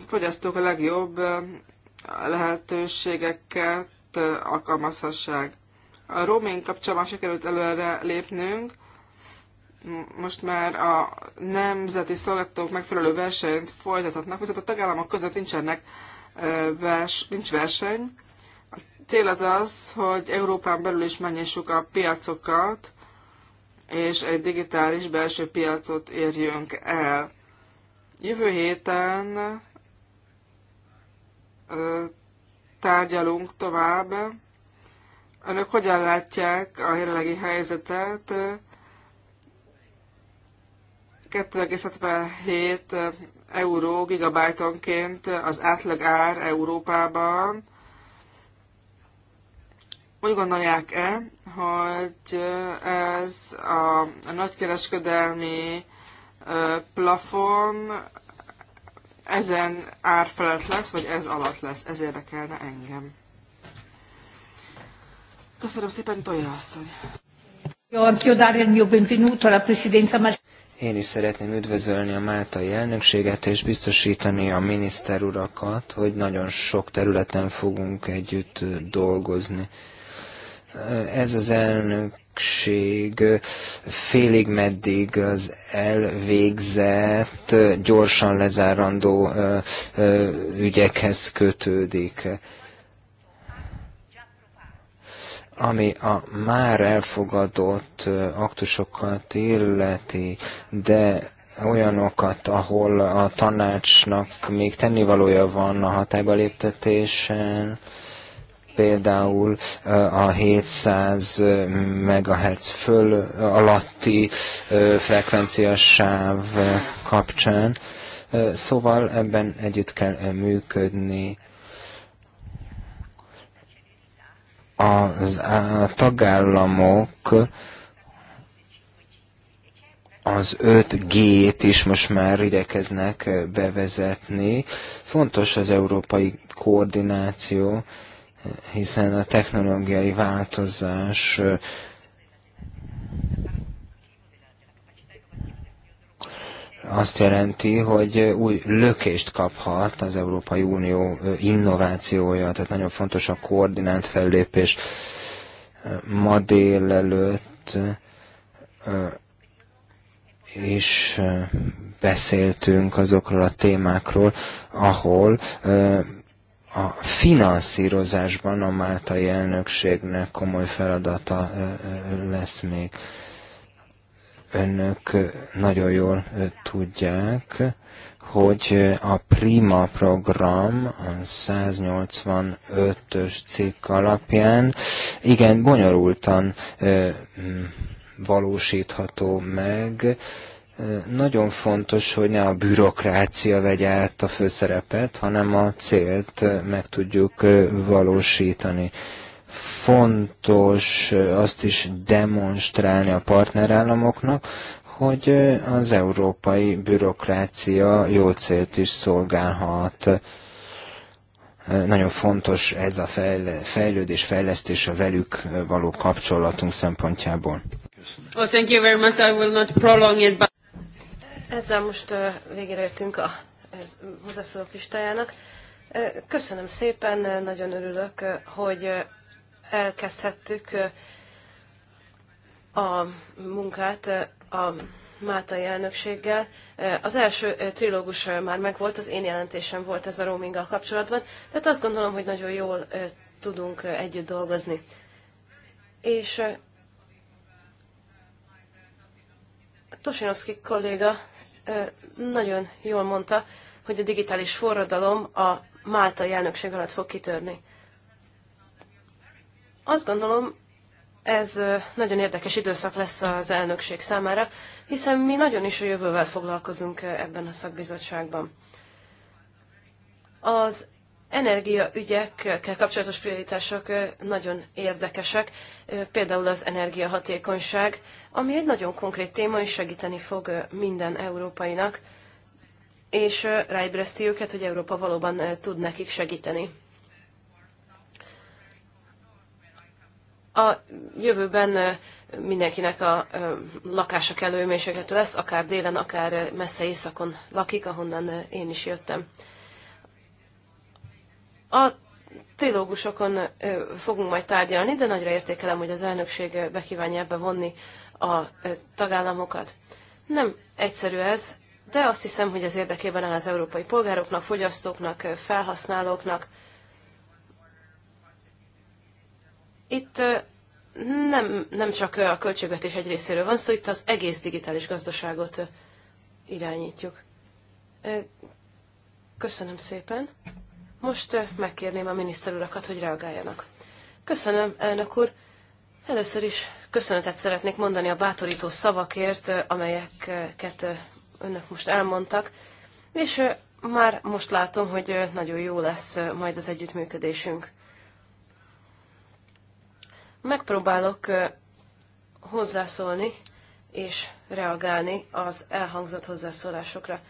fogyasztók a legjobb um, lehetőségeket alkalmazhassák. A roaming kapcsolatban sikerült előre lépnünk, most már a nemzeti szolgáltatók megfelelő versenyt folytathatnak, viszont a tagállamok között nincsenek vers, nincs verseny. A cél az az, hogy Európán belül is megnyissuk a piacokat, és egy digitális belső piacot érjünk el. Jövő héten tárgyalunk tovább. Önök hogyan látják a jelenlegi helyzetet? 2,77 euró gigabájtonként az átlag ár Európában. Úgy gondolják-e, hogy ez a nagykereskedelmi plafon ezen ár felett lesz, vagy ez alatt lesz. Ez érdekelne engem. Köszönöm szépen, Tolja asszony! Én is szeretném üdvözölni a Máltai elnökséget és biztosítani a miniszter urakat, hogy nagyon sok területen fogunk együtt dolgozni. Ez az elnök szükség félig meddig az elvégzett, gyorsan lezárandó ügyekhez kötődik ami a már elfogadott aktusokat illeti, de olyanokat, ahol a tanácsnak még tennivalója van a hatályba léptetésen, például a 700 MHz föl alatti frekvenciasáv kapcsán. Szóval ebben együtt kell működni. Az, a tagállamok az 5G-t is most már igyekeznek bevezetni. Fontos az európai koordináció, hiszen a technológiai változás azt jelenti, hogy új lökést kaphat az Európai Unió innovációja, tehát nagyon fontos a koordinált fellépés. Ma délelőtt és beszéltünk azokról a témákról, ahol a finanszírozásban a máltai elnökségnek komoly feladata lesz még. Önök nagyon jól tudják, hogy a Prima program a 185-ös cikk alapján igen bonyolultan valósítható meg, nagyon fontos, hogy ne a bürokrácia vegye át a főszerepet, hanem a célt meg tudjuk valósítani. Fontos azt is demonstrálni a partnerállamoknak, hogy az európai bürokrácia jó célt is szolgálhat. Nagyon fontos ez a fejlődés, fejlesztés a velük való kapcsolatunk szempontjából. Well, thank you very much. I will not prolong it, but... Ezzel most végére értünk a hozzászólók listájának. Köszönöm szépen, nagyon örülök, hogy elkezdhettük a munkát a Mátai elnökséggel. Az első trilógus már megvolt, az én jelentésem volt ez a roaminggal kapcsolatban, tehát azt gondolom, hogy nagyon jól tudunk együtt dolgozni. És Tosinovszki kolléga nagyon jól mondta, hogy a digitális forradalom a máltai elnökség alatt fog kitörni. Azt gondolom, ez nagyon érdekes időszak lesz az elnökség számára, hiszen mi nagyon is a jövővel foglalkozunk ebben a szakbizottságban. Az energiaügyekkel kapcsolatos prioritások nagyon érdekesek, például az energiahatékonyság, ami egy nagyon konkrét téma, és segíteni fog minden európainak, és ráébreszti őket, hogy Európa valóban tud nekik segíteni. A jövőben mindenkinek a lakása kellő lesz, akár délen, akár messze északon lakik, ahonnan én is jöttem. A trilógusokon fogunk majd tárgyalni, de nagyra értékelem, hogy az elnökség bekívánja ebbe vonni a tagállamokat. Nem egyszerű ez, de azt hiszem, hogy az érdekében áll az európai polgároknak, fogyasztóknak, felhasználóknak. Itt nem, nem csak a költségvetés egy részéről van szó, itt az egész digitális gazdaságot irányítjuk. Köszönöm szépen. Most megkérném a miniszterurakat, hogy reagáljanak. Köszönöm, elnök úr. Először is köszönetet szeretnék mondani a bátorító szavakért, amelyeket önök most elmondtak, és már most látom, hogy nagyon jó lesz majd az együttműködésünk. Megpróbálok hozzászólni és reagálni az elhangzott hozzászólásokra.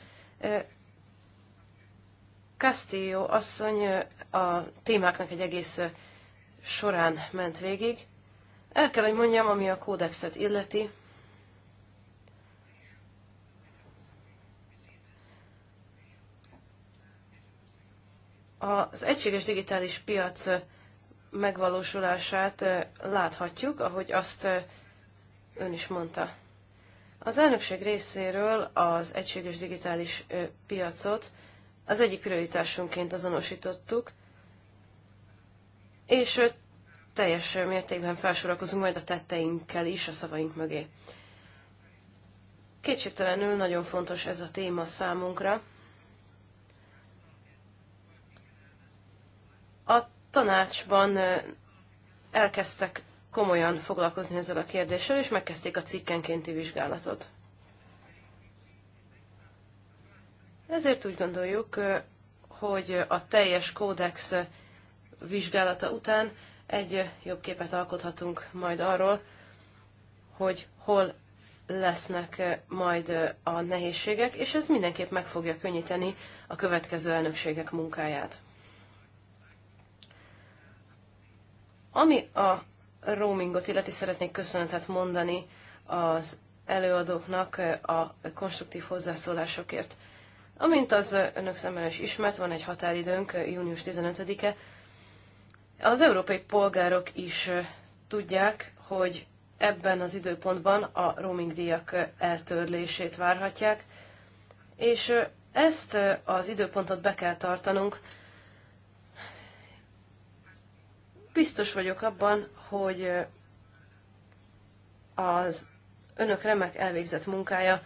Castillo asszony a témáknak egy egész során ment végig. El kell, hogy mondjam, ami a kódexet illeti. Az egységes digitális piac megvalósulását láthatjuk, ahogy azt ön is mondta. Az elnökség részéről az egységes digitális piacot az egyik prioritásunként azonosítottuk, és teljes mértékben felsorakozunk majd a tetteinkkel is a szavaink mögé. Kétségtelenül nagyon fontos ez a téma számunkra. A tanácsban elkezdtek komolyan foglalkozni ezzel a kérdéssel, és megkezdték a cikkenkénti vizsgálatot. Ezért úgy gondoljuk, hogy a teljes kódex vizsgálata után egy jobb képet alkothatunk majd arról, hogy hol lesznek majd a nehézségek, és ez mindenképp meg fogja könnyíteni a következő elnökségek munkáját. Ami a roamingot illeti, szeretnék köszönetet mondani az előadóknak a konstruktív hozzászólásokért. Amint az önök szemmel is ismert, van egy határidőnk, június 15-e. Az európai polgárok is tudják, hogy ebben az időpontban a roaming díjak eltörlését várhatják, és ezt az időpontot be kell tartanunk. Biztos vagyok abban, hogy az önök remek elvégzett munkája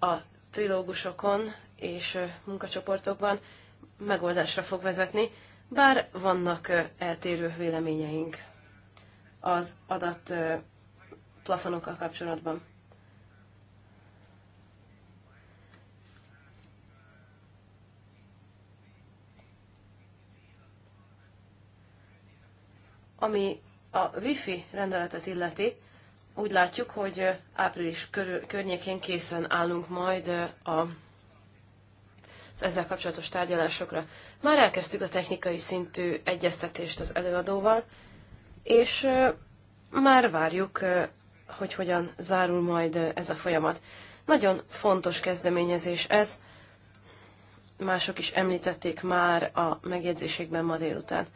a trilógusokon és munkacsoportokban megoldásra fog vezetni, bár vannak eltérő véleményeink az adat plafonokkal kapcsolatban. Ami a wifi rendeletet illeti, úgy látjuk, hogy április körül, környékén készen állunk majd a ezzel kapcsolatos tárgyalásokra. Már elkezdtük a technikai szintű egyeztetést az előadóval, és már várjuk, hogy hogyan zárul majd ez a folyamat. Nagyon fontos kezdeményezés ez, mások is említették már a megjegyzésekben ma délután.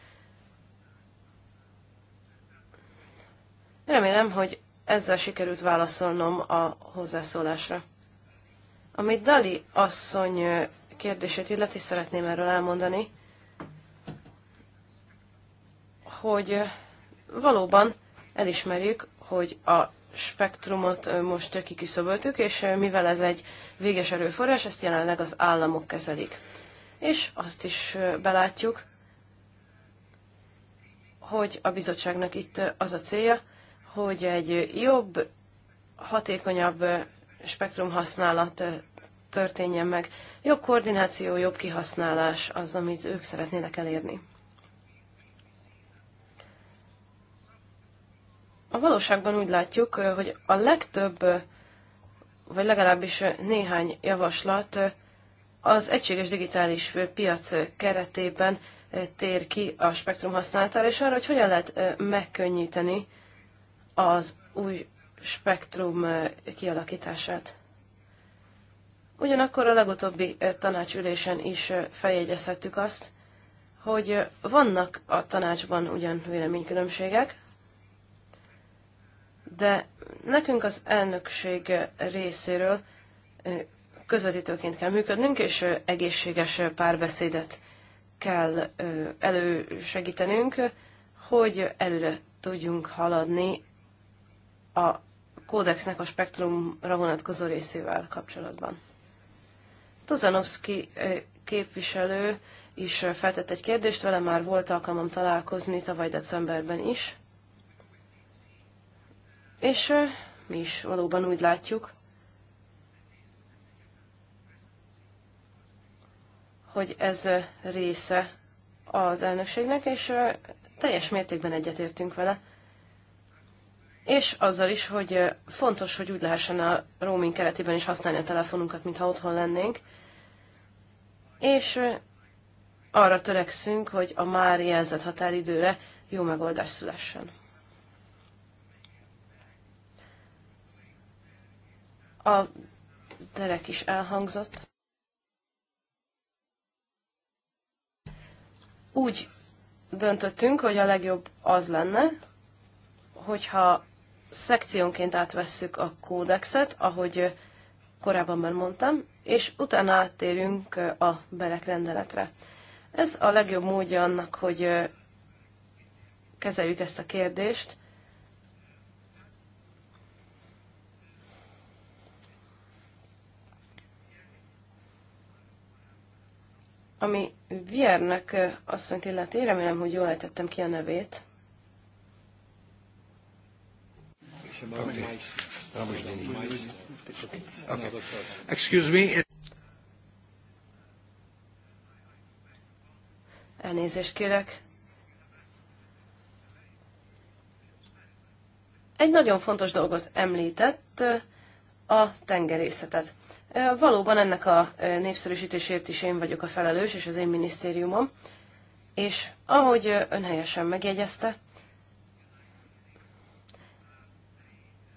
Remélem, hogy ezzel sikerült válaszolnom a hozzászólásra. Amit Dali asszony kérdését illeti, szeretném erről elmondani, hogy valóban elismerjük, hogy a spektrumot most kiküszöböltük, és mivel ez egy véges erőforrás, ezt jelenleg az államok kezelik. És azt is belátjuk, hogy a bizottságnak itt az a célja, hogy egy jobb, hatékonyabb spektrumhasználat történjen meg. Jobb koordináció, jobb kihasználás az, amit ők szeretnének elérni. A valóságban úgy látjuk, hogy a legtöbb, vagy legalábbis néhány javaslat az egységes digitális piac keretében tér ki a spektrum használatára, és arra, hogy hogyan lehet megkönnyíteni az új spektrum kialakítását. Ugyanakkor a legutóbbi tanácsülésen is feljegyezhettük azt, hogy vannak a tanácsban ugyan véleménykülönbségek, de nekünk az elnökség részéről közvetítőként kell működnünk, és egészséges párbeszédet kell elősegítenünk, hogy előre tudjunk haladni a kódexnek a spektrumra vonatkozó részével kapcsolatban. Tozanovszki eh, képviselő is eh, feltett egy kérdést, vele már volt alkalmam találkozni tavaly decemberben is. És eh, mi is valóban úgy látjuk, hogy ez része az elnökségnek, és teljes mértékben egyetértünk vele és azzal is, hogy fontos, hogy úgy lehessen a roaming keretében is használni a telefonunkat, mintha otthon lennénk. És arra törekszünk, hogy a már jelzett határidőre jó megoldás szülessen. A terek is elhangzott. Úgy döntöttünk, hogy a legjobb az lenne, hogyha szekciónként átvesszük a kódexet, ahogy korábban már mondtam, és utána áttérünk a belek rendeletre. Ez a legjobb módja annak, hogy kezeljük ezt a kérdést. Ami Viernek asszonyt illeti, remélem, hogy jól ejtettem ki a nevét. Excuse me. Elnézést kérek. Egy nagyon fontos dolgot említett, a tengerészetet. Valóban ennek a népszerűsítésért is én vagyok a felelős, és az én minisztériumom. És ahogy ön helyesen megjegyezte,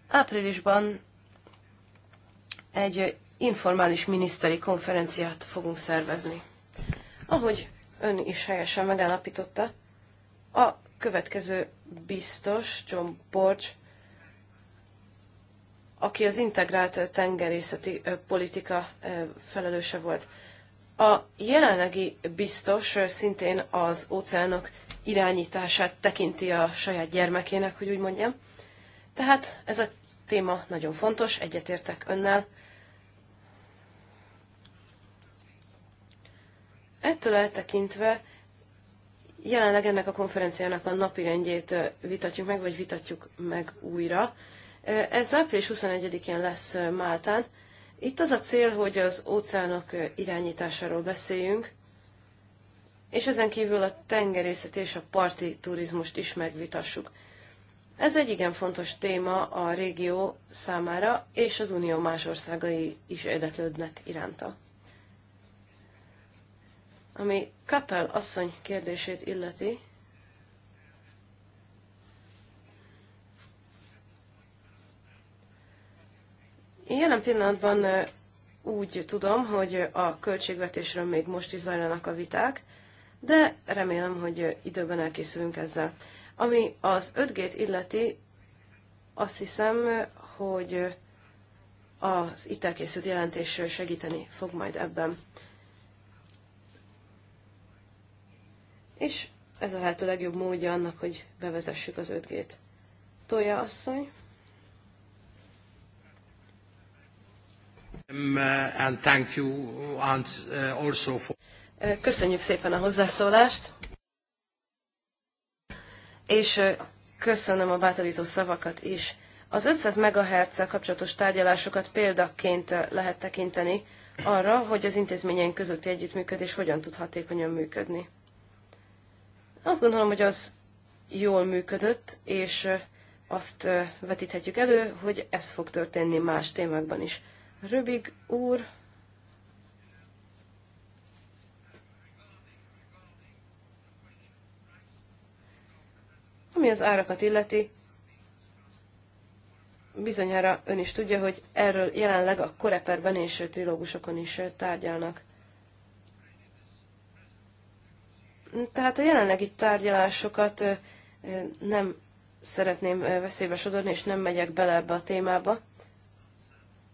Áprilisban egy informális miniszteri konferenciát fogunk szervezni. Ahogy ön is helyesen megállapította, a következő biztos, John Borch, aki az integrált tengerészeti politika felelőse volt. A jelenlegi biztos szintén az óceánok irányítását tekinti a saját gyermekének, hogy úgy mondjam, tehát ez a téma nagyon fontos, egyetértek önnel. Ettől eltekintve jelenleg ennek a konferenciának a napirendjét vitatjuk meg, vagy vitatjuk meg újra. Ez április 21-én lesz Máltán. Itt az a cél, hogy az óceánok irányításáról beszéljünk, és ezen kívül a tengerészet és a parti turizmust is megvitassuk. Ez egy igen fontos téma a régió számára, és az Unió más országai is érdeklődnek iránta. Ami Kapel asszony kérdését illeti, Jelen pillanatban úgy tudom, hogy a költségvetésről még most is zajlanak a viták, de remélem, hogy időben elkészülünk ezzel. Ami az 5G-t illeti, azt hiszem, hogy az itt elkészült jelentés segíteni fog majd ebben. És ez a lehető legjobb módja annak, hogy bevezessük az 5G-t. Tolja asszony. Um, uh, uh, köszönjük szépen a hozzászólást és köszönöm a bátorító szavakat is. Az 500 mhz kapcsolatos tárgyalásokat példaként lehet tekinteni arra, hogy az intézményeink közötti együttműködés hogyan tud hatékonyan működni. Azt gondolom, hogy az jól működött, és azt vetíthetjük elő, hogy ez fog történni más témákban is. Röbig úr, Ami az árakat illeti, bizonyára ön is tudja, hogy erről jelenleg a koreperben és trilógusokon is tárgyalnak. Tehát a jelenlegi tárgyalásokat nem szeretném veszélybe sodorni, és nem megyek bele ebbe a témába.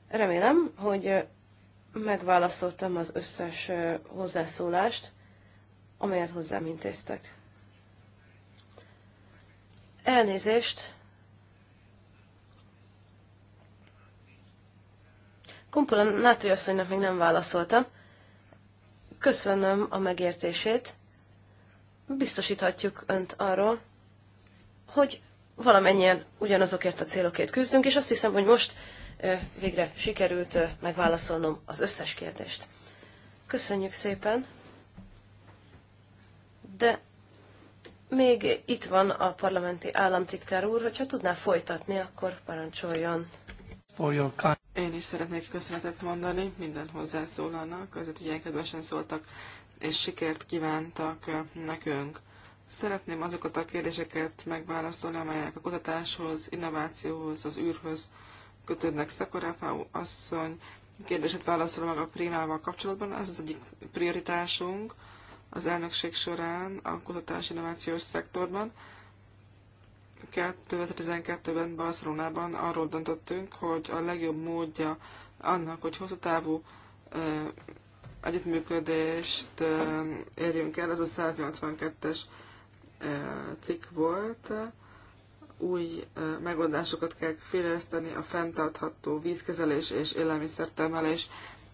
Remélem, hogy megválaszoltam az összes hozzászólást, amelyet hozzám intéztek. Elnézést. Kumpula Nátri asszonynak még nem válaszoltam. Köszönöm a megértését. Biztosíthatjuk önt arról, hogy valamennyien ugyanazokért a célokért küzdünk, és azt hiszem, hogy most végre sikerült megválaszolnom az összes kérdést. Köszönjük szépen, de még itt van a parlamenti államtitkár úr, hogyha tudná folytatni, akkor parancsoljon. Én is szeretnék köszönetet mondani minden hozzászólalnak, azért, hogy kedvesen szóltak, és sikert kívántak nekünk. Szeretném azokat a kérdéseket megválaszolni, amelyek a kutatáshoz, innovációhoz, az űrhöz kötődnek. Szakoráfa asszony kérdését válaszol meg a primával kapcsolatban, ez az egyik prioritásunk, az elnökség során a kutatás innovációs szektorban. 2012-ben Barcelonában arról döntöttünk, hogy a legjobb módja annak, hogy hosszú távú együttműködést érjünk el, ez a 182-es cikk volt. Új megoldásokat kell fejleszteni a fenntartható vízkezelés és élelmiszertermelés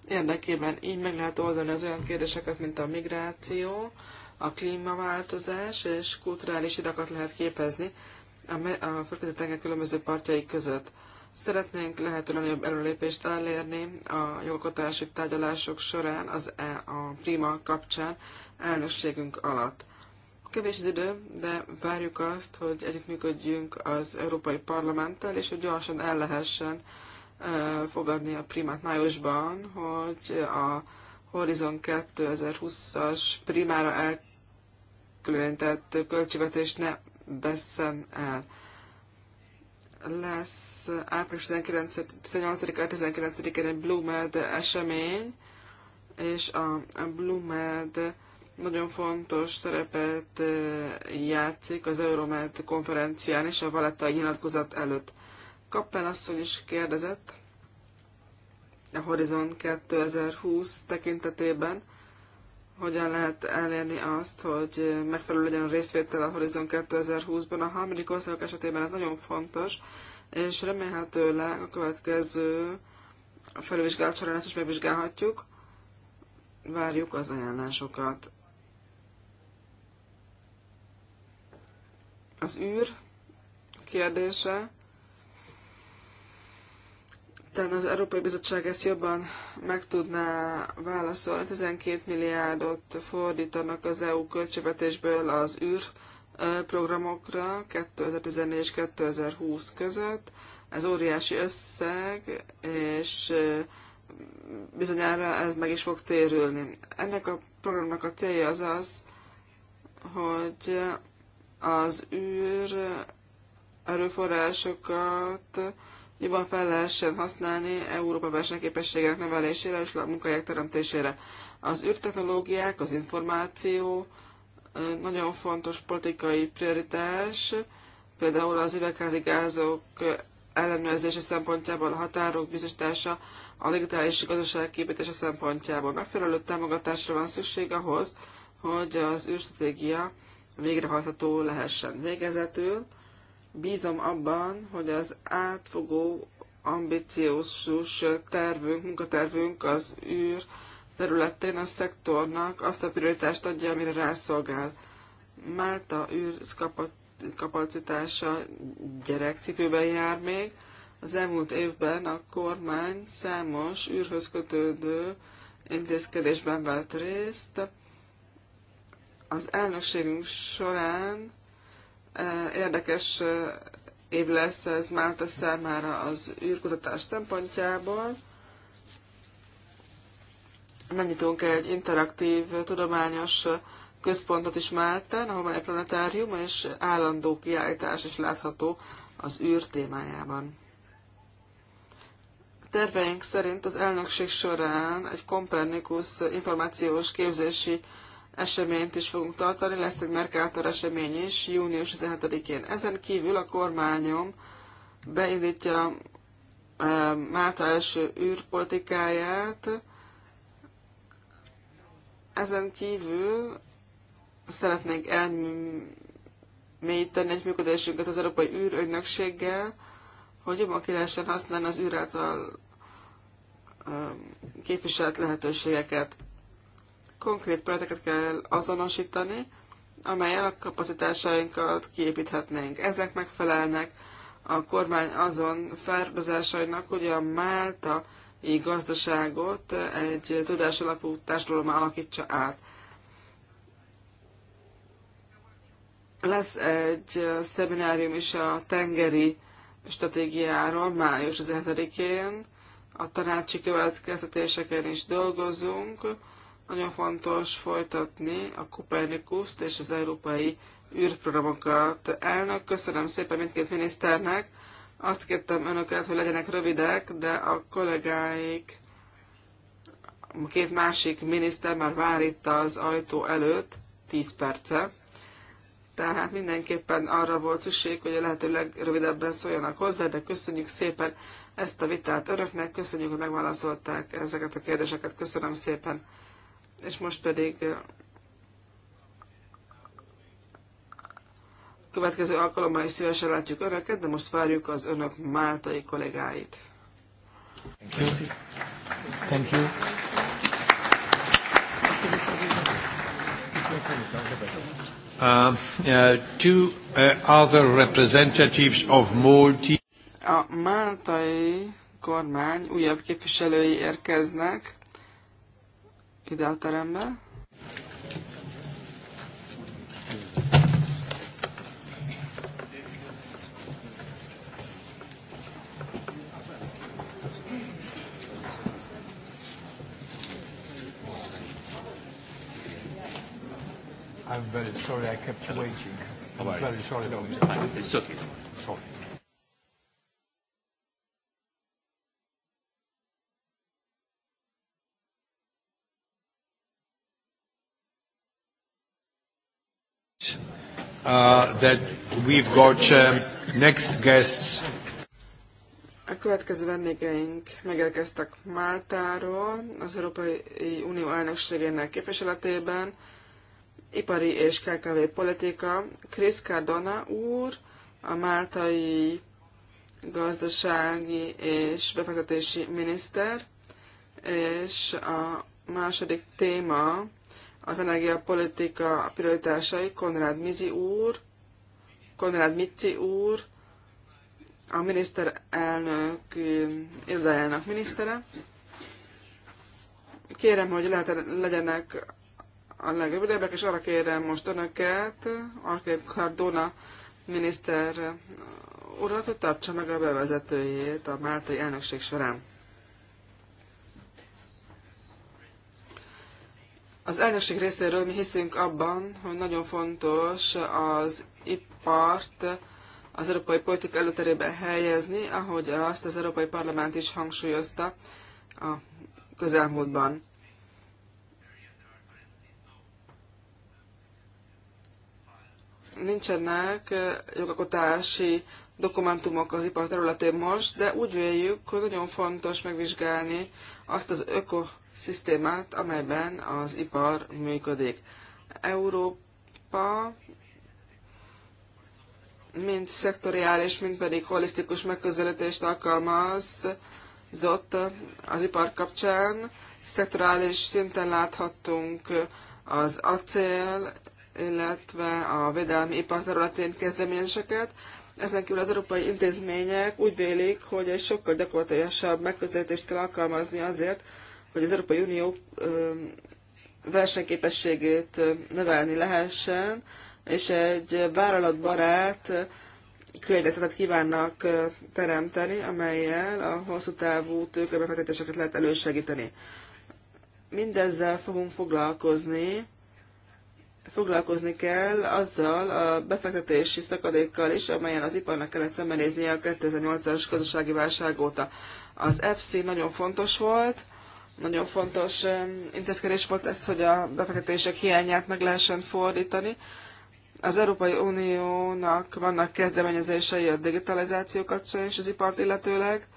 érdekében. Így meg lehet oldani az olyan kérdéseket, mint a migráció, a klímaváltozás, és kulturális idakat lehet képezni a, Földközi-tenger különböző partjai között. Szeretnénk lehetőleg jobb előlépést elérni a jogkotási tárgyalások során az e, a Prima kapcsán elnökségünk alatt. Kevés az idő, de várjuk azt, hogy együttműködjünk az Európai Parlamenttel, és hogy gyorsan el lehessen fogadni a primát májusban, hogy a Horizon 2020-as primára elkülönített költségvetés ne vesszen el. Lesz április 18-19-én egy Med esemény, és a Med nagyon fontos szerepet játszik az Euromed konferencián és a Valetta nyilatkozat előtt. Kappen asszony is kérdezett a Horizon 2020 tekintetében, hogyan lehet elérni azt, hogy megfelelő legyen a részvétel a Horizon 2020-ban. A harmadik országok esetében ez nagyon fontos, és remélhetőleg a következő felülvizsgálat során ezt is megvizsgálhatjuk. Várjuk az ajánlásokat. Az űr kérdése talán az Európai Bizottság ezt jobban meg tudná válaszolni. 12 milliárdot fordítanak az EU költségvetésből az űr programokra 2014 és 2020 között. Ez óriási összeg, és bizonyára ez meg is fog térülni. Ennek a programnak a célja az az, hogy az űr erőforrásokat jobban fel lehessen használni Európa versenyképességének növelésére és a munkahelyek teremtésére. Az űrtechnológiák, az információ nagyon fontos politikai prioritás, például az üvegházi gázok ellenőrzése szempontjából, a határok biztosítása, a digitális gazdaság képítése szempontjából. Megfelelő támogatásra van szükség ahhoz, hogy az űrstratégia végrehajtható lehessen. Végezetül Bízom abban, hogy az átfogó, ambiciósus tervünk, munkatervünk az űr területén a szektornak azt a prioritást adja, amire rászolgál. Málta kapacitása gyerekcipőben jár még. Az elmúlt évben a kormány számos űrhöz kötődő intézkedésben vett részt. Az elnökségünk során Érdekes év lesz ez Málta számára az űrkutatás szempontjából. Megnyitunk egy interaktív tudományos központot is Máltán, ahol van egy planetárium, és állandó kiállítás is látható az űr témájában. Terveink szerint az elnökség során egy Kompernikus információs képzési eseményt is fogunk tartani, lesz egy Mercator esemény is június 17-én. Ezen kívül a kormányom beindítja Málta első űrpolitikáját. Ezen kívül szeretnénk elmélyíteni egy működésünket az Európai űrögynökséggel, hogy jobban ki lehessen használni az űr által képviselt lehetőségeket. Konkrét projekteket kell azonosítani, amelyen a kapacitásainkat kiépíthetnénk. Ezek megfelelnek a kormány azon fáradozásainak, hogy a Málta gazdaságot egy tudásalapú társadalom alakítsa át. Lesz egy szeminárium is a tengeri stratégiáról május 17-én. A tanácsi következtetéseken is dolgozunk. Nagyon fontos folytatni a Kopernikuszt és az európai űrprogramokat. Elnök, köszönöm szépen mindkét miniszternek. Azt kértem önöket, hogy legyenek rövidek, de a kollégáik, a két másik miniszter már vár itt az ajtó előtt 10 perce. Tehát mindenképpen arra volt szükség, hogy a lehető legrövidebben szóljanak hozzá, de köszönjük szépen ezt a vitát önöknek, köszönjük, hogy megválaszolták ezeket a kérdéseket, köszönöm szépen és most pedig következő alkalommal is szívesen látjuk Önöket, de most várjuk az Önök máltai kollégáit. Thank you. Thank you. Uh, uh, two uh, other representatives of Malti. A máltai kormány újabb képviselői érkeznek ide a terembe. I'm very sorry I kept waiting. I'm very sorry. it's okay. Sorry. Uh, that we've got um, next guests. A következő vendégeink megérkeztek Máltáról, az Európai Unió elnökségének képviseletében, ipari és KKV politika. Chris Cardona úr, a máltai gazdasági és befektetési miniszter, és a második téma az energiapolitika prioritásai Konrad Mizi úr, Konrad Mici úr, a miniszterelnök eh, irodájának minisztere. Kérem, hogy lehet, legyenek a legrövidebbek, és arra kérem most önöket, Arkép Cardona miniszter urat, hogy tartsa meg a bevezetőjét a Máltai elnökség során. Az elnökség részéről mi hiszünk abban, hogy nagyon fontos az ipart az európai politika előterébe helyezni, ahogy azt az Európai Parlament is hangsúlyozta a közelmúltban. Nincsenek eh, jogakotási dokumentumok az ipar területén most, de úgy véljük, hogy nagyon fontos megvizsgálni azt az öko szisztémát, amelyben az ipar működik. Európa mind szektoriális, mind pedig holisztikus megközelítést alkalmazott az ipar kapcsán. Szektorális szinten láthattunk az acél, illetve a védelmi ipar területén kezdeményezéseket. Ezen kívül az európai intézmények úgy vélik, hogy egy sokkal gyakorlatilasabb megközelítést kell alkalmazni azért, hogy az Európai Unió versenyképességét növelni lehessen, és egy vállalatbarát környezetet kívánnak teremteni, amelyel a hosszú távú tőkebefektetéseket lehet elősegíteni. Mindezzel fogunk foglalkozni, foglalkozni kell azzal a befektetési szakadékkal is, amelyen az iparnak kellett szembenéznie a 2008-as gazdasági válság óta. Az FC nagyon fontos volt, nagyon fontos intézkedés volt ez, hogy a befektetések hiányát meg lehessen fordítani. Az Európai Uniónak vannak kezdeményezései a digitalizáció kapcsán és az ipart illetőleg,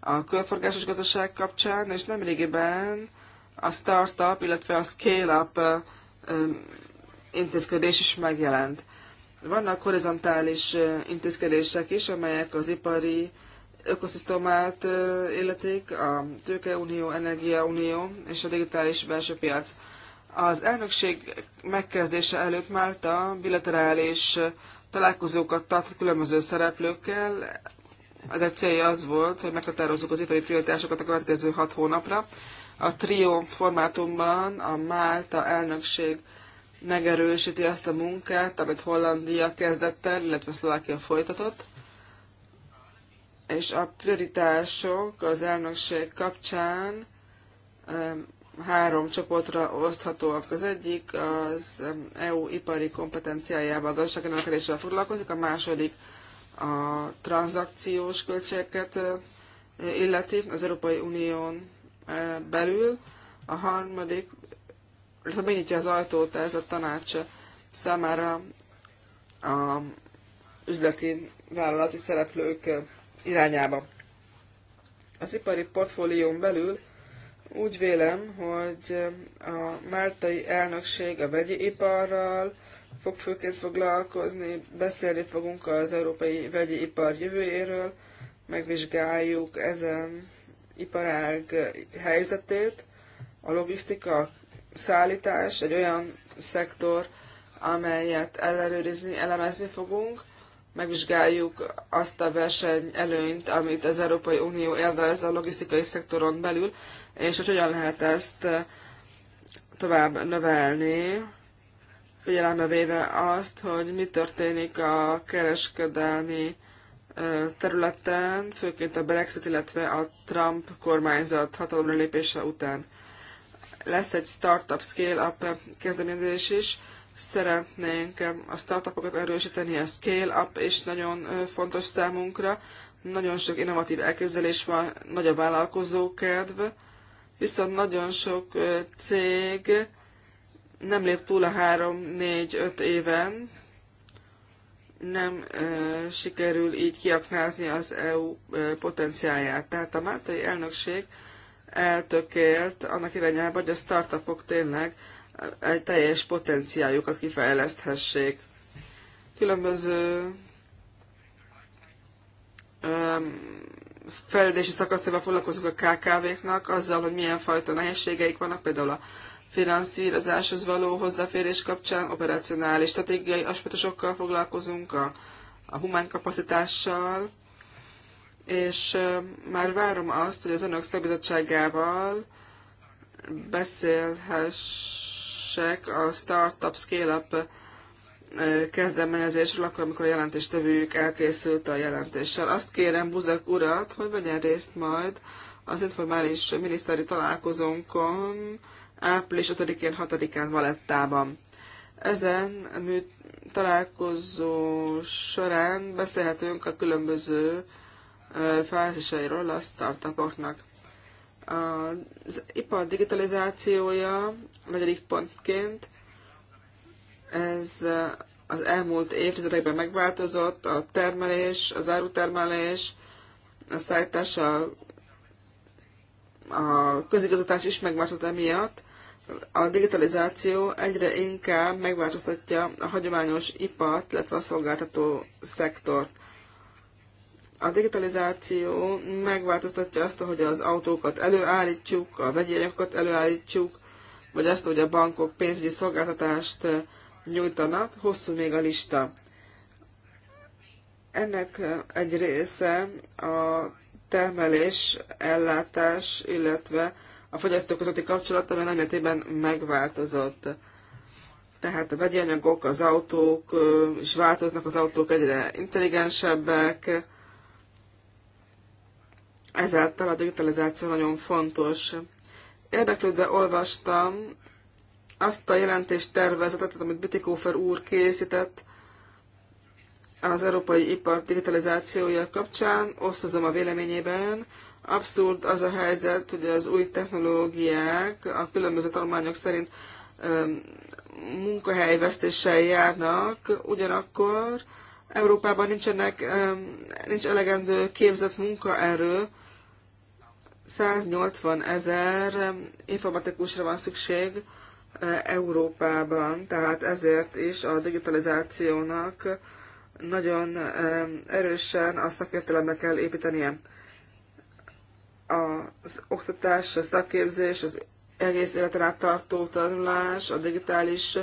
a körforgásos gazdaság kapcsán, és nemrégiben a startup, illetve a scale-up intézkedés is megjelent. Vannak horizontális intézkedések is, amelyek az ipari ökoszisztémát illetik, a tőkeunió, energiaunió és a digitális belső piac. Az elnökség megkezdése előtt Málta bilaterális találkozókat tart különböző szereplőkkel. az egy célja az volt, hogy meghatározzuk az ipari prioritásokat a következő hat hónapra. A trió formátumban a Málta elnökség megerősíti azt a munkát, amit Hollandia kezdett el, illetve Szlovákia folytatott és a prioritások az elnökség kapcsán három csoportra oszthatóak. Az egyik az EU ipari kompetenciájával, gazdasági növekedéssel foglalkozik, a második a tranzakciós költségeket illeti az Európai Unión belül, a harmadik, illetve megnyitja az ajtót ez a tanács számára a üzleti vállalati szereplők irányába. Az ipari portfólión belül úgy vélem, hogy a máltai elnökség a vegyi iparral fog főként foglalkozni, beszélni fogunk az európai vegyi ipar jövőjéről, megvizsgáljuk ezen iparág helyzetét. A logisztika, szállítás egy olyan szektor, amelyet ellenőrizni, elemezni fogunk, megvizsgáljuk azt a versenyelőnyt, amit az Európai Unió élvez a logisztikai szektoron belül, és hogy hogyan lehet ezt eh, tovább növelni, figyelembe véve azt, hogy mi történik a kereskedelmi eh, területen, főként a Brexit, illetve a Trump kormányzat hatalomra lépése után. Lesz egy Startup Scale-up kezdeményezés is, szeretnénk a startupokat erősíteni, a scale-up és nagyon fontos számunkra. Nagyon sok innovatív elképzelés van, nagy a vállalkozókedv, viszont nagyon sok cég nem lép túl a 3-4-5 éven, nem e, sikerül így kiaknázni az EU e, potenciáját. Tehát a Mátai elnökség eltökélt annak irányába, hogy a startupok tényleg egy teljes potenciáljukat kifejleszthessék. Különböző fejlődési szakaszával foglalkozunk a KKV-knak, azzal, hogy milyen fajta nehézségeik vannak, például a finanszírozáshoz való hozzáférés kapcsán, operacionális stratégiai aspektusokkal foglalkozunk, a, a humán kapacitással, és már várom azt, hogy az önök szakbizottságával beszélhess kérdések a Startup Scale-up kezdeményezésről, akkor, amikor a jelentéstevőjük elkészült a jelentéssel. Azt kérem Buzek urat, hogy vegyen részt majd az informális miniszteri találkozónkon április 5-én, 6-án Valettában. Ezen mű találkozó során beszélhetünk a különböző fázisairól a startupoknak. Az ipar digitalizációja, negyedik pontként, ez az elmúlt évtizedekben megváltozott, a termelés, az árutermelés, a szállítás, a, a közigazgatás is megváltozott emiatt. A digitalizáció egyre inkább megváltoztatja a hagyományos ipart, illetve a szolgáltató szektort. A digitalizáció megváltoztatja azt, hogy az autókat előállítsuk, a vegyi anyagokat előállítsuk, vagy azt, hogy a bankok pénzügyi szolgáltatást eh, nyújtanak. Hosszú még a lista. Ennek eh, egy része a termelés, ellátás, illetve a fogyasztók közötti kapcsolata mert nagy megváltozott. Tehát a vegyi anyagok, az autók eh, is változnak, az autók egyre intelligensebbek, Ezáltal a digitalizáció nagyon fontos. Érdeklődve olvastam azt a jelentést tervezetet, amit Bütikófer úr készített az európai ipar digitalizációja kapcsán, osztozom a véleményében. Abszurd az a helyzet, hogy az új technológiák a különböző tanulmányok szerint munkahelyvesztéssel járnak, ugyanakkor Európában nincsenek, nincs elegendő képzett munkaerő 180 ezer informatikusra van szükség eh, Európában, tehát ezért is a digitalizációnak nagyon eh, erősen a szakértelemre kell építenie. Az oktatás, a szakképzés, az egész életen át tartó tanulás, a digitális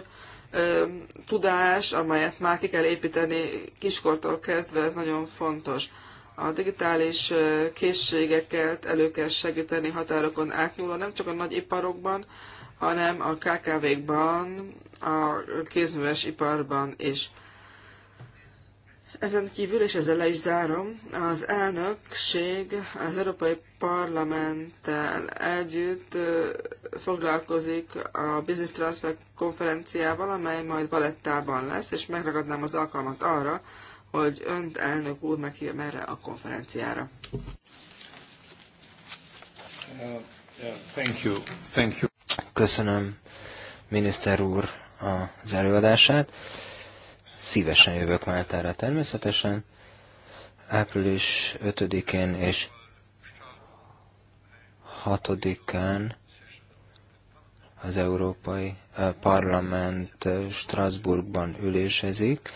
eh, tudás, amelyet már ki kell építeni kiskortól kezdve, ez nagyon fontos a digitális készségeket elő kell segíteni határokon átnyúlva, nem csak a nagy iparokban, hanem a KKV-kban, a kézműves iparban is. Ezen kívül, és ezzel le is zárom, az elnökség az Európai Parlamenttel együtt foglalkozik a Business Transfer konferenciával, amely majd Valettában lesz, és megragadnám az alkalmat arra, hogy önt elnök úr meghívom erre a konferenciára. Thank you. Thank you. Köszönöm miniszter úr az előadását. Szívesen jövök Máltára természetesen. Április 5-én és 6-án az Európai Parlament Strasbourgban ülésezik,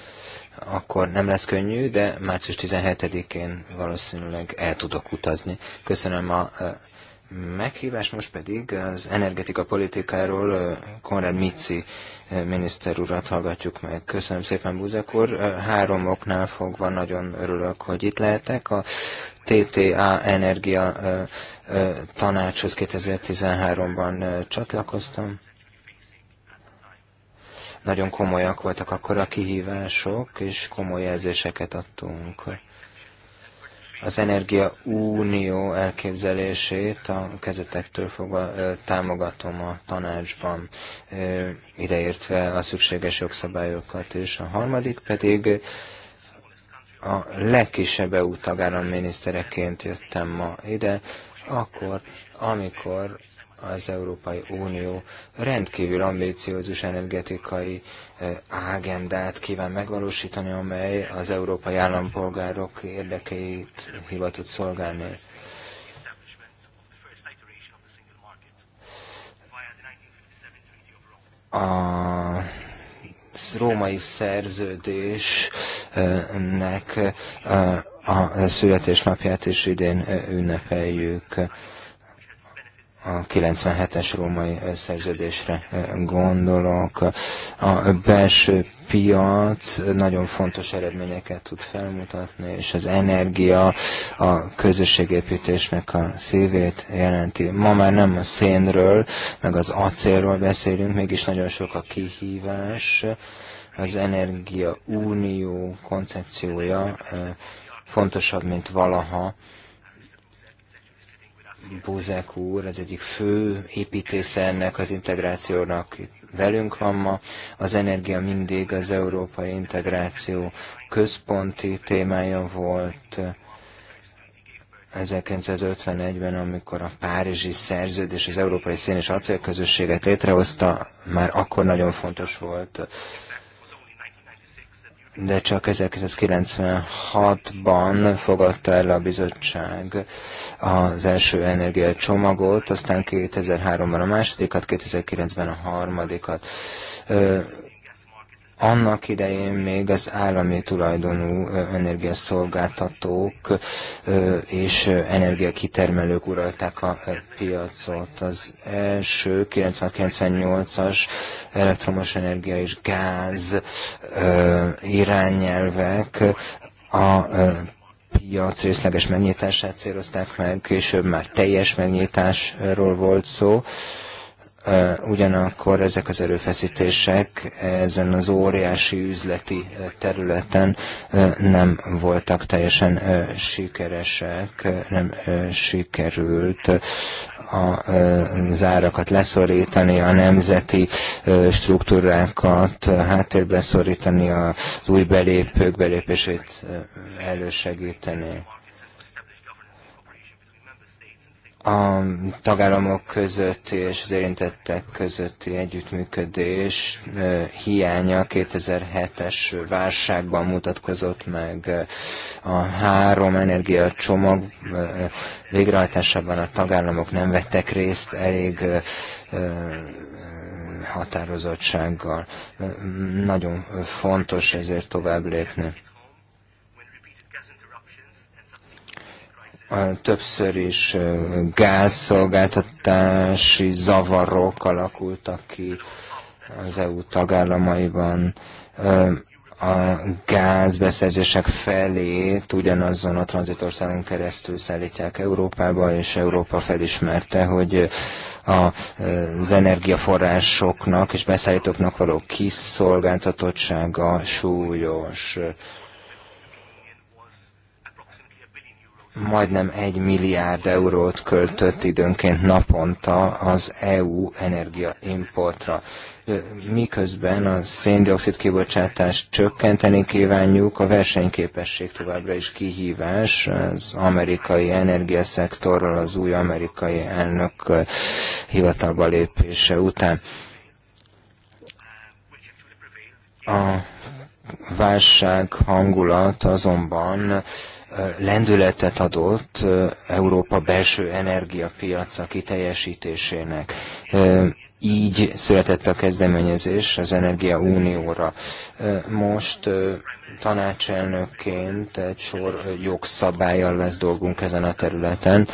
akkor nem lesz könnyű, de március 17-én valószínűleg el tudok utazni. Köszönöm a meghívást, most pedig az energetika politikáról Konrad Mici miniszter urat hallgatjuk meg. Köszönöm szépen, Buzek úr. Három oknál fogva nagyon örülök, hogy itt lehetek. A TTA Energia tanácshoz 2013-ban csatlakoztam. Nagyon komolyak voltak akkor a kihívások, és komoly jelzéseket adtunk az Energia Unió elképzelését a kezetektől fogva támogatom a tanácsban, ideértve a szükséges jogszabályokat és A harmadik pedig a legkisebb EU tagállam minisztereként jöttem ma ide, akkor, amikor az Európai Unió rendkívül ambíciózus energetikai ágendát kíván megvalósítani, amely az európai állampolgárok érdekeit hivatott szolgálni. A római szerződésnek a születésnapját is idén ünnepeljük a 97-es római szerződésre gondolok. A belső piac nagyon fontos eredményeket tud felmutatni, és az energia a közösségépítésnek a szívét jelenti. Ma már nem a szénről, meg az acélról beszélünk, mégis nagyon sok a kihívás. Az Energia Unió koncepciója fontosabb, mint valaha Búzák úr, az egyik fő építésze ennek az integrációnak velünk van ma. Az energia mindig az európai integráció központi témája volt 1951-ben, amikor a Párizsi Szerződés az Európai Szén és Acélközösséget létrehozta, már akkor nagyon fontos volt de csak 1996-ban fogadta el a bizottság az első energiacsomagot, aztán 2003-ban a másodikat, 2009-ben a harmadikat annak idején még az állami tulajdonú energiaszolgáltatók és energiakitermelők uralták a piacot. Az első 98 as elektromos energia és gáz irányelvek a piac részleges megnyitását célozták meg, később már teljes megnyitásról volt szó. Ugyanakkor ezek az erőfeszítések ezen az óriási üzleti területen nem voltak teljesen sikeresek, nem sikerült a, zárakat leszorítani, a nemzeti struktúrákat háttérbe szorítani, az új belépők belépését elősegíteni. a tagállamok közötti és az érintettek közötti együttműködés hiánya 2007-es válságban mutatkozott meg a három energiacsomag végrehajtásában a tagállamok nem vettek részt elég határozottsággal. Nagyon fontos ezért tovább lépni többször is gázszolgáltatási zavarok alakultak ki az EU tagállamaiban. A gázbeszerzések felét ugyanazon a tranzitországon keresztül szállítják Európába, és Európa felismerte, hogy az energiaforrásoknak és beszállítóknak való kiszolgáltatottsága súlyos majdnem egy milliárd eurót költött időnként naponta az EU energiaimportra. Miközben a széndiokszid kibocsátást csökkenteni kívánjuk, a versenyképesség továbbra is kihívás az amerikai energiaszektorral az új amerikai elnök hivatalba lépése után. A válság hangulat azonban lendületet adott Európa belső energiapiaca kiteljesítésének. Így született a kezdeményezés az Energia Unióra. Most tanácselnökként egy sor jogszabályjal lesz dolgunk ezen a területen.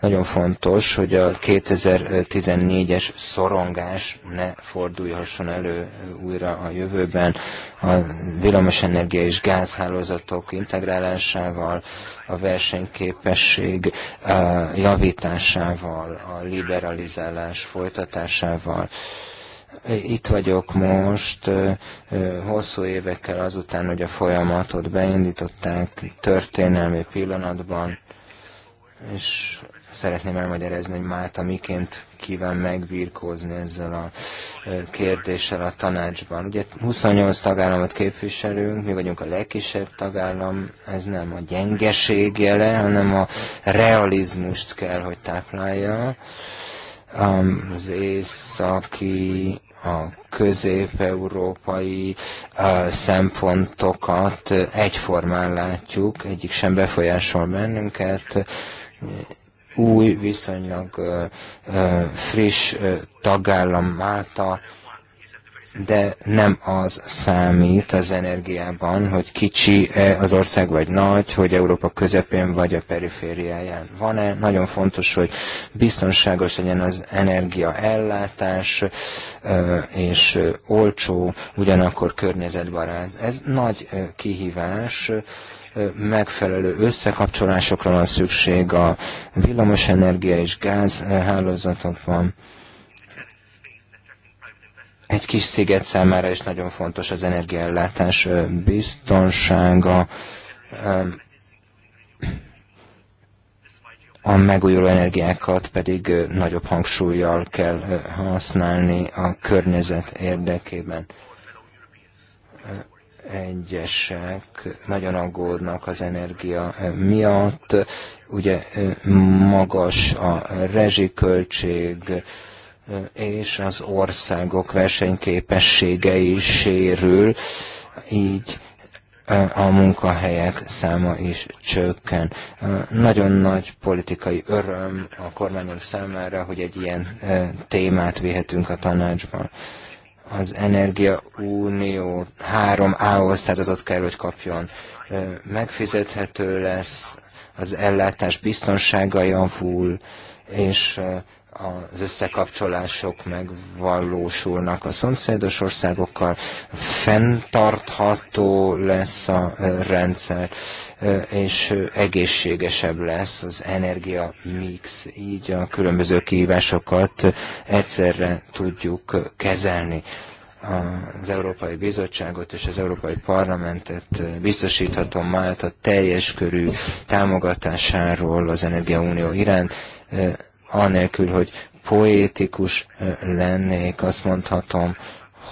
Nagyon fontos, hogy a 2014-es szorongás ne fordulhasson elő újra a jövőben. A villamosenergia és gázhálózatok integrálásával, a versenyképesség javításával, a liberalizálás folytatásával. Itt vagyok most, hosszú évekkel azután, hogy a folyamatot beindították, történelmi pillanatban, és szeretném elmagyarázni, hogy Málta miként kíván megbírkózni ezzel a kérdéssel a tanácsban. Ugye 28 tagállamot képviselünk, mi vagyunk a legkisebb tagállam, ez nem a gyengeség jele, hanem a realizmust kell, hogy táplálja. Um, az északi, a közép-európai uh, szempontokat egyformán látjuk, egyik sem befolyásol bennünket, új, viszonylag uh, uh, friss tagállam Málta, de nem az számít az energiában, hogy kicsi e, az ország vagy nagy, hogy Európa közepén vagy a perifériáján van-e. Nagyon fontos, hogy biztonságos legyen az energiaellátás, e, és olcsó, ugyanakkor környezetbarát. Ez nagy e, kihívás, megfelelő összekapcsolásokra van szükség a villamosenergia és gáz hálózatokban egy kis sziget számára is nagyon fontos az energiaellátás biztonsága, a megújuló energiákat pedig nagyobb hangsúlyjal kell használni a környezet érdekében. Egyesek nagyon aggódnak az energia miatt, ugye magas a rezsiköltség, és az országok versenyképessége is sérül, így a munkahelyek száma is csökken. Nagyon nagy politikai öröm a kormányon számára, hogy egy ilyen témát vihetünk a tanácsban. Az Energia Unió három áosztázatot kell, hogy kapjon. Megfizethető lesz, az ellátás biztonsága javul, és az összekapcsolások megvalósulnak a szomszédos országokkal, fenntartható lesz a rendszer, és egészségesebb lesz az energia mix, így a különböző kihívásokat egyszerre tudjuk kezelni az Európai Bizottságot és az Európai Parlamentet biztosíthatom már a teljes körű támogatásáról az unió iránt anélkül, hogy poétikus lennék, azt mondhatom,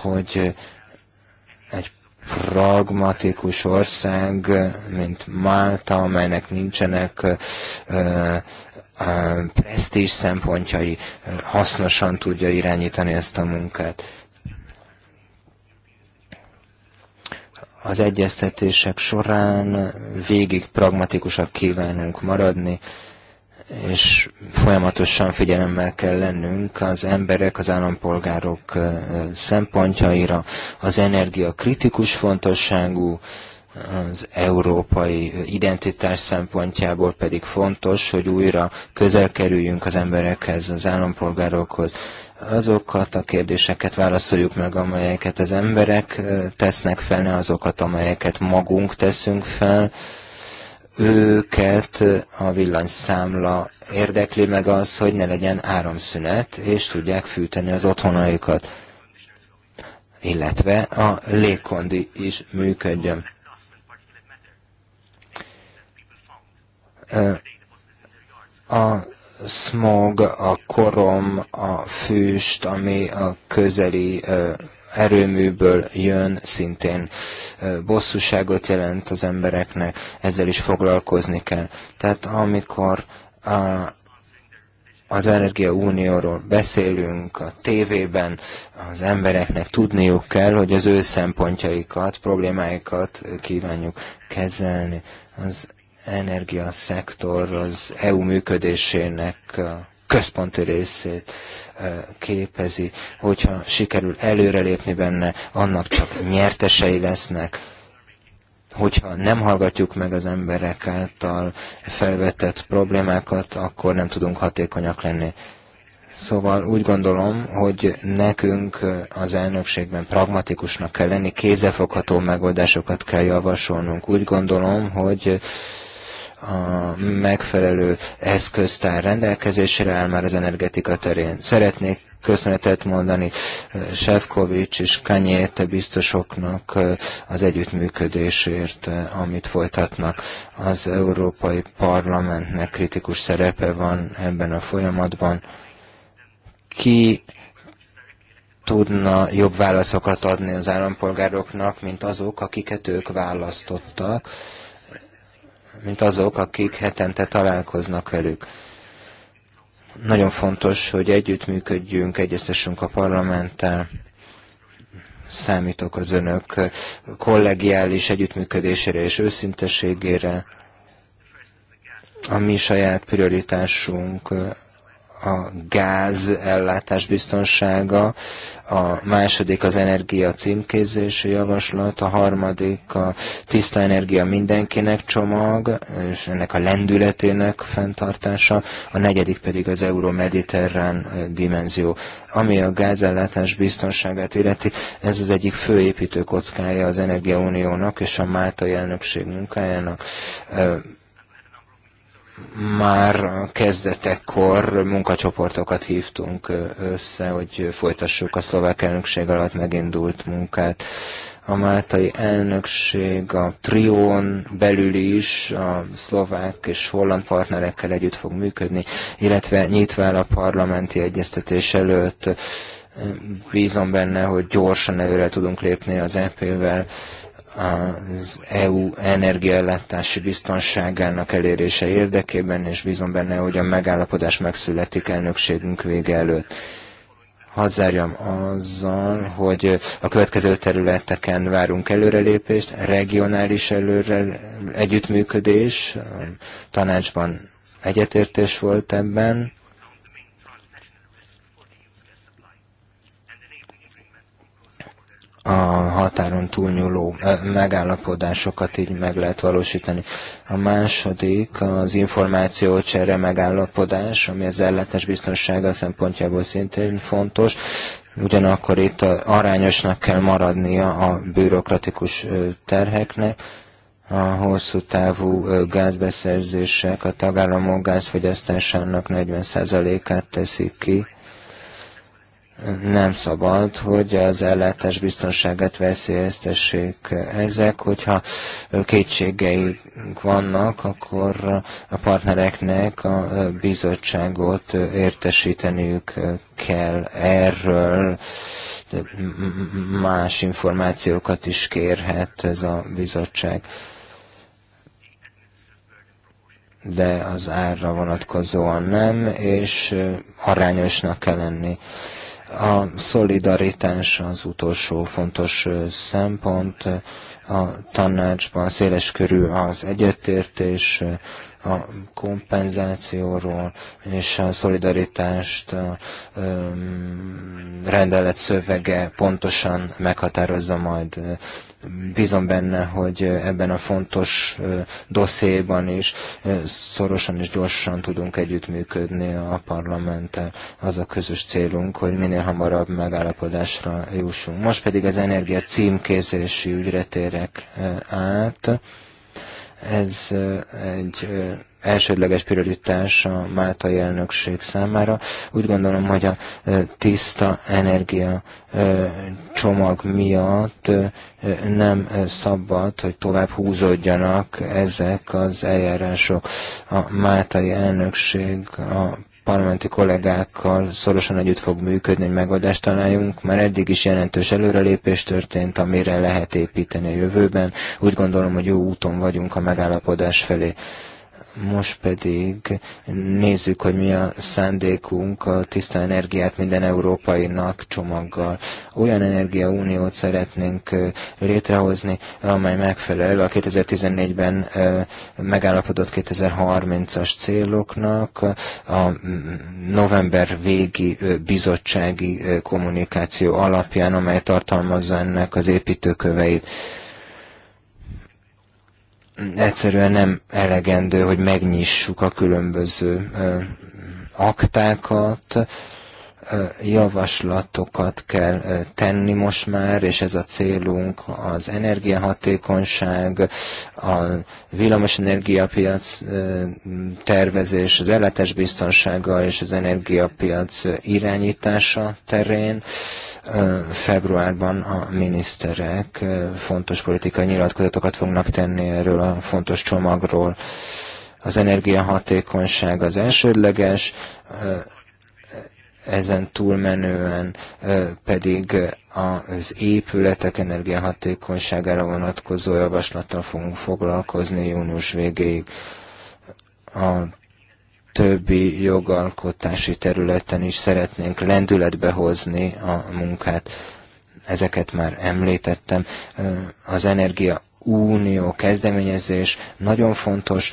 hogy egy pragmatikus ország, mint Málta, amelynek nincsenek presztízs szempontjai, hasznosan tudja irányítani ezt a munkát. Az egyeztetések során végig pragmatikusak kívánunk maradni, és folyamatosan figyelemmel kell lennünk az emberek, az állampolgárok szempontjaira. Az energia kritikus fontosságú, az európai identitás szempontjából pedig fontos, hogy újra közel kerüljünk az emberekhez, az állampolgárokhoz. Azokat a kérdéseket válaszoljuk meg, amelyeket az emberek tesznek fel, ne azokat, amelyeket magunk teszünk fel, őket a villanyszámla érdekli meg az, hogy ne legyen áramszünet, és tudják fűteni az otthonaikat. Illetve a légkondi is működjön. A smog, a korom, a füst, ami a közeli erőműből jön, szintén bosszúságot jelent az embereknek, ezzel is foglalkozni kell. Tehát amikor a, az Energia Unióról beszélünk a tévében, az embereknek tudniuk kell, hogy az ő szempontjaikat, problémáikat kívánjuk kezelni. Az energiaszektor az EU működésének központi részét képezi. Hogyha sikerül előrelépni benne, annak csak nyertesei lesznek. Hogyha nem hallgatjuk meg az emberek által felvetett problémákat, akkor nem tudunk hatékonyak lenni. Szóval úgy gondolom, hogy nekünk az elnökségben pragmatikusnak kell lenni, kézefogható megoldásokat kell javasolnunk. Úgy gondolom, hogy a megfelelő eszköztár rendelkezésre áll már az energetika terén. Szeretnék köszönetet mondani eh, Sefkovics és Kanyéte biztosoknak eh, az együttműködésért, eh, amit folytatnak. Az Európai Parlamentnek kritikus szerepe van ebben a folyamatban. Ki tudna jobb válaszokat adni az állampolgároknak, mint azok, akiket ők választottak mint azok, akik hetente találkoznak velük. Nagyon fontos, hogy együttműködjünk, egyeztessünk a parlamenttel, számítok az önök kollegiális együttműködésére és őszinteségére. A mi saját prioritásunk a gáz ellátás biztonsága, a második az energia címkézési javaslat, a harmadik a tiszta energia mindenkinek csomag, és ennek a lendületének fenntartása, a negyedik pedig az euró-mediterrán dimenzió. Ami a gázellátás biztonságát illeti, ez az egyik fő kockája az Energiauniónak és a Máltai elnökség munkájának már a kezdetekkor munkacsoportokat hívtunk össze, hogy folytassuk a szlovák elnökség alatt megindult munkát. A máltai elnökség a trión belül is a szlovák és holland partnerekkel együtt fog működni, illetve nyitva el a parlamenti egyeztetés előtt bízom benne, hogy gyorsan előre tudunk lépni az EP-vel, az EU energiaellátási biztonságának elérése érdekében, és bízom benne, hogy a megállapodás megszületik elnökségünk vége előtt. Hadd zárjam azzal, hogy a következő területeken várunk előrelépést, regionális előre együttműködés, tanácsban egyetértés volt ebben, a határon túlnyúló megállapodásokat így meg lehet valósítani. A második az információcsere megállapodás, ami az ellátás biztonsága szempontjából szintén fontos. Ugyanakkor itt arányosnak kell maradnia a bürokratikus terheknek, a hosszú távú gázbeszerzések a tagállamok gázfogyasztásának 40%-át teszik ki nem szabad, hogy az ellátás biztonságát veszélyeztessék ezek, hogyha kétségeik vannak, akkor a partnereknek a bizottságot értesíteniük kell erről, más információkat is kérhet ez a bizottság de az árra vonatkozóan nem, és arányosnak kell lenni. A szolidaritás az utolsó fontos szempont. A tanácsban széles körű az egyetértés, a kompenzációról és a szolidaritást a rendelet szövege pontosan meghatározza majd Bízom benne, hogy ebben a fontos dosszéban is szorosan és gyorsan tudunk együttműködni a parlamenttel. Az a közös célunk, hogy minél hamarabb megállapodásra jussunk. Most pedig az energia címkézési ügyre térek át. Ez egy elsődleges prioritás a máltai elnökség számára. Úgy gondolom, hogy a tiszta energia csomag miatt nem szabad, hogy tovább húzódjanak ezek az eljárások. A máltai elnökség a parlamenti kollégákkal szorosan együtt fog működni, hogy megoldást találjunk. Már eddig is jelentős előrelépés történt, amire lehet építeni a jövőben. Úgy gondolom, hogy jó úton vagyunk a megállapodás felé. Most pedig nézzük, hogy mi a szándékunk a tiszta energiát minden európainak csomaggal. Olyan energiauniót szeretnénk létrehozni, amely megfelel a 2014-ben megállapodott 2030-as céloknak, a november végi bizottsági kommunikáció alapján, amely tartalmazza ennek az építőköveit egyszerűen nem elegendő, hogy megnyissuk a különböző aktákat, javaslatokat kell tenni most már, és ez a célunk az energiahatékonyság, a villamosenergiapiac tervezés, az ellátás biztonsága és az energiapiac irányítása terén. Februárban a miniszterek fontos politikai nyilatkozatokat fognak tenni erről a fontos csomagról. Az energiahatékonyság az elsődleges, ezen túlmenően pedig az épületek energiahatékonyságára vonatkozó javaslattal fogunk foglalkozni június végéig. A többi jogalkotási területen is szeretnénk lendületbe hozni a munkát. Ezeket már említettem. Az energia Unió kezdeményezés, nagyon fontos,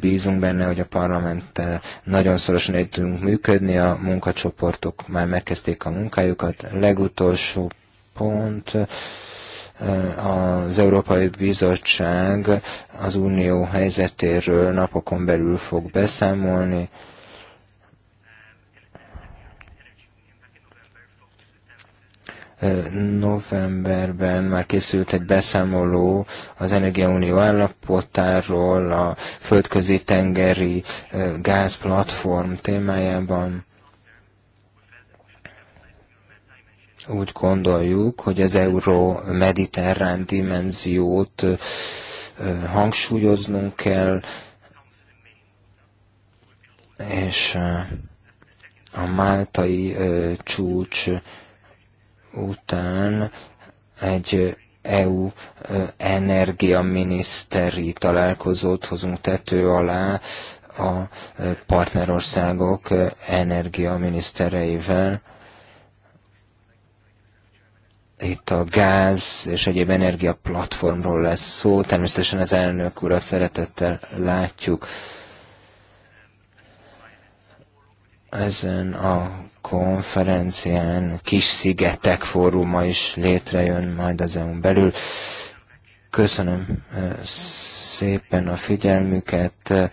bízunk benne, hogy a parlamenttel eh, nagyon szorosan együtt tudunk működni, a munkacsoportok már megkezdték a munkájukat. Legutolsó pont, eh, az Európai Bizottság az unió helyzetéről napokon belül fog beszámolni, novemberben már készült egy beszámoló az Energiaunió állapotáról, a földközi tengeri gázplatform témájában. Úgy gondoljuk, hogy az euró-mediterrán dimenziót hangsúlyoznunk kell, és a máltai csúcs után egy EU energiaminiszteri találkozót hozunk tető alá a partnerországok energiaminisztereivel. Itt a gáz és egyéb energiaplatformról lesz szó. Természetesen az elnök urat szeretettel látjuk. Ezen a konferencián kis szigetek fóruma is létrejön majd az EU-n belül. Köszönöm eh, szépen a figyelmüket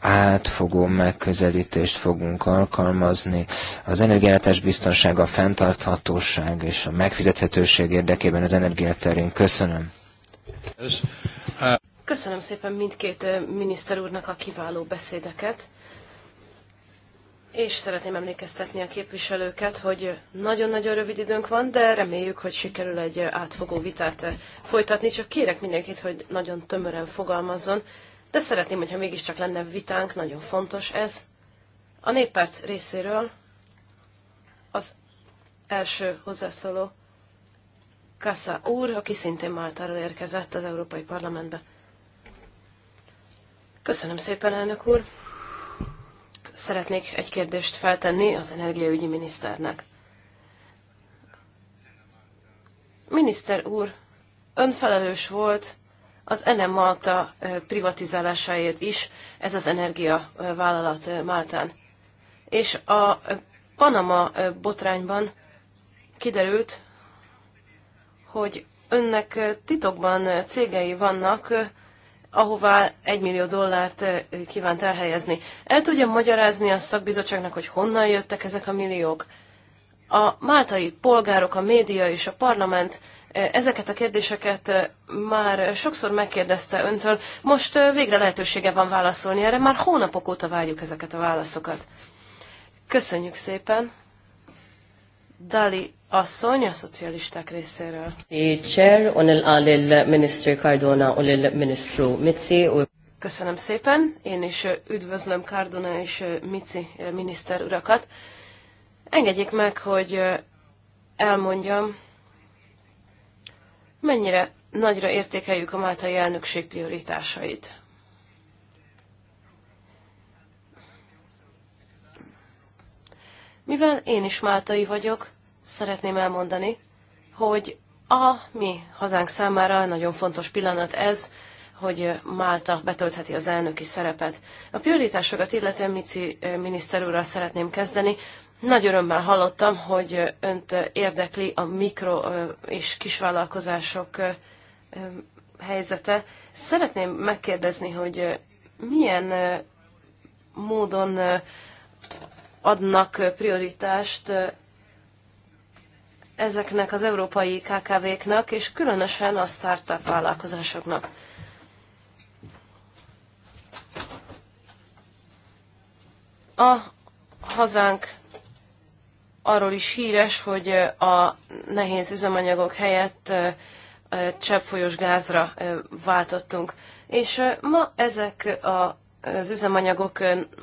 átfogó megközelítést fogunk alkalmazni. Az energiállátás biztonsága, a fenntarthatóság és a megfizethetőség érdekében az energiaterén. Köszönöm. Köszönöm szépen mindkét eh, miniszter úrnak a kiváló beszédeket és szeretném emlékeztetni a képviselőket, hogy nagyon-nagyon rövid időnk van, de reméljük, hogy sikerül egy átfogó vitát folytatni. Csak kérek mindenkit, hogy nagyon tömören fogalmazzon, de szeretném, hogyha mégiscsak lenne vitánk, nagyon fontos ez. A néppárt részéről az első hozzászóló Kassa úr, aki szintén Máltáról érkezett az Európai Parlamentbe. Köszönöm szépen, elnök úr! szeretnék egy kérdést feltenni az energiaügyi miniszternek. Miniszter úr, önfelelős volt az Enem Malta privatizálásáért is, ez az energiavállalat Máltán. És a Panama botrányban kiderült, hogy önnek titokban cégei vannak, ahová egy millió dollárt eh, kívánt elhelyezni. El tudja magyarázni a szakbizottságnak, hogy honnan jöttek ezek a milliók? A máltai polgárok, a média és a parlament eh, ezeket a kérdéseket eh, már sokszor megkérdezte öntől, most végre lehetősége van válaszolni erre, már hónapok óta várjuk ezeket a válaszokat. Köszönjük szépen! Dali asszony a szocialisták részéről. Cardona, Mitzi. Köszönöm szépen, én is üdvözlöm Cardona és Mici miniszter urakat. Engedjék meg, hogy elmondjam, mennyire nagyra értékeljük a máltai elnökség prioritásait. Mivel én is máltai vagyok, szeretném elmondani, hogy a mi hazánk számára nagyon fontos pillanat ez, hogy Málta betöltheti az elnöki szerepet. A prioritásokat illetően Mici eh, miniszter úrral szeretném kezdeni. Nagy örömmel hallottam, hogy önt érdekli a mikro eh, és kisvállalkozások eh, helyzete. Szeretném megkérdezni, hogy milyen módon adnak prioritást ezeknek az európai KKV-knak, és különösen a startup vállalkozásoknak. A hazánk arról is híres, hogy a nehéz üzemanyagok helyett cseppfolyós gázra váltottunk. És ma ezek a az üzemanyagok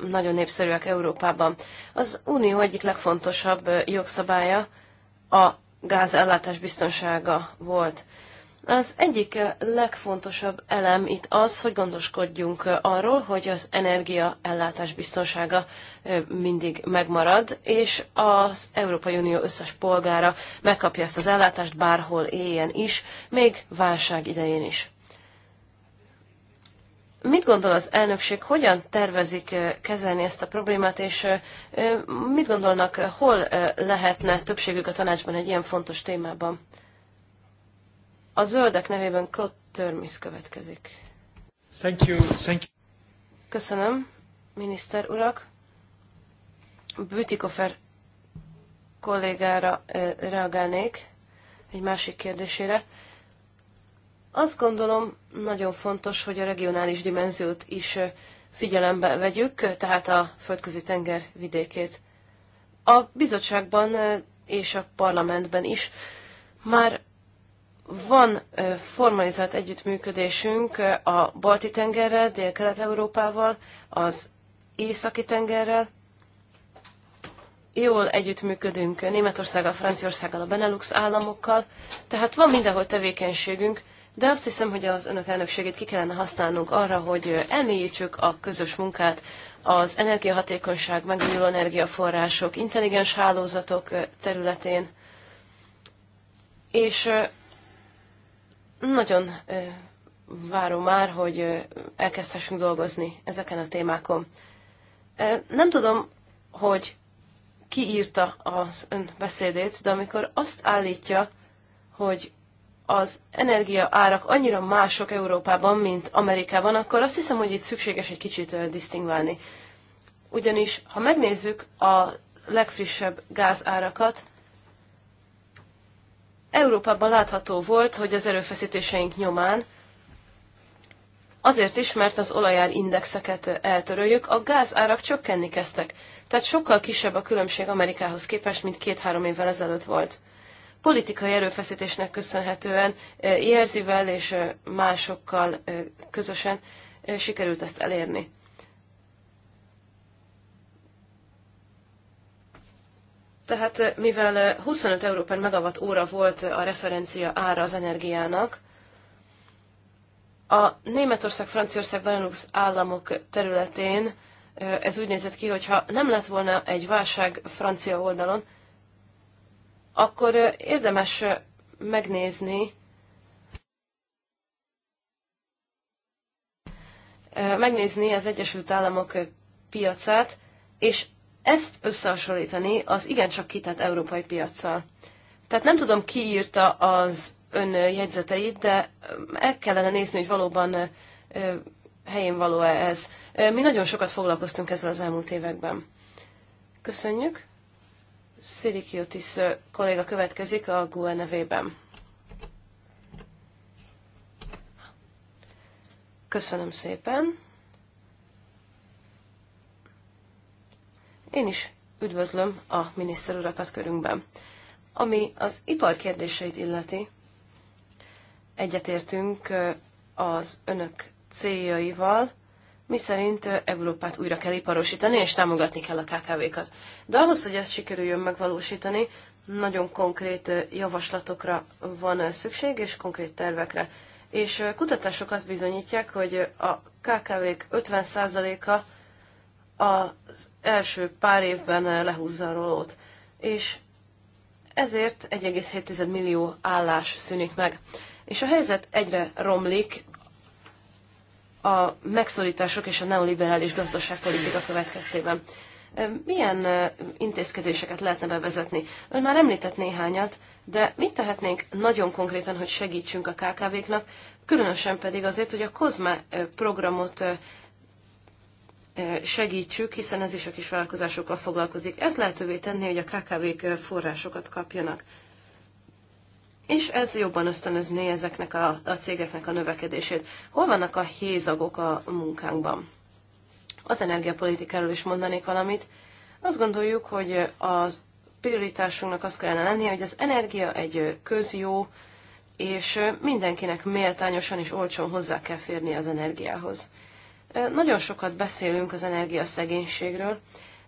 nagyon népszerűek Európában. Az Unió egyik legfontosabb jogszabálya a gázellátás biztonsága volt. Az egyik legfontosabb elem itt az, hogy gondoskodjunk arról, hogy az energiaellátás biztonsága mindig megmarad, és az Európai Unió összes polgára megkapja ezt az ellátást bárhol éljen is, még válság idején is. Mit gondol az elnökség, hogyan tervezik kezelni ezt a problémát, és mit gondolnak, hol lehetne többségük a tanácsban egy ilyen fontos témában? A zöldek nevében Claude Törmisz következik. Thank you, thank you. Köszönöm, miniszter urak. Bütikofer kollégára reagálnék egy másik kérdésére. Azt gondolom, nagyon fontos, hogy a regionális dimenziót is figyelembe vegyük, tehát a földközi tenger vidékét. A bizottságban és a parlamentben is már van formalizált együttműködésünk a Balti tengerrel, Dél-Kelet-Európával, az Északi tengerrel. Jól együttműködünk Németországgal, Franciaországgal, a Benelux államokkal, tehát van mindenhol tevékenységünk, de azt hiszem, hogy az önök elnökségét ki kellene használnunk arra, hogy elmélyítsük a közös munkát az energiahatékonyság, megújuló energiaforrások, intelligens hálózatok területén, és nagyon várom már, hogy elkezdhessünk dolgozni ezeken a témákon. Nem tudom, hogy ki írta az ön beszédét, de amikor azt állítja, hogy az energia árak annyira mások Európában, mint Amerikában, akkor azt hiszem, hogy itt szükséges egy kicsit disztingválni. Ugyanis, ha megnézzük a legfrissebb gázárakat, Európában látható volt, hogy az erőfeszítéseink nyomán, azért is, mert az olajár indexeket eltöröljük, a gázárak csökkenni kezdtek. Tehát sokkal kisebb a különbség Amerikához képest, mint két-három évvel ezelőtt volt politikai erőfeszítésnek köszönhetően eh, Jerzivel és eh, másokkal eh, közösen sikerült ezt elérni. Tehát mivel 25 euró per megawatt óra volt a referencia ára az energiának, a Németország, Franciaország, Benelux államok területén ez úgy nézett ki, hogy ha nem lett volna egy válság francia oldalon, akkor érdemes megnézni, megnézni az Egyesült Államok piacát, és ezt összehasonlítani az igencsak kitett európai piaccal. Tehát nem tudom, ki írta az ön jegyzeteit, de el kellene nézni, hogy valóban helyén való-e ez. Mi nagyon sokat foglalkoztunk ezzel az elmúlt években. Köszönjük. Sirikiotis kolléga következik a GUE nevében. Köszönöm szépen. Én is üdvözlöm a miniszterurakat körünkben. Ami az ipar kérdéseit illeti, egyetértünk az önök céljaival, miszerint Európát újra kell iparosítani, és támogatni kell a KKV-kat. De ahhoz, hogy ezt sikerüljön megvalósítani, nagyon konkrét javaslatokra van szükség, és konkrét tervekre. És kutatások azt bizonyítják, hogy a KKV-k 50%-a az első pár évben lehúzza a rolót, és ezért 1,7 millió állás szűnik meg. És a helyzet egyre romlik a megszorítások és a neoliberális gazdaságpolitika következtében. Milyen intézkedéseket lehetne bevezetni? Ön már említett néhányat, de mit tehetnénk nagyon konkrétan, hogy segítsünk a KKV-knak, különösen pedig azért, hogy a COSME programot segítsük, hiszen ez is a kisvállalkozásokkal foglalkozik. Ez lehetővé tenni, hogy a KKV-k forrásokat kapjanak és ez jobban ösztönözné ezeknek a, a cégeknek a növekedését. Hol vannak a hézagok a munkánkban? Az energiapolitikáról is mondanék valamit. Azt gondoljuk, hogy az prioritásunknak az kellene lennie, hogy az energia egy közjó, és mindenkinek méltányosan és olcsón hozzá kell férni az energiához. Nagyon sokat beszélünk az energiaszegénységről,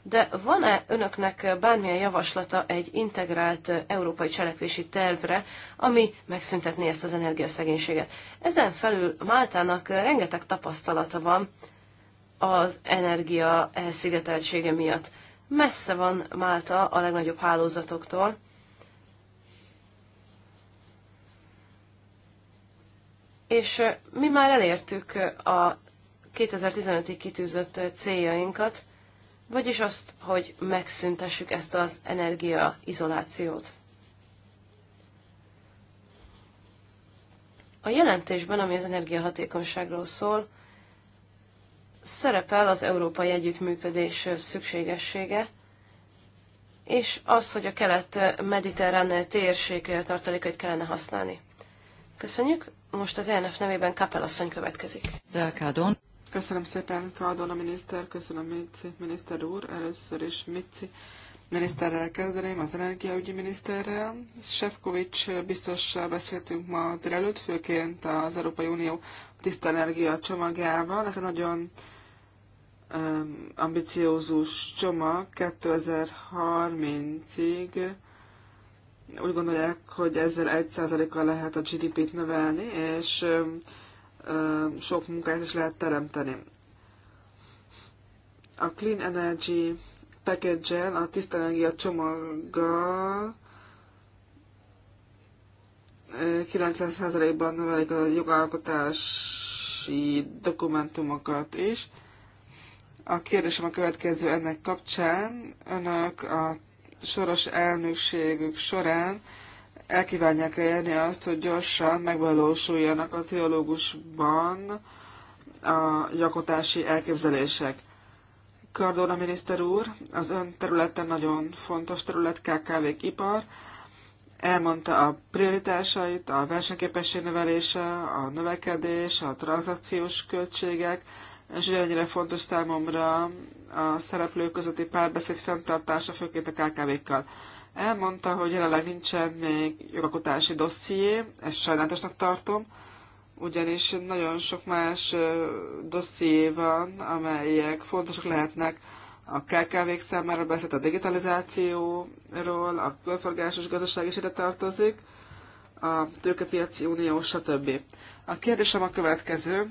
de van-e önöknek bármilyen javaslata egy integrált európai cselekvési tervre, ami megszüntetné ezt az energiaszegénységet? Ezen felül Máltának rengeteg tapasztalata van az energia elszigeteltsége miatt. Messze van Málta a legnagyobb hálózatoktól, és mi már elértük a 2015-ig kitűzött céljainkat, vagyis azt, hogy megszüntessük ezt az energiaizolációt. A jelentésben, ami az energiahatékonyságról szól, szerepel az európai együttműködés szükségessége, és az, hogy a kelet-mediterrán térség tartalékait kellene használni. Köszönjük! Most az ENF nevében Kapel asszony következik. Zelkádon. Köszönöm szépen, Kaldona miniszter, köszönöm Mici miniszter úr, először is Mici miniszterrel kezdeném, az energiaügyi miniszterrel. Sefkovics biztossal beszéltünk ma délelőtt, főként az Európai Unió tiszta energia csomagjával. Ez egy nagyon um, ambiciózus csomag 2030-ig. Úgy gondolják, hogy ezzel 1%-kal lehet a GDP-t növelni, és um, sok munkát is lehet teremteni. A Clean Energy package a tiszta energia csomaggal 90%-ban növelik a jogalkotási dokumentumokat is. A kérdésem a következő ennek kapcsán. Önök a soros elnökségük során elkívánják elérni azt, hogy gyorsan megvalósuljanak a teológusban a gyakotási elképzelések. Kardona miniszter úr, az ön területen nagyon fontos terület kkv ipar, elmondta a prioritásait, a versenyképesség növelése, a növekedés, a tranzakciós költségek, és ugyanannyira fontos számomra a szereplők közötti párbeszéd fenntartása, főként a KKV-kkal. Elmondta, hogy jelenleg nincsen még jogakutási dosszié, ezt sajnálatosnak tartom, ugyanis nagyon sok más dosszié van, amelyek fontosak lehetnek a KKV-k számára, beszélt a digitalizációról, a körforgásos gazdaság is ide tartozik, a tőkepiaci unió, stb. A kérdésem a következő.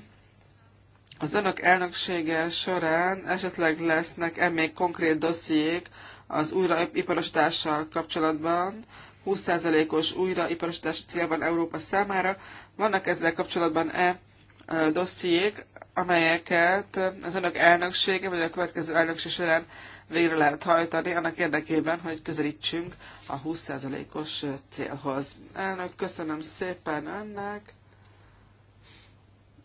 Az önök elnöksége során esetleg lesznek-e még konkrét dossziék, az újraiparosítással kapcsolatban, 20%-os újraiparosítási cél van Európa számára. Vannak ezzel kapcsolatban e dossziék, amelyeket az önök elnöksége, vagy a következő elnökség során végre lehet hajtani, annak érdekében, hogy közelítsünk a 20%-os célhoz. Elnök, köszönöm szépen önnek.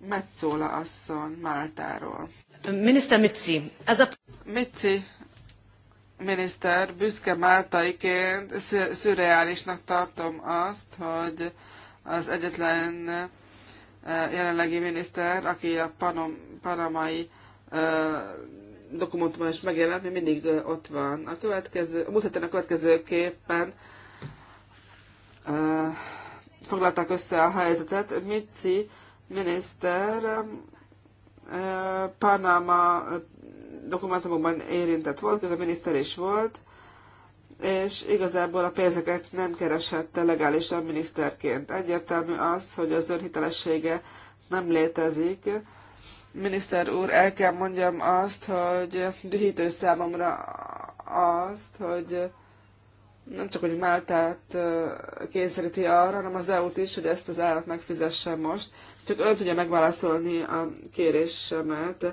Metzola asszony Máltáról. Miniszter Mitzi, ez a... Mitzi miniszter, büszke máltaiként szürreálisnak tartom azt, hogy az egyetlen jelenlegi miniszter, aki a panom, panamai dokumentumon is megjelent, mindig ott van. A következő, a a következőképpen uh, foglalták össze a helyzetet. Mici miniszter Panama dokumentumokban érintett volt, ez a miniszter is volt, és igazából a pénzeket nem kereshette legálisan miniszterként. Egyértelmű az, hogy az önhitelessége nem létezik. Miniszter úr, el kell mondjam azt, hogy dühítő számomra azt, hogy nem csak, hogy Máltát kényszeríti arra, hanem az EU-t is, hogy ezt az állat megfizesse most. Csak ön tudja megválaszolni a kérésemet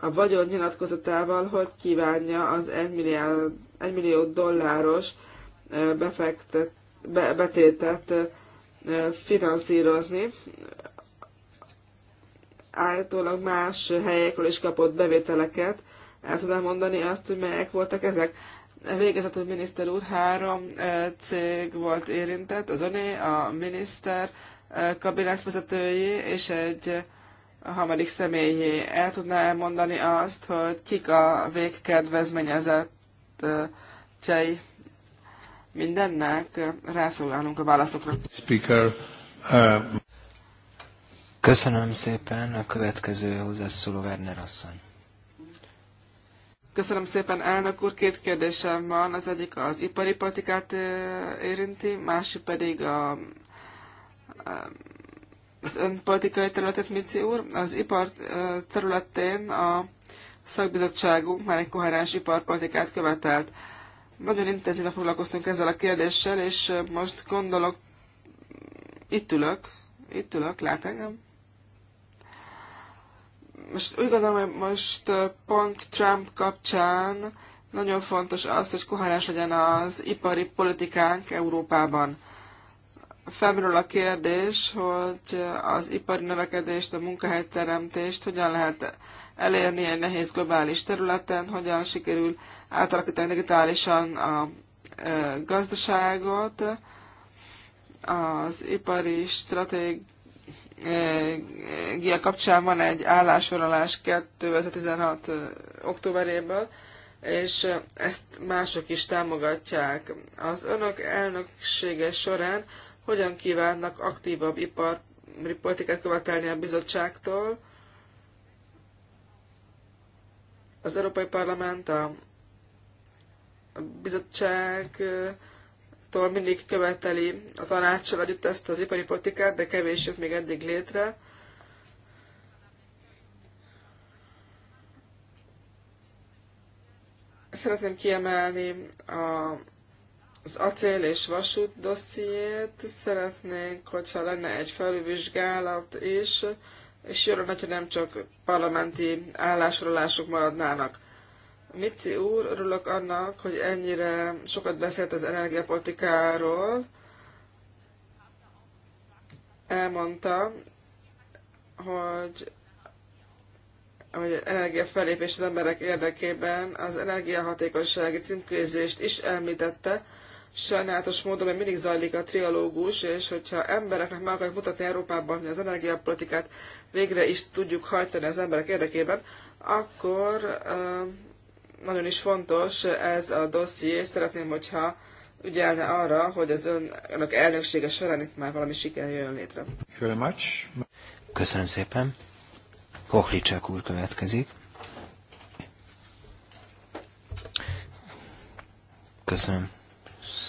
a vagyon nyilatkozatával, hogy kívánja az 1 milliárd 1 millió dolláros befektet, be, betétet finanszírozni. Állítólag más helyekről is kapott bevételeket. El tudom mondani azt, hogy melyek voltak ezek. Végezetül miniszter úr, három cég volt érintett, az öné, a miniszter kabinetvezetői és egy a harmadik személyé. El tudná elmondani azt, hogy kik a végkedvezményezett csej mindennek? Rászolgálunk a válaszokra. Speaker, uh... Köszönöm szépen a következő hozzászóló Werner asszony. Köszönöm szépen, elnök úr. Két kérdésem van. Az egyik az ipari politikát érinti, másik pedig a, a az politikai területet, Mici úr. Az ipar területén a szakbizottságunk már egy koherens iparpolitikát követelt. Nagyon intenzíven foglalkoztunk ezzel a kérdéssel, és most gondolok, itt ülök, itt ülök, lát engem? Most úgy gondolom, hogy most pont Trump kapcsán nagyon fontos az, hogy koherens legyen az ipari politikánk Európában felmerül a kérdés, hogy az ipari növekedést, a munkahelyteremtést hogyan lehet elérni egy nehéz globális területen, hogyan sikerül átalakítani digitálisan a gazdaságot, az ipari stratégia kapcsán van egy állásorolás 2016. októberéből, és ezt mások is támogatják. Az önök elnöksége során hogyan kívánnak aktívabb politikát követelni a bizottságtól. Az Európai Parlament a bizottságtól mindig követeli a tanácssal együtt ezt az ipari politikát, de kevés jött még eddig létre. Szeretném kiemelni a az acél és vasút dossziét. Szeretnénk, hogyha lenne egy felülvizsgálat is, és jól lenne, hogyha nem csak parlamenti állásolások maradnának. Mici úr, örülök annak, hogy ennyire sokat beszélt az energiapolitikáról. Elmondta, hogy hogy energia felépés az emberek érdekében az energiahatékonysági címkézést is említette, sajnálatos módon mert mindig zajlik a trialógus, és hogyha embereknek meg akarjuk mutatni Európában, hogy az energiapolitikát végre is tudjuk hajtani az emberek érdekében, akkor nagyon is fontos ez a dosszié, és szeretném, hogyha ügyelne arra, hogy az ön, önök elnöksége során itt már valami siker jön létre. Köszönöm szépen. Kohlicsák úr következik. Köszönöm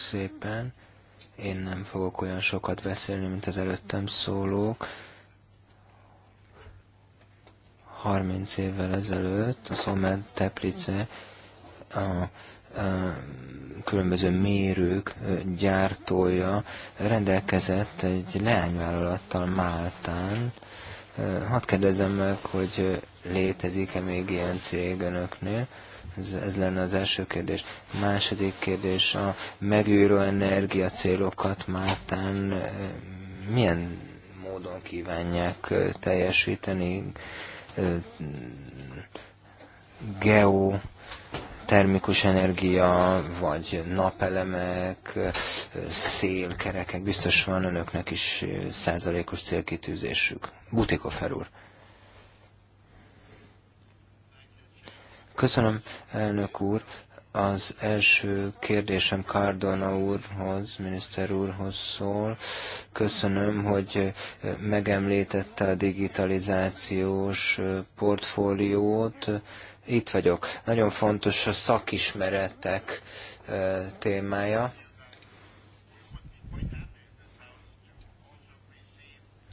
szépen. Én nem fogok olyan sokat beszélni, mint az előttem szólók. 30 évvel ezelőtt a Szomed Teplice a, a különböző mérők gyártója rendelkezett egy leányvállalattal Máltán. Hadd kérdezem meg, hogy létezik-e még ilyen cég önöknél? Ez, ez lenne az első kérdés. A második kérdés, a megőrő energia célokat Máltán milyen módon kívánják teljesíteni geo termikus energia, vagy napelemek, szélkerekek, biztos van önöknek is százalékos célkitűzésük. Butikofer úr. Köszönöm, elnök úr. Az első kérdésem Cardona úrhoz, miniszter úrhoz szól. Köszönöm, hogy eh, megemlítette a digitalizációs eh, portfóliót. Itt vagyok. Nagyon fontos a szakismeretek eh, témája.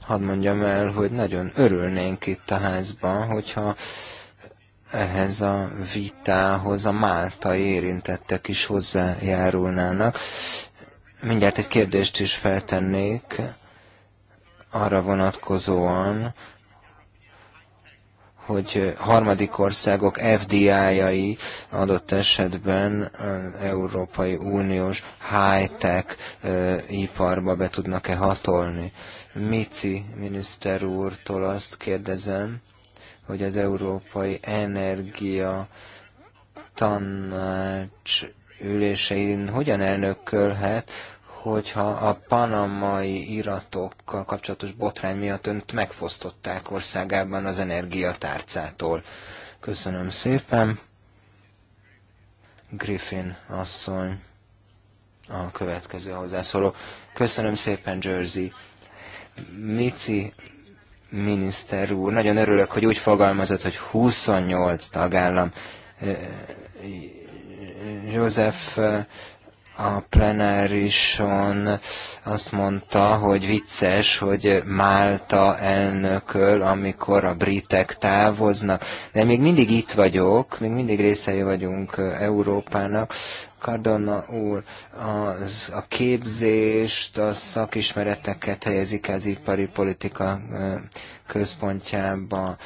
Hadd mondjam el, hogy nagyon örülnénk itt a házban, hogyha ehhez a vitához a máltai érintettek is hozzájárulnának. Mindjárt egy kérdést is feltennék arra vonatkozóan, hogy harmadik országok FDI-jai adott esetben Európai Uniós high-tech iparba be tudnak-e hatolni. Mici miniszter úrtól azt kérdezem, hogy az Európai Energia Tanács ülésein hogyan elnökölhet, hogyha a panamai iratokkal kapcsolatos botrány miatt önt megfosztották országában az energiatárcától. Köszönöm szépen. Griffin asszony a következő hozzászóló. Köszönöm szépen, Jersey. Mici miniszter úr. Nagyon örülök, hogy úgy fogalmazott, hogy 28 tagállam. József a plenárison azt mondta, hogy vicces, hogy Málta elnököl, amikor a britek távoznak. De még mindig itt vagyok, még mindig részei vagyunk Európának, Cardona úr, az, a képzést, a szakismereteket helyezik az ipari politika központjába.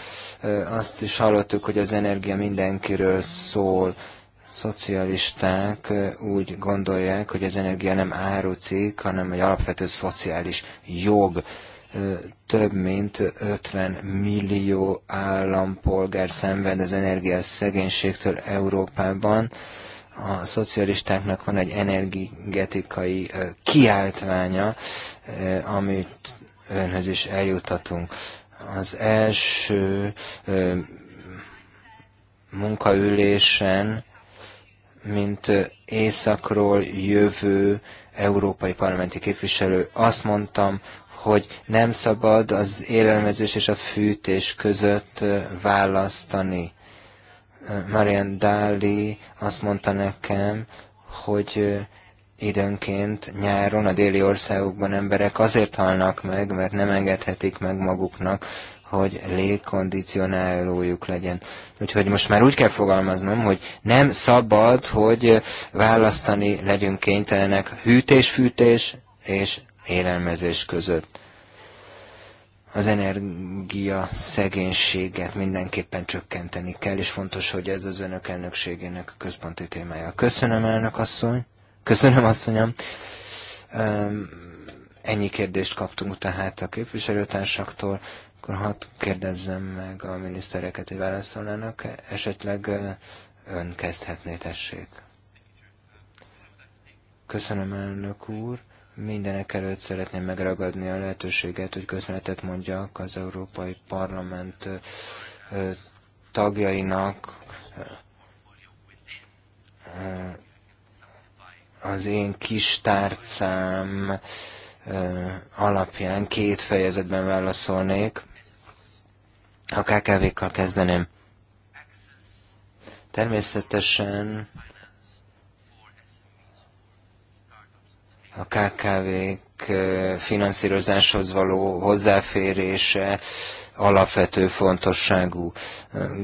Azt is hallottuk, hogy az energia mindenkiről szól. Szocialisták úgy gondolják, hogy az energia nem árucik, hanem egy alapvető szociális jog több mint 50 millió állampolgár szenved az energiás szegénységtől Európában a szocialistáknak van egy energetikai kiáltványa, amit önhöz is eljutatunk. Az első munkaülésen, mint északról jövő európai parlamenti képviselő, azt mondtam, hogy nem szabad az élelmezés és a fűtés között választani Marian Dali azt mondta nekem, hogy időnként nyáron a déli országokban emberek azért halnak meg, mert nem engedhetik meg maguknak, hogy légkondicionálójuk legyen. Úgyhogy most már úgy kell fogalmaznom, hogy nem szabad, hogy választani legyünk kénytelenek hűtés-fűtés és élelmezés között az energia szegénységet mindenképpen csökkenteni kell, és fontos, hogy ez az önök elnökségének a központi témája. Köszönöm, elnök asszony. Köszönöm, asszonyom. Ennyi kérdést kaptunk tehát a képviselőtársaktól. Akkor hadd kérdezzem meg a minisztereket, hogy válaszolnának. Esetleg ön kezdhetné, tessék. Köszönöm, elnök úr. Mindenek előtt szeretném megragadni a lehetőséget, hogy köszönetet mondjak az Európai Parlament tagjainak, az én kis tárcám alapján két fejezetben válaszolnék. A KKV-kkal kezdeném. Természetesen a KKV-k finanszírozáshoz való hozzáférése alapvető fontosságú.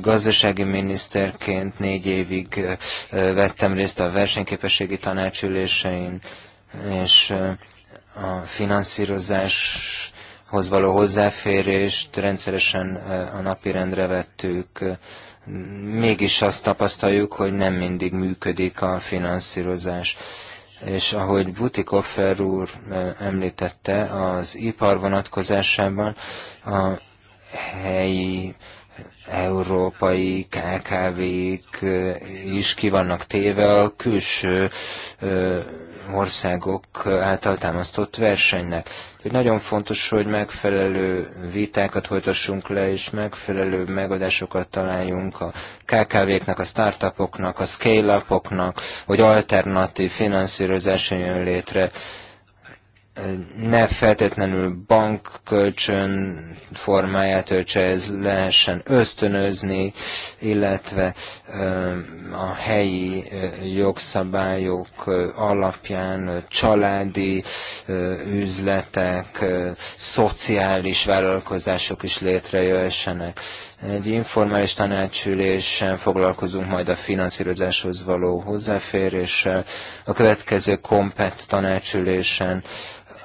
Gazdasági miniszterként négy évig vettem részt a versenyképességi tanácsülésein, és a finanszírozáshoz való hozzáférést rendszeresen a napirendre vettük. Mégis azt tapasztaljuk, hogy nem mindig működik a finanszírozás és ahogy Butikoffer úr említette, az ipar vonatkozásában a helyi európai KKV-k is ki vannak téve a külső országok által támasztott versenynek. Úgyhogy nagyon fontos, hogy megfelelő vitákat folytassunk le, és megfelelő megoldásokat találjunk a KKV-knak, a startupoknak, a scale-upoknak, hogy alternatív finanszírozás jön létre ne feltétlenül bankkölcsön formáját öltse, ez lehessen ösztönözni, illetve a helyi jogszabályok alapján családi üzletek, szociális vállalkozások is létrejöhessenek. Egy informális tanácsülésen foglalkozunk majd a finanszírozáshoz való hozzáféréssel, a következő kompet tanácsülésen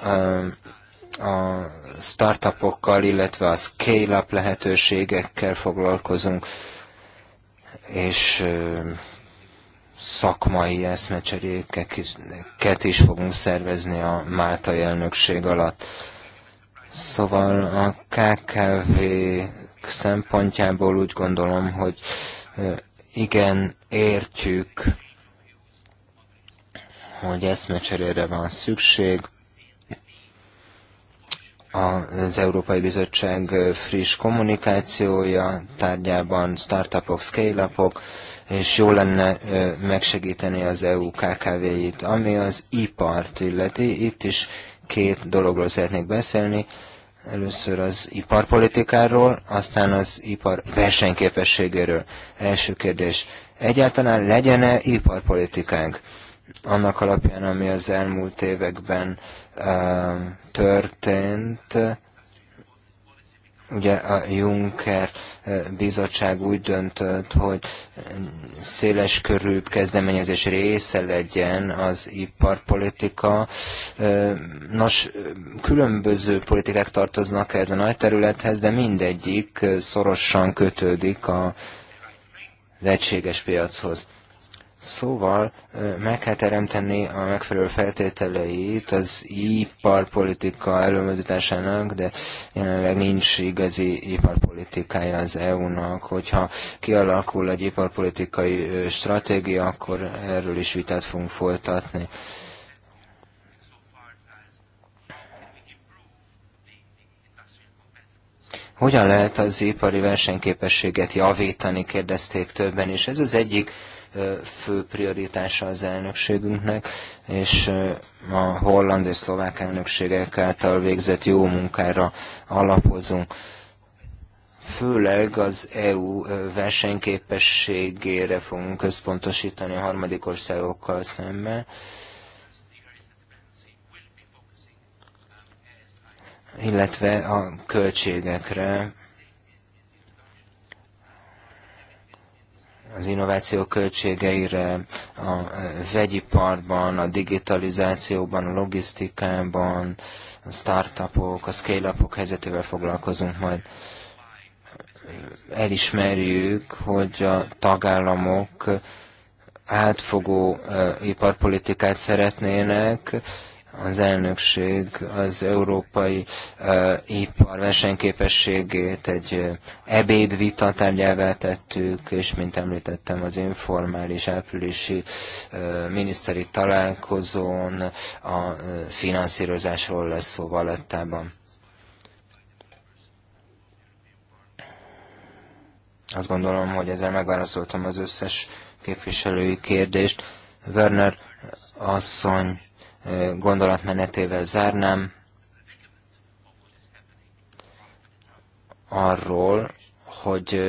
a startupokkal, illetve a scale-up lehetőségekkel foglalkozunk, és szakmai eszmecseréket is fogunk szervezni a Máltai elnökség alatt. Szóval a KKV szempontjából úgy gondolom, hogy igen, értjük, hogy eszmecserére van szükség, az Európai Bizottság friss kommunikációja tárgyában, startupok, scale-upok, és jó lenne megsegíteni az EU KKV-jét. Ami az ipart illeti, itt is két dologról szeretnék beszélni. Először az iparpolitikáról, aztán az ipar versenyképességéről. Első kérdés. Egyáltalán legyen-e iparpolitikánk? Annak alapján, ami az elmúlt években Um, történt. Ugye a Juncker uh, bizottság úgy döntött, hogy széles körű kezdeményezés része legyen az iparpolitika. Uh, nos, különböző politikák tartoznak ez a nagy területhez, de mindegyik szorosan kötődik a egységes piachoz Szóval meg kell teremteni a megfelelő feltételeit az iparpolitika előmozdításának, de jelenleg nincs igazi iparpolitikája az EU-nak. Hogyha kialakul egy iparpolitikai stratégia, akkor erről is vitát fogunk folytatni. Hogyan lehet az ipari versenyképességet javítani, kérdezték többen, és ez az egyik fő prioritása az elnökségünknek, és a holland és szlovák elnökségek által végzett jó munkára alapozunk főleg az EU versenyképességére fogunk központosítani a harmadik országokkal szemben. illetve a költségekre az innováció költségeire, a eh, vegyiparban, a digitalizációban, a logisztikában, a startupok, a scale-upok helyzetével foglalkozunk majd. Elismerjük, hogy a tagállamok átfogó eh, iparpolitikát szeretnének, az elnökség az európai uh, ipar versenyképességét egy ebédvita tárgyává tettük, és mint említettem, az informális áprilisi uh, miniszteri találkozón a finanszírozásról lesz szó Valettában. Azt gondolom, hogy ezzel megválaszoltam az összes képviselői kérdést. Werner asszony gondolatmenetével zárnám arról, hogy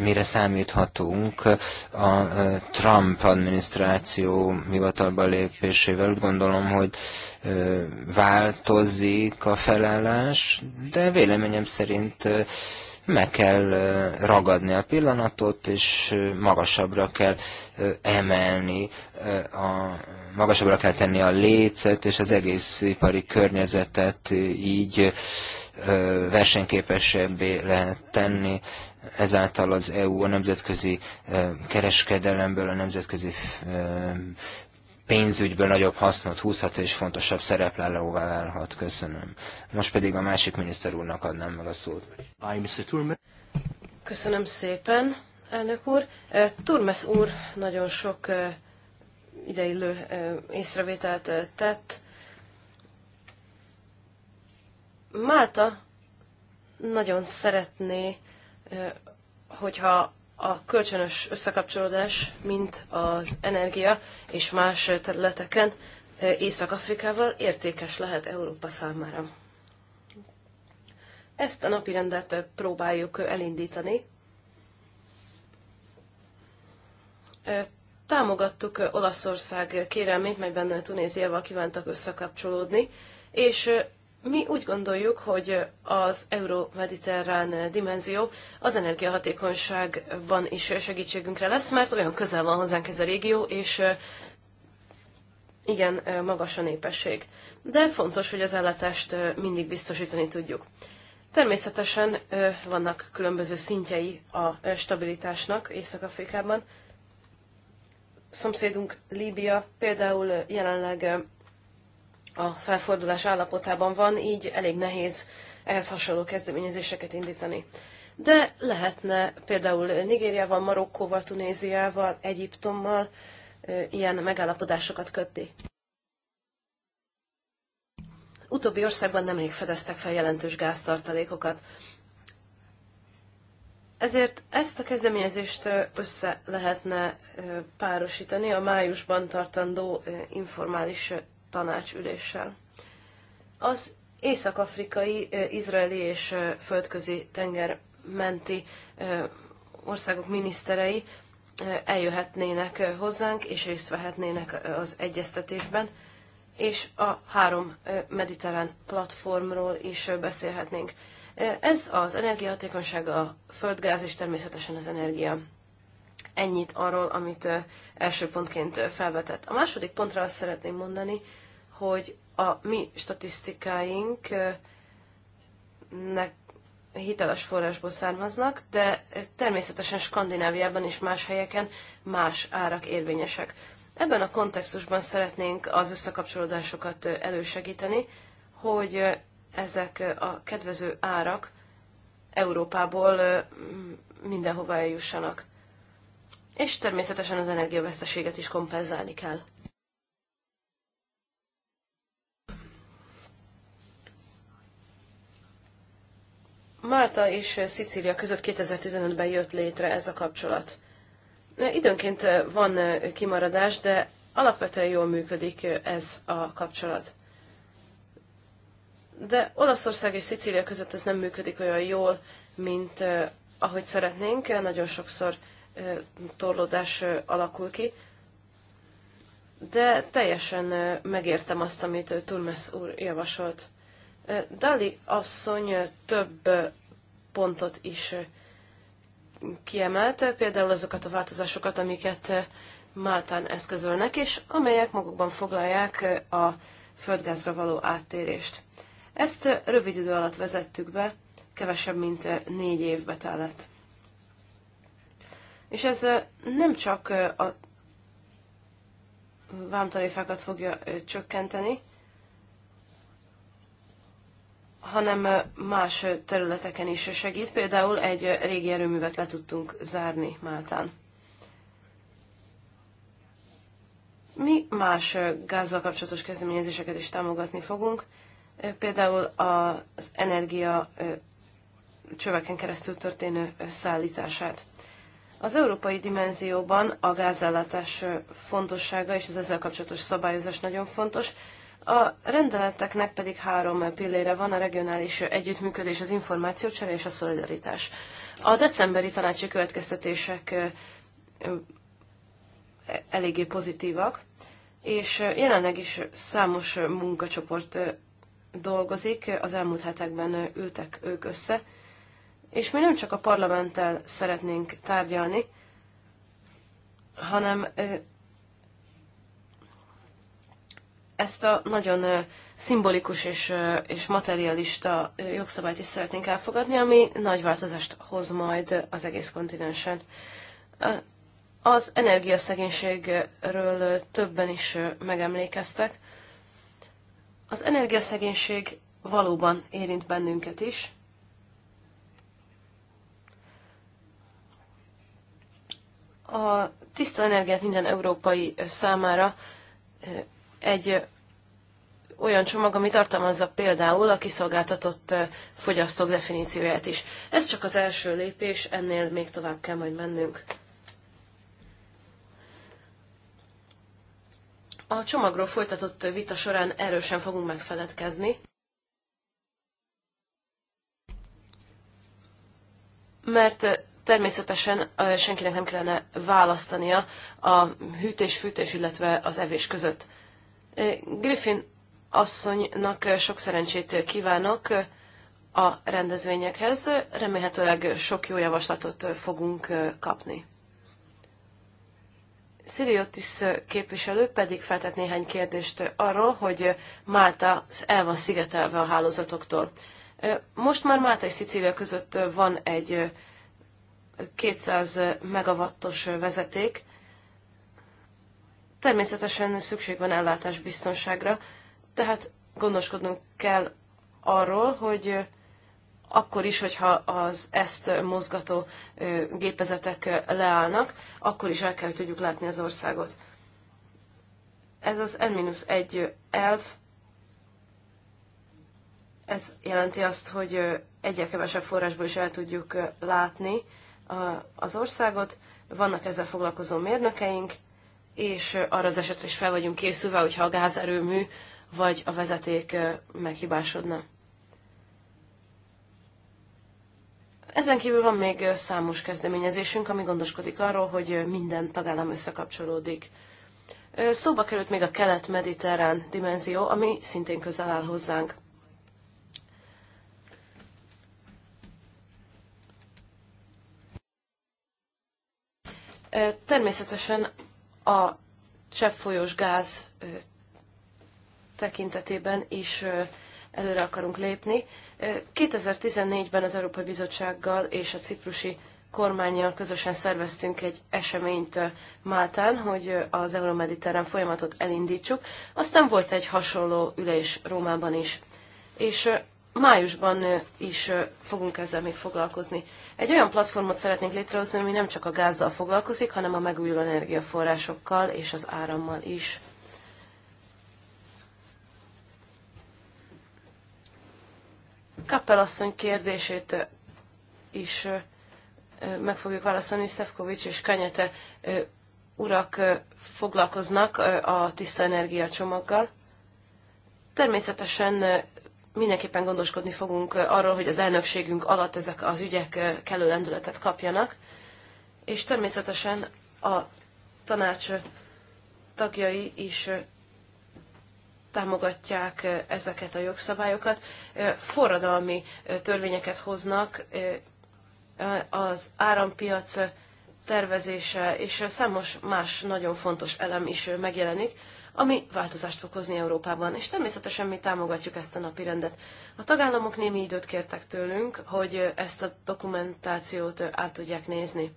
mire számíthatunk a Trump adminisztráció hivatalba lépésével. Úgy gondolom, hogy változik a felállás, de véleményem szerint meg kell ragadni a pillanatot, és magasabbra kell emelni, a, magasabbra kell tenni a lécet, és az egész ipari környezetet így versenyképesebbé lehet tenni, ezáltal az EU a nemzetközi kereskedelemből, a nemzetközi pénzügyből nagyobb hasznot húzhat és fontosabb szereplállóvá válhat. Köszönöm. Most pedig a másik miniszter úrnak adnám meg a szót. Köszönöm szépen, elnök úr. Turmes úr nagyon sok ideillő észrevételt tett. Málta nagyon szeretné, hogyha a kölcsönös összekapcsolódás, mint az energia és más területeken e, Észak-Afrikával értékes lehet Európa számára. Ezt a napi rendet próbáljuk elindítani. E, támogattuk Olaszország kérelmét, melyben Tunéziával kívántak összekapcsolódni, és e, mi úgy gondoljuk, hogy az euró-mediterrán dimenzió az energiahatékonyságban is segítségünkre lesz, mert olyan közel van hozzánk ez a régió, és igen, magas a népesség. De fontos, hogy az ellátást mindig biztosítani tudjuk. Természetesen vannak különböző szintjei a stabilitásnak Észak-Afrikában. Szomszédunk Líbia például jelenleg a felfordulás állapotában van, így elég nehéz ehhez hasonló kezdeményezéseket indítani. De lehetne például Nigériával, Marokkóval, Tunéziával, Egyiptommal ilyen megállapodásokat kötni. Utóbbi országban nemrég fedeztek fel jelentős gáztartalékokat. Ezért ezt a kezdeményezést össze lehetne párosítani a májusban tartandó informális tanácsüléssel. Az észak-afrikai, izraeli és földközi tenger menti országok miniszterei eljöhetnének hozzánk, és részt vehetnének az egyeztetésben, és a három mediterrán platformról is beszélhetnénk. Ez az energiahatékonyság, a földgáz és természetesen az energia. Ennyit arról, amit első pontként felvetett. A második pontra azt szeretném mondani, hogy a mi statisztikáink hiteles forrásból származnak, de természetesen Skandináviában és más helyeken más árak érvényesek. Ebben a kontextusban szeretnénk az összekapcsolódásokat elősegíteni, hogy ezek a kedvező árak Európából mindenhova eljussanak és természetesen az energiaveszteséget is kompenzálni kell. Málta és Szicília között 2015-ben jött létre ez a kapcsolat. Időnként van kimaradás, de alapvetően jól működik ez a kapcsolat. De Olaszország és Szicília között ez nem működik olyan jól, mint eh, ahogy szeretnénk. Nagyon sokszor uh, torlódás alakul ki, de teljesen megértem azt, amit Turmes úr javasolt. Dali asszony több pontot is kiemelte, például azokat a változásokat, amiket Máltán eszközölnek, és amelyek magukban foglalják a földgázra való áttérést. Ezt rövid idő alatt vezettük be, kevesebb, mint négy évbe telett. És ez nem csak a vámtarifákat fogja csökkenteni, hanem más területeken is segít. Például egy régi erőművet le tudtunk zárni Máltán. Mi más gázzal kapcsolatos kezdeményezéseket is támogatni fogunk, például az energia csöveken keresztül történő szállítását. Az európai dimenzióban a gázellátás fontossága és az ezzel kapcsolatos szabályozás nagyon fontos, a rendeleteknek pedig három pillére van, a regionális együttműködés, az információcsere és a szolidaritás. A decemberi tanácsi következtetések eléggé pozitívak, és jelenleg is számos munkacsoport dolgozik, az elmúlt hetekben ültek ők össze, és mi nem csak a parlamenttel szeretnénk tárgyalni, hanem ezt a nagyon szimbolikus és, és materialista jogszabályt is szeretnénk elfogadni, ami nagy változást hoz majd az egész kontinensen. Az energiaszegénységről többen is megemlékeztek. Az energiaszegénység valóban érint bennünket is, a tiszta energiát minden európai számára egy olyan csomag, ami tartalmazza például a kiszolgáltatott fogyasztók definícióját is. Ez csak az első lépés, ennél még tovább kell majd mennünk. A csomagról folytatott vita során erősen fogunk megfeledkezni. Mert Természetesen senkinek nem kellene választania a hűtés-fűtés, illetve az evés között. Griffin asszonynak sok szerencsét kívánok a rendezvényekhez. Remélhetőleg sok jó javaslatot fogunk kapni. Siriotis képviselő pedig feltett néhány kérdést arról, hogy Málta el van szigetelve a hálózatoktól. Most már Málta és Szicília között van egy 200 megawattos vezeték. Természetesen szükség van ellátás biztonságra, tehát gondoskodnunk kell arról, hogy akkor is, hogyha az ezt mozgató gépezetek leállnak, akkor is el kell tudjuk látni az országot. Ez az N-1 elv, ez jelenti azt, hogy egyre kevesebb forrásból is el tudjuk látni az országot, vannak ezzel foglalkozó mérnökeink, és arra az esetre is fel vagyunk készülve, hogyha a gázerőmű vagy a vezeték meghibásodna. Ezen kívül van még számos kezdeményezésünk, ami gondoskodik arról, hogy minden tagállam összekapcsolódik. Szóba került még a kelet-mediterrán dimenzió, ami szintén közel áll hozzánk. Természetesen a cseppfolyós gáz tekintetében is előre akarunk lépni. 2014-ben az Európai Bizottsággal és a ciprusi kormányjal közösen szerveztünk egy eseményt Máltán, hogy az euromediterrán folyamatot elindítsuk. Aztán volt egy hasonló ülés Rómában is. És májusban is fogunk ezzel még foglalkozni. Egy olyan platformot szeretnénk létrehozni, ami nem csak a gázzal foglalkozik, hanem a megújuló energiaforrásokkal és az árammal is. Kappel asszony kérdését is meg fogjuk válaszolni. Szefkovics és Kanyete urak foglalkoznak a tiszta energia csomaggal. Természetesen mindenképpen gondoskodni fogunk arról, hogy az elnökségünk alatt ezek az ügyek kellő lendületet kapjanak, és természetesen a tanács tagjai is támogatják ezeket a jogszabályokat. Forradalmi törvényeket hoznak az árampiac tervezése és számos más nagyon fontos elem is megjelenik, ami változást fog hozni Európában, és természetesen mi támogatjuk ezt a napi rendet. A tagállamok némi időt kértek tőlünk, hogy ezt a dokumentációt át tudják nézni.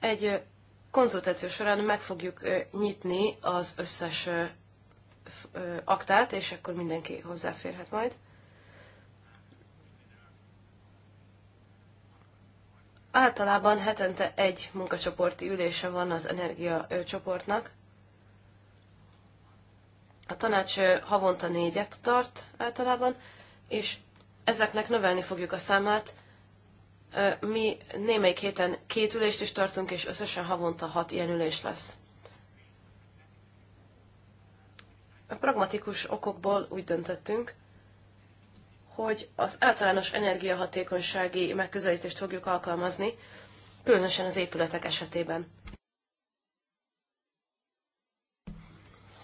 Egy konzultáció során meg fogjuk nyitni az összes aktát, és akkor mindenki hozzáférhet majd. Általában hetente egy munkacsoporti ülése van az energiacsoportnak, a tanács havonta négyet tart általában, és ezeknek növelni fogjuk a számát. Mi némelyik héten két ülést is tartunk, és összesen havonta hat ilyen ülés lesz. A pragmatikus okokból úgy döntöttünk, hogy az általános energiahatékonysági megközelítést fogjuk alkalmazni, különösen az épületek esetében.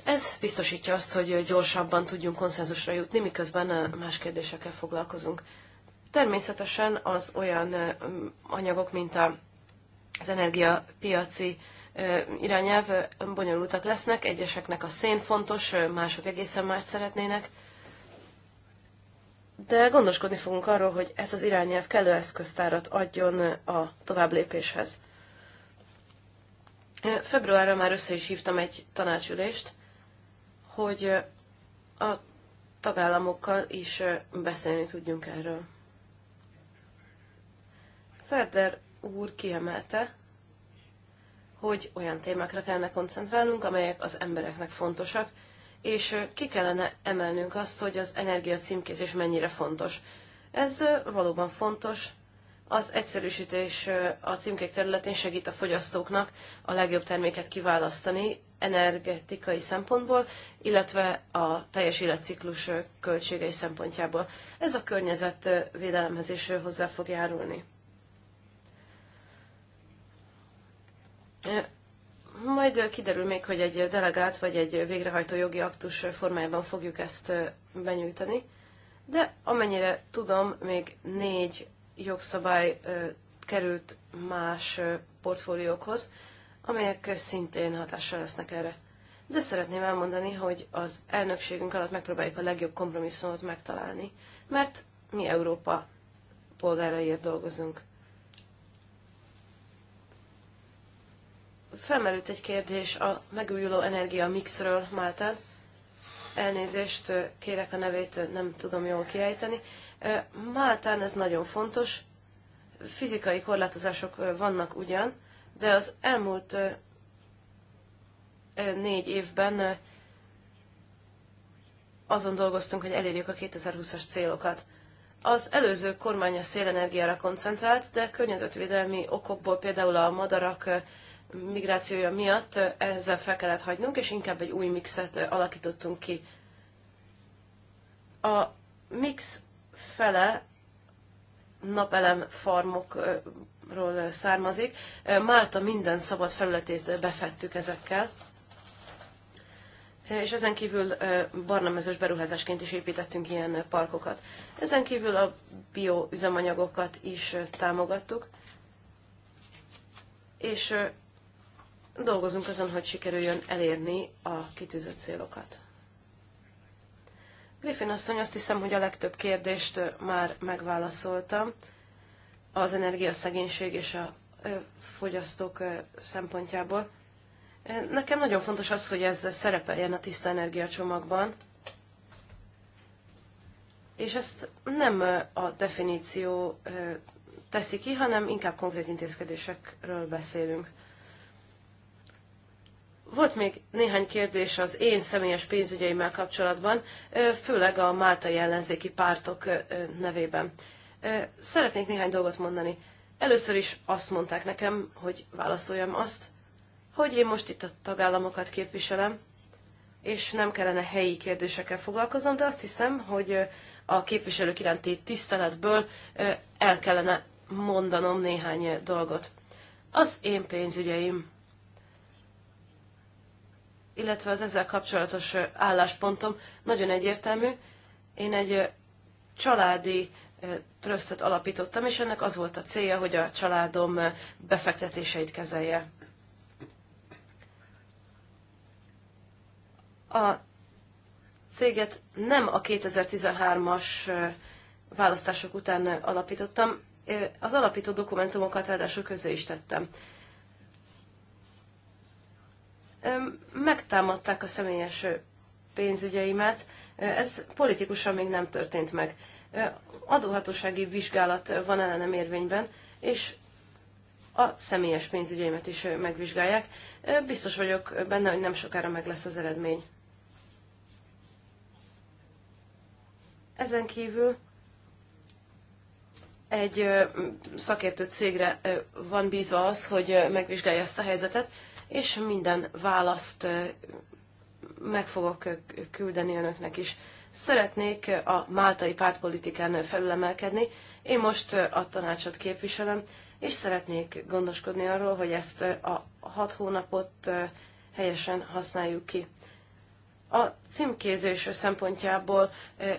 Ez biztosítja azt, hogy gyorsabban tudjunk konszenzusra jutni, miközben más kérdésekkel foglalkozunk. Természetesen az olyan anyagok, mint az energiapiaci irányelv bonyolultak lesznek, egyeseknek a szén fontos, mások egészen más szeretnének, de gondoskodni fogunk arról, hogy ez az irányelv kellő eszköztárat adjon a tovább lépéshez. Februárra már össze is hívtam egy tanácsülést, hogy a tagállamokkal is beszélni tudjunk erről. Ferder úr kiemelte, hogy olyan témákra kellene koncentrálnunk, amelyek az embereknek fontosak, és ki kellene emelnünk azt, hogy az energia címkézés mennyire fontos. Ez valóban fontos. Az egyszerűsítés a címkék területén segít a fogyasztóknak a legjobb terméket kiválasztani, energetikai szempontból, illetve a teljes életciklus költségei szempontjából. Ez a védelemhez is hozzá fog járulni. Majd kiderül még, hogy egy delegált vagy egy végrehajtó jogi aktus formájában fogjuk ezt benyújtani, de amennyire tudom, még négy jogszabály került más portfóliókhoz, amelyek szintén hatással lesznek erre. De szeretném elmondani, hogy az elnökségünk alatt megpróbáljuk a legjobb kompromisszumot megtalálni, mert mi Európa polgáraiért dolgozunk. Felmerült egy kérdés a megújuló energia mixről Máltán. Elnézést kérek a nevét, nem tudom jól kiejteni. Máltán ez nagyon fontos. Fizikai korlátozások vannak ugyan, de az elmúlt négy évben azon dolgoztunk, hogy elérjük a 2020-as célokat. Az előző kormány a szélenergiára koncentrált, de környezetvédelmi okokból, például a madarak migrációja miatt ezzel fel kellett hagynunk, és inkább egy új mixet alakítottunk ki. A mix fele napelem farmok Máltáról származik. Málta minden szabad felületét befettük ezekkel. És ezen kívül barnamezős beruházásként is építettünk ilyen parkokat. Ezen kívül a bioüzemanyagokat is támogattuk. És dolgozunk azon, hogy sikerüljön elérni a kitűzött célokat. Griffin asszony, azt hiszem, hogy a legtöbb kérdést már megválaszoltam az energiaszegénység és a fogyasztók szempontjából. Nekem nagyon fontos az, hogy ez szerepeljen a tiszta energiacsomagban, és ezt nem a definíció teszi ki, hanem inkább konkrét intézkedésekről beszélünk. Volt még néhány kérdés az én személyes pénzügyeimmel kapcsolatban, főleg a máltai ellenzéki pártok nevében szeretnék néhány dolgot mondani. Először is azt mondták nekem, hogy válaszoljam azt, hogy én most itt a tagállamokat képviselem, és nem kellene helyi kérdésekkel foglalkoznom, de azt hiszem, hogy a képviselők iránti tiszteletből el kellene mondanom néhány dolgot. Az én pénzügyeim, illetve az ezzel kapcsolatos álláspontom nagyon egyértelmű. Én egy családi trösztöt alapítottam, és ennek az volt a célja, hogy a családom befektetéseit kezelje. A céget nem a 2013-as választások után alapítottam, az alapító dokumentumokat ráadásul közé is tettem. Megtámadták a személyes pénzügyeimet, ez politikusan még nem történt meg adóhatósági vizsgálat van ellenem érvényben, és a személyes pénzügyeimet is megvizsgálják. Biztos vagyok benne, hogy nem sokára meg lesz az eredmény. Ezen kívül egy szakértő cégre van bízva az, hogy megvizsgálja ezt a helyzetet, és minden választ meg fogok küldeni önöknek is. Szeretnék a máltai pártpolitikán felülemelkedni. Én most a tanácsot képviselem, és szeretnék gondoskodni arról, hogy ezt a hat hónapot helyesen használjuk ki. A címkézés szempontjából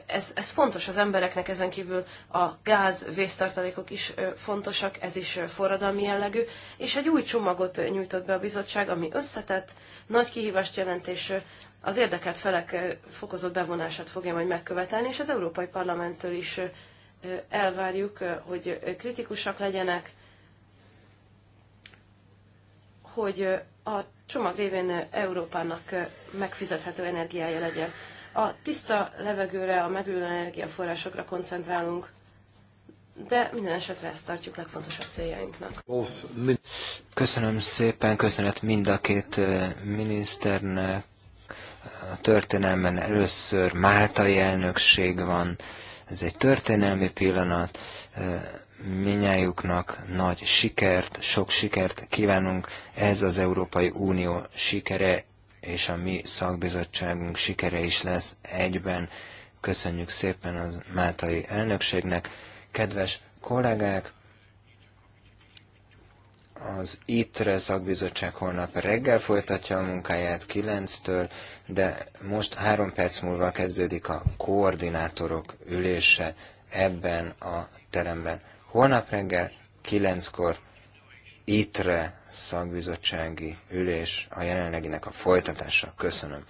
ez, ez fontos az embereknek, ezen kívül a gáz, vésztartalékok is fontosak, ez is forradalmi jellegű, és egy új csomagot nyújtott be a bizottság, ami összetett, nagy kihívást jelent, és az érdekelt felek fokozott bevonását fogja majd megkövetelni, és az Európai Parlamenttől is elvárjuk, hogy kritikusak legyenek, hogy a csomag révén Európának megfizethető energiája legyen. A tiszta levegőre, a megújuló energiaforrásokra koncentrálunk, de minden esetre ezt tartjuk legfontosabb céljainknak. Köszönöm szépen, köszönet mind a két miniszternek, a történelmen először máltai elnökség van, ez egy történelmi pillanat, minnyájuknak nagy sikert, sok sikert kívánunk, ez az Európai Unió sikere, és a mi szakbizottságunk sikere is lesz egyben. Köszönjük szépen az Máltai elnökségnek. Kedves kollégák, az ITRE szakbizottság holnap reggel folytatja a munkáját 9-től, de most három perc múlva kezdődik a koordinátorok ülése ebben a teremben. Holnap reggel 9-kor ITRE szakbizottsági ülés a jelenleginek a folytatása. Köszönöm.